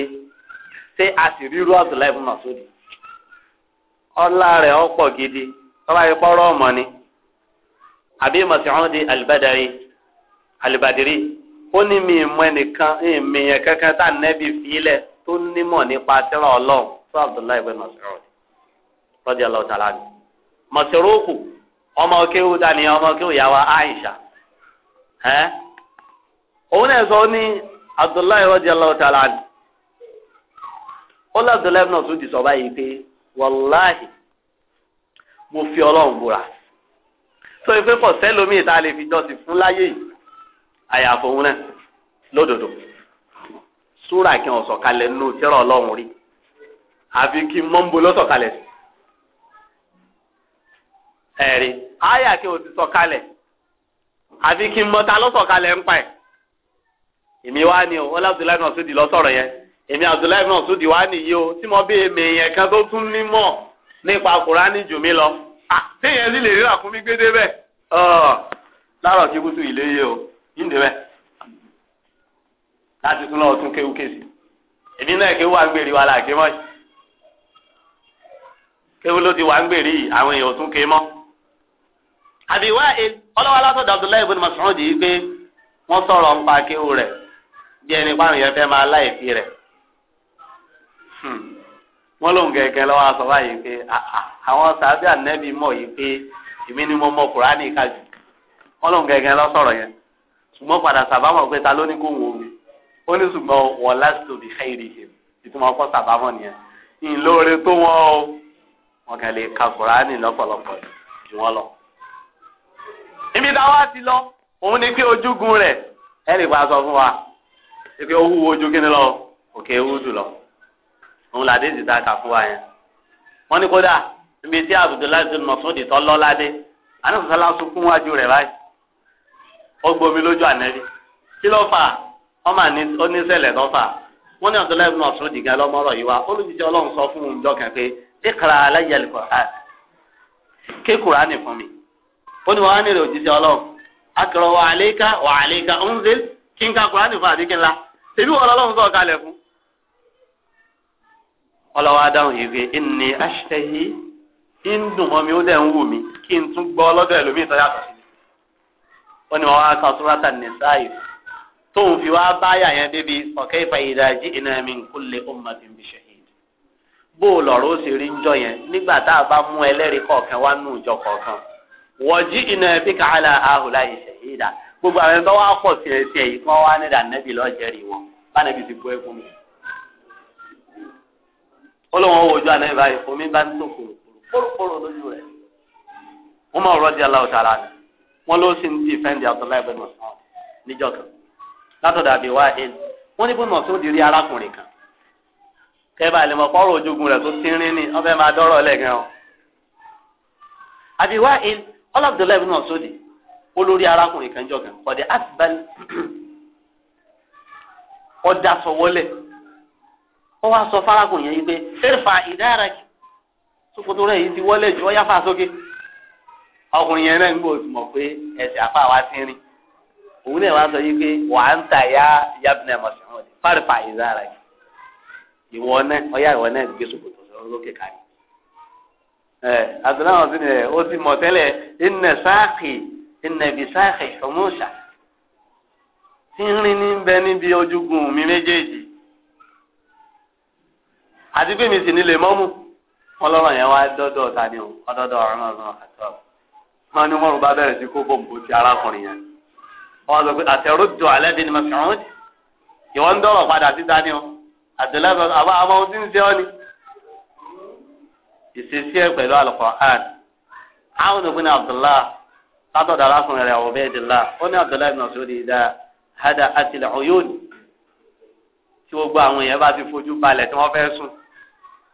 ṣé a sì ríru abdullahi ibn mas'ud ọlá rẹ̀ ọ pọ̀ gidi tọ́ba yìí pọ́rọ́ ọmọ ni àbí alibadari alibadiri ó ní mi ìmọ̀ ẹnìkan ìmìyàn kankan tá a nẹ́bi tó nímọ̀ nípa sẹ́rà ọlọ́run fún abdullahi ibn mas'ud radiyallahu ta'ala ni mas'uruku ọmọ kéwù dání ọmọ kéwù yàwá aisha Ẹ òun náà sọ ní abdullahi radiyallahu ta'ala ni ó lé abdullahi ibn ti sọ báyìí pé wàláhì mo fi ọlọ́run búra sọ ìpè sẹ́lómi ìta lè fi jọ́sìn fún láyé yìí àyàfọ̀ náà lódodo. súrà kí wọn sọ̀kalẹ̀ nù tírà Ọlọ́run rí àfi kí mọ́ńbó ló sọ̀kalẹ̀ sí ẹ̀rí àyà kí o ti sọ̀kalẹ̀ àfi kí mọ́ta ló sọ̀kalẹ̀ ń pa ẹ̀ èmi wá ní o wọ́n lábùdúláì náà sódì lọ́sọ̀rọ̀ yẹn èmi àbùdúláì náà sódì wá nìyí o tí mo bí èmi èèyàn kan tó tún nímọ̀ nípa Kùránì jù mí lọ téèyàn sì lè rí àkúnmí gbé débẹ̀ láàárọ̀ kí kútu ìléyè o yíǹde bẹ́ẹ̀. láti tún lọ́wọ́ tún kéwu èmi náà kéwu wà ń gbèrè wa là mọ́ kéwu ló ti wà ń gbèrè àwọn èèyàn tún ké mọ́. àbíwá e, ọlọ́wọ́ alásọ̀dọ̀ Abdullahi ibn Mas'ud yìí pé wọ́n sọ̀rọ̀ ń pa kéwu rẹ̀ bí ẹni pàrọ̀ yẹn fẹ́ máa láìfi rẹ̀ hmm. wọ́n lóun gẹ̀gẹ́ lọ́wọ́ aṣọ báyìí pé ah, ah, àwọn ànẹ́bí mọ̀ yìí pé èmi ni mo mọ Kùránì kájú wọ́n lóun gẹ̀gẹ́ lọ́sọ̀rọ̀ yẹn ṣùgbọ́n padà sàbámọ̀ pé ta ló ní kó ó ní ṣùgbọ́n wọ́n lásìkò bí xeyìrì ṣe ìtumọ̀ ọkọ̀ sàbámọ̀ nìyẹn ìlóore tó wọ́n o wọ́n kàn lè ka kùránì lọ́pọ̀lọpọ̀ jù wọ́n lọ. ibi táwa ti lọ òun ni pé ojúgun rẹ̀ ẹ lè gba sọ fún wa pé ó wúwo ojú kíni lọ òkè ewu jù lọ òun làdé ti ta kà fún wa yẹn. wọ́n ní kódà ibi tí Abdullahi bin Mas'ud tọ́ lọ́ládé anisọ̀sọ́lá sunkún wájú rẹ̀ báyìí ó gbomi lójú ànẹ́rí kí ló fà á. ọmọ oníṣẹ̀lẹ̀ lọ́fà wọ́n ní ọ̀dọ́lá ibùdó ọ̀sùn dìgan lọ́mọ́rọ̀ yìí wá olùdíje ọlọ́run sọ fún un lọ́kàn pé ìkàrà aláyẹ alukur'an ké fún mi ó ní á akọrọ wà wà kí n ka fún fún. ọlọ́wọ́ adáhùn yìí pé ń dùn ń wù mí kí n tún gbọ́ ọlọ́dọ̀ ó ní tóun fi wá báyà yẹn débi ọ̀kẹ́ ìfà ìdájí iná mi kò lè ọmọ tí ń bí ṣahid bó o lọ̀rọ̀ ó sì rí ń jọ yẹn nígbà tá a bá mú ẹlẹ́rìí kọ̀ọ̀kan wá nù ìjọ kọ̀ọ̀kan wọ́jí iná bí káàlà ahùlá ìṣẹ̀yìdá gbogbo àwọn ẹni tó wá pọ̀ sí ẹsẹ̀ yìí kí wọ́n wá ní ìdánẹ́bì lọ́jẹ̀rì wọn bánẹ́bì ti bú ẹkún mi. ó lóun ó wojú àná ìbáyìí fún mi bá ń tó kòròkòrò lójú rẹ̀ wọ́n mọ̀ rọ́ọ̀dì aláwọ̀ sára ni wọ́n ló sì ń dìfẹ́ǹdì Abdullahi bin Mas'ud níjọ́ kan látọ̀dọ̀ àbí wáhìn wọ́n ní bónú ọ̀sán òdìrí arákùnrin kan kẹ́bà lè mọ̀ pọ́rọ̀ ojogun rẹ̀ tó tínrín ní ọbẹ̀ máa dọ́rọ̀ lẹ́gàn o. àbí wáhìn ọlọ́dúnlẹ̀ bónú ọ̀sán òdì olórí arákùnrin kan jọ̀gàn ọ̀dẹ̀ àtibálẹ̀ ọ̀dà sọ̀wọ́lẹ̀ ó wá sọ fárákùnrin yẹn yìí pé fẹ́rẹ̀fà ìdára sokoto rẹ̀ yìí ti wọ́lẹ̀ jù ọ́ sókè ọkùnrin yẹn náà ń gbòòtù mọ̀ pé ẹ̀sẹ̀ àfà wá tínrín òun náà wá sọ yìí pé wà ya ń ta ìyá yabinẹ mọ̀sánwó ni fárífà ìzára yìí ìwọ náà ọyá ìwọ náà gbé sòkòtò sọ lókè kárí. ẹ àtúnáwọ̀ sí ni ẹ ti mọ̀ tẹ́lẹ̀ ìnà sáàkì ìnà ibi sáàkì ọmọọ̀ṣà mi yẹn wá dọ́dọ̀ ta ni ọ̀rọ̀ náà ọ sọ pé àtẹrùdù ni mọ̀fìrún ìwọ ń dọ̀rọ̀ padà síta ni o àdúlẹ̀ sọ àbá àwọn ohun tí ń ṣe ọ́ ẹ pẹ̀lú Al-Qur'an àwọn Abdullah látọ̀dọ̀ alákùnrin rẹ̀ Abdullah hada tí gbogbo àwọn bá ti fojú tí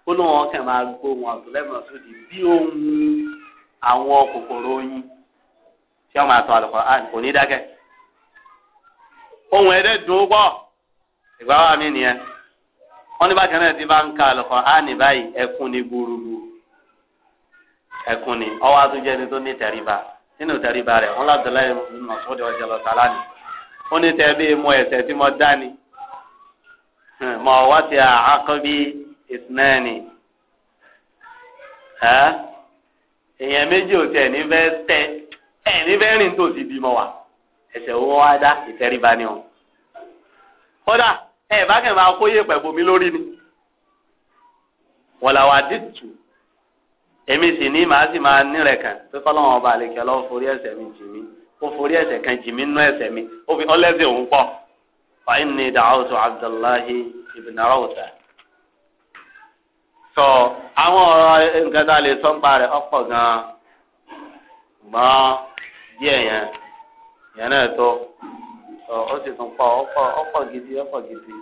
sùn ó máa Abdullah ohun ẹ̀dẹ́ dùn pọ̀ ìgbà wà mi nìyẹn wọ́n ní bákan náà ti bá ń ka àlùkò báyìí ẹkún ni gbúrúgbú ẹkún ni ọwọ́ àtúnjẹ ni tó ní tẹ̀ríba nínú tẹ̀ríba rẹ̀ wọ́n ládùúlá ìmọ̀ sódì ọjà ní mo ẹ̀sẹ̀ tí mo dá ni ti akobi ìsinẹ́ẹ̀nì èèyàn méjì ò tẹ̀ ní bẹ́ẹ̀ tẹ̀ ẹ̀ ní rìn tó ti bímọ ẹsẹ̀ owó wá dá ìtẹríba ni o kódà ẹ bá kẹ́ máa kóyè pẹ̀bù mi lórí ni wọ̀làwà dìtù èmi sì ní màá sì máa nírẹ̀ kan tó fọlọ́wọn ọba àlekẹ́ lọ́wọ́ forí ẹ̀ṣẹ̀ mi jì mí ó forí ẹ̀ṣẹ̀ kan jì mí nú ẹ̀ṣẹ̀ mi ó fi ọlẹ́sẹ̀ òun pọ̀ fàyín ní dàáwùtò abdullahi ibn rawda sọ àwọn ọ̀rọ̀ nǹkan tá a lè sọ́ńpa rẹ̀ ọ̀pọ̀ gan-an mọ́ díẹ̀ yẹn. ìyẹn náà tó ó sì tún pọ̀ ọ̀pọ̀ ọ̀pọ̀ gidi gidi gidi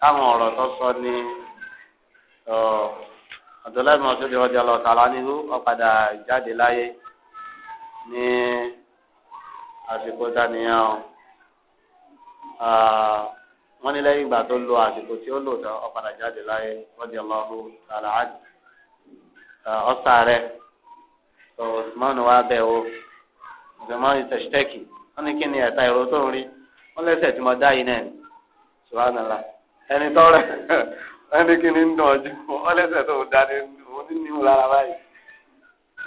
tó sọ ni ọ̀dọ́lẹ́mí ọ̀ṣọ́dì ọjà lọ́ta lánìhú jáde láyé ní àsìkò dánìyàn ní lẹ́yìn ìgbà tó lo àsìkò tí ó lò tán jáde láyé ọjà wò. ọ̀fẹ̀mọ́ ìtẹ̀sítẹ́kì wọ́n ní kí ni ẹ̀ta ìró tó ń rí wọ́n lẹ́sẹ̀ tí mo dá yìí náà ni subhanallah ẹni tọ́rẹ̀ wọ́n ní kí ni ń dùn ọjọ́ wọ́n lẹ́sẹ̀ tó dá ní òun ní níwò lára báyìí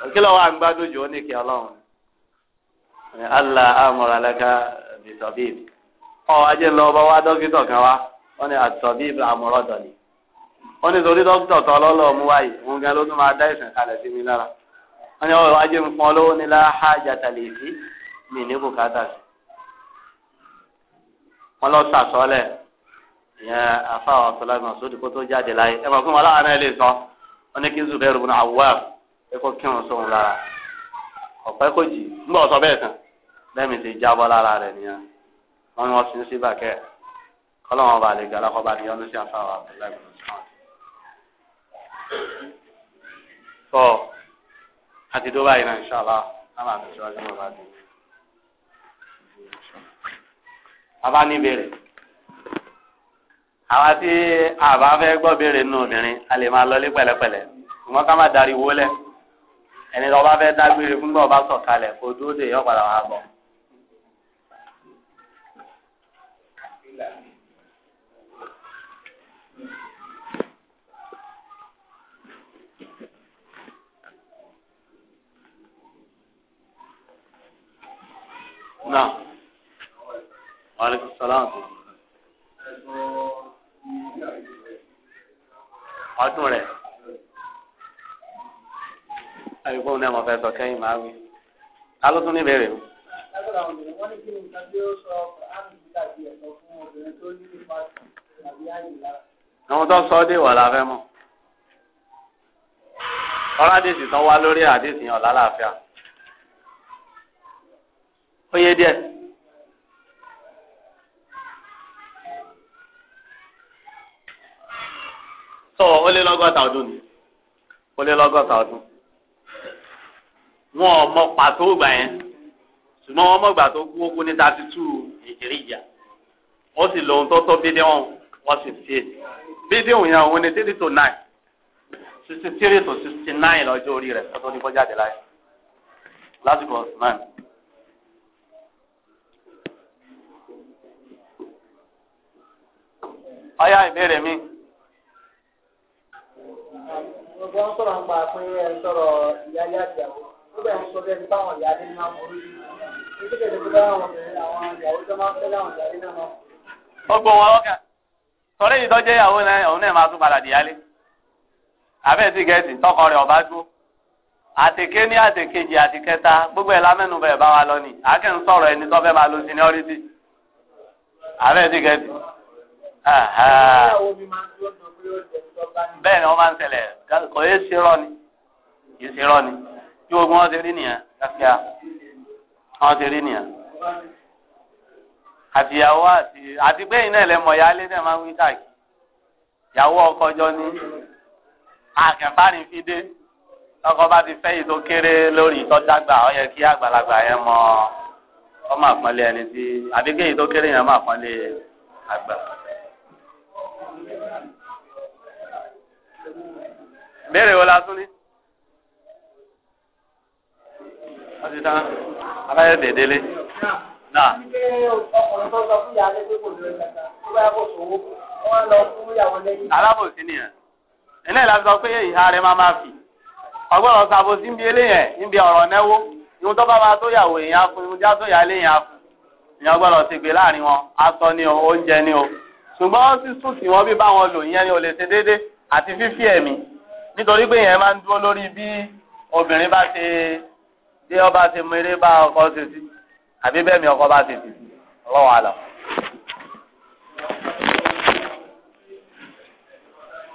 òkè lọ́wọ́ àgbàdójú ó ní kí ọlọ́run allah amọ̀ra lẹ́ka bitọ́bíb ọ ajé lọ bá wá dókítà kan wá wọ́n ní àtọ́bíb àmọ̀rọ̀dọ̀ ni wọ́n ní torí dókítà tọ́ lọ́lọ́ mú wáyé òun gan ló tún máa dá ìsìn kalẹ̀ sí mi lára wọ́n ní ọ̀rọ̀ ajé nǹkan olówó ni láhà jàtàlẹ̀ èsì mi ní bùkátà sí. wọ́n lọ sàsọ́lẹ̀ ìyẹn afa ọ̀tọ́lá masudi kó tó jáde láyé ẹ̀ mọ̀ fún wọn láwọn náà lè sọ wọ́n ní kí zubairu bin awwaf ẹ kó kírun sóhun lára ọ̀pẹ́ kò jì nígbà ọ̀sọ́ bẹ́ẹ̀ tán lẹ́mìí ti jábọ́ lára rẹ̀ nìyẹn wọ́n ní wọ́n sin sí bàkẹ́ kọ́lọ́wọ́n bá lè gbà lákọ́bá ni yọ́nú sí afa ọ̀tọ́lá masudi àti tó báyìí náà ṣàlá àmà àtẹ̀síwájú náà bá dé. bàbá ní ìbéèrè àwa tí àbá fẹ́ gbọ́ béèrè nínú obìnrin a lè máa lọlé pẹ̀lẹ́pẹ̀lẹ́ ṣùgbọ́n ká má darí wọlé ẹni tó bá fẹ́ dágbére fúngbà ọba sọ̀kalẹ̀ kó dúró dè yọ padà wà bọ̀. وعليكم السلام ọdún rẹ àyùkọ́ ní àwọn afẹ́sọ kẹ́yìn máa wí alótún ní àwọn tó sọ dé wà láfẹ́ mọ́ ọ̀rọ̀ àdéhìí tán wá lórí àdéhìí ọ̀lá láàfíà ó yé díẹ̀. lọ́gọ́ta ọdún ni ó lé lọ́gọ́ta ọdún wọn ò pàtó gbà yẹn ṣùgbọ́n wọn mọ̀gbà tó kú ogun ní thirty two ìjìrìjà ó sì lòun tó tó bídé wọ́n sì fi èdè bídé yẹn òun ni three to nine sixty three to sixty nine lọ́jọ́ orí rẹ̀ tó ní kó láyé lásìkò Osman. ọ̀yá ìbéèrè mi gbogbo ń sọ̀rọ̀ ń pé ẹ ń sọ̀rọ̀ ìyáyé àtìyàwó níbẹ̀ ń sọ bẹ́ẹ̀ ní táwọn ìyá dé ní máa mọ̀ lórí nítorí èdè gbogbo àwọn obìnrin àwọn ìyàwó tó máa ń fẹ́ láwọn ìyá dé náà mọ̀. ọgbọ̀n wọn ọkà sọ̀rọ̀ yìí tọ́jú ìyàwó náà òun náà máa tún padà dìyálé àbẹ́ẹ̀ sì gẹ̀ẹ́sì tọkọ rẹ̀ ọ̀bá dúró àtẹ̀ké ní àtẹ̀kejì àti gbogbo ẹ̀ lámẹ́nu bẹ̀rẹ̀ bá wa lọ ni àákẹ́ ń sọ̀rọ̀ ẹni tó fẹ́ máa lo seniority àbẹ́ẹ̀ sì gẹ̀ẹ́sì bẹ́ẹ̀ ni wọ́n máa ń ṣẹlẹ̀ kò yé sí rọ́ ni kì í sí rọ́ ni bí ogun wọn ti rí nìyẹn kíákíá wọn ti rí nìyẹn àtìyàwó àti àti pé iná ẹlẹ́mọ̀ yálé náà máa ń wí káàkiri ìyàwó ọkọ jọ ní àkẹ́fàárín fi dé ọkọ bá ti fẹ́ yìí tó kéré lórí ìtọ́jágbà ó yẹ kí àgbàlagbà yẹn mọ ọmọ àpọ́nlé ẹni tí àbí kéyìí tó kéré yẹn mọ àpọ́nlé àgbà. béèrè wo la tún ní. wọ́n ti tán abáyé dèdélé. náà. ọkùnrin tó sọ fún ìyá rẹ pé kò lóye kàkà tó bá yà kó sòwò wọn lọ fún ìyàwó lẹ́yìn. alábòsí nìyẹn ilé ìlànà sọ pé ìhà rẹ máa máa fì ọgbọ́dọ̀ ṣàbòsí ń bi eléyẹn níbi ọ̀rọ̀ náwó ìhun tó bá máa tó yàwó èèyàn á fún ìhun já tó yà léèyàn á fún èèyàn gbọ́dọ̀ ti gbé láàrin wọn aṣọ ni o oúnjẹ ni o ṣùgbọ́n sísùn tí wọ́n bí báwọn lò yẹn ni o lè ṣe déédéé àti fífi ẹ̀mí nítorí pé yẹn máa ń dúró lórí bí obìnrin bá ṣe bí ọba ṣe mú eré bá ọkọ ṣe sí àbí bẹ́ẹ̀ mi ọkọ bá ṣe sí ọlọ́wọ́ àlọ́.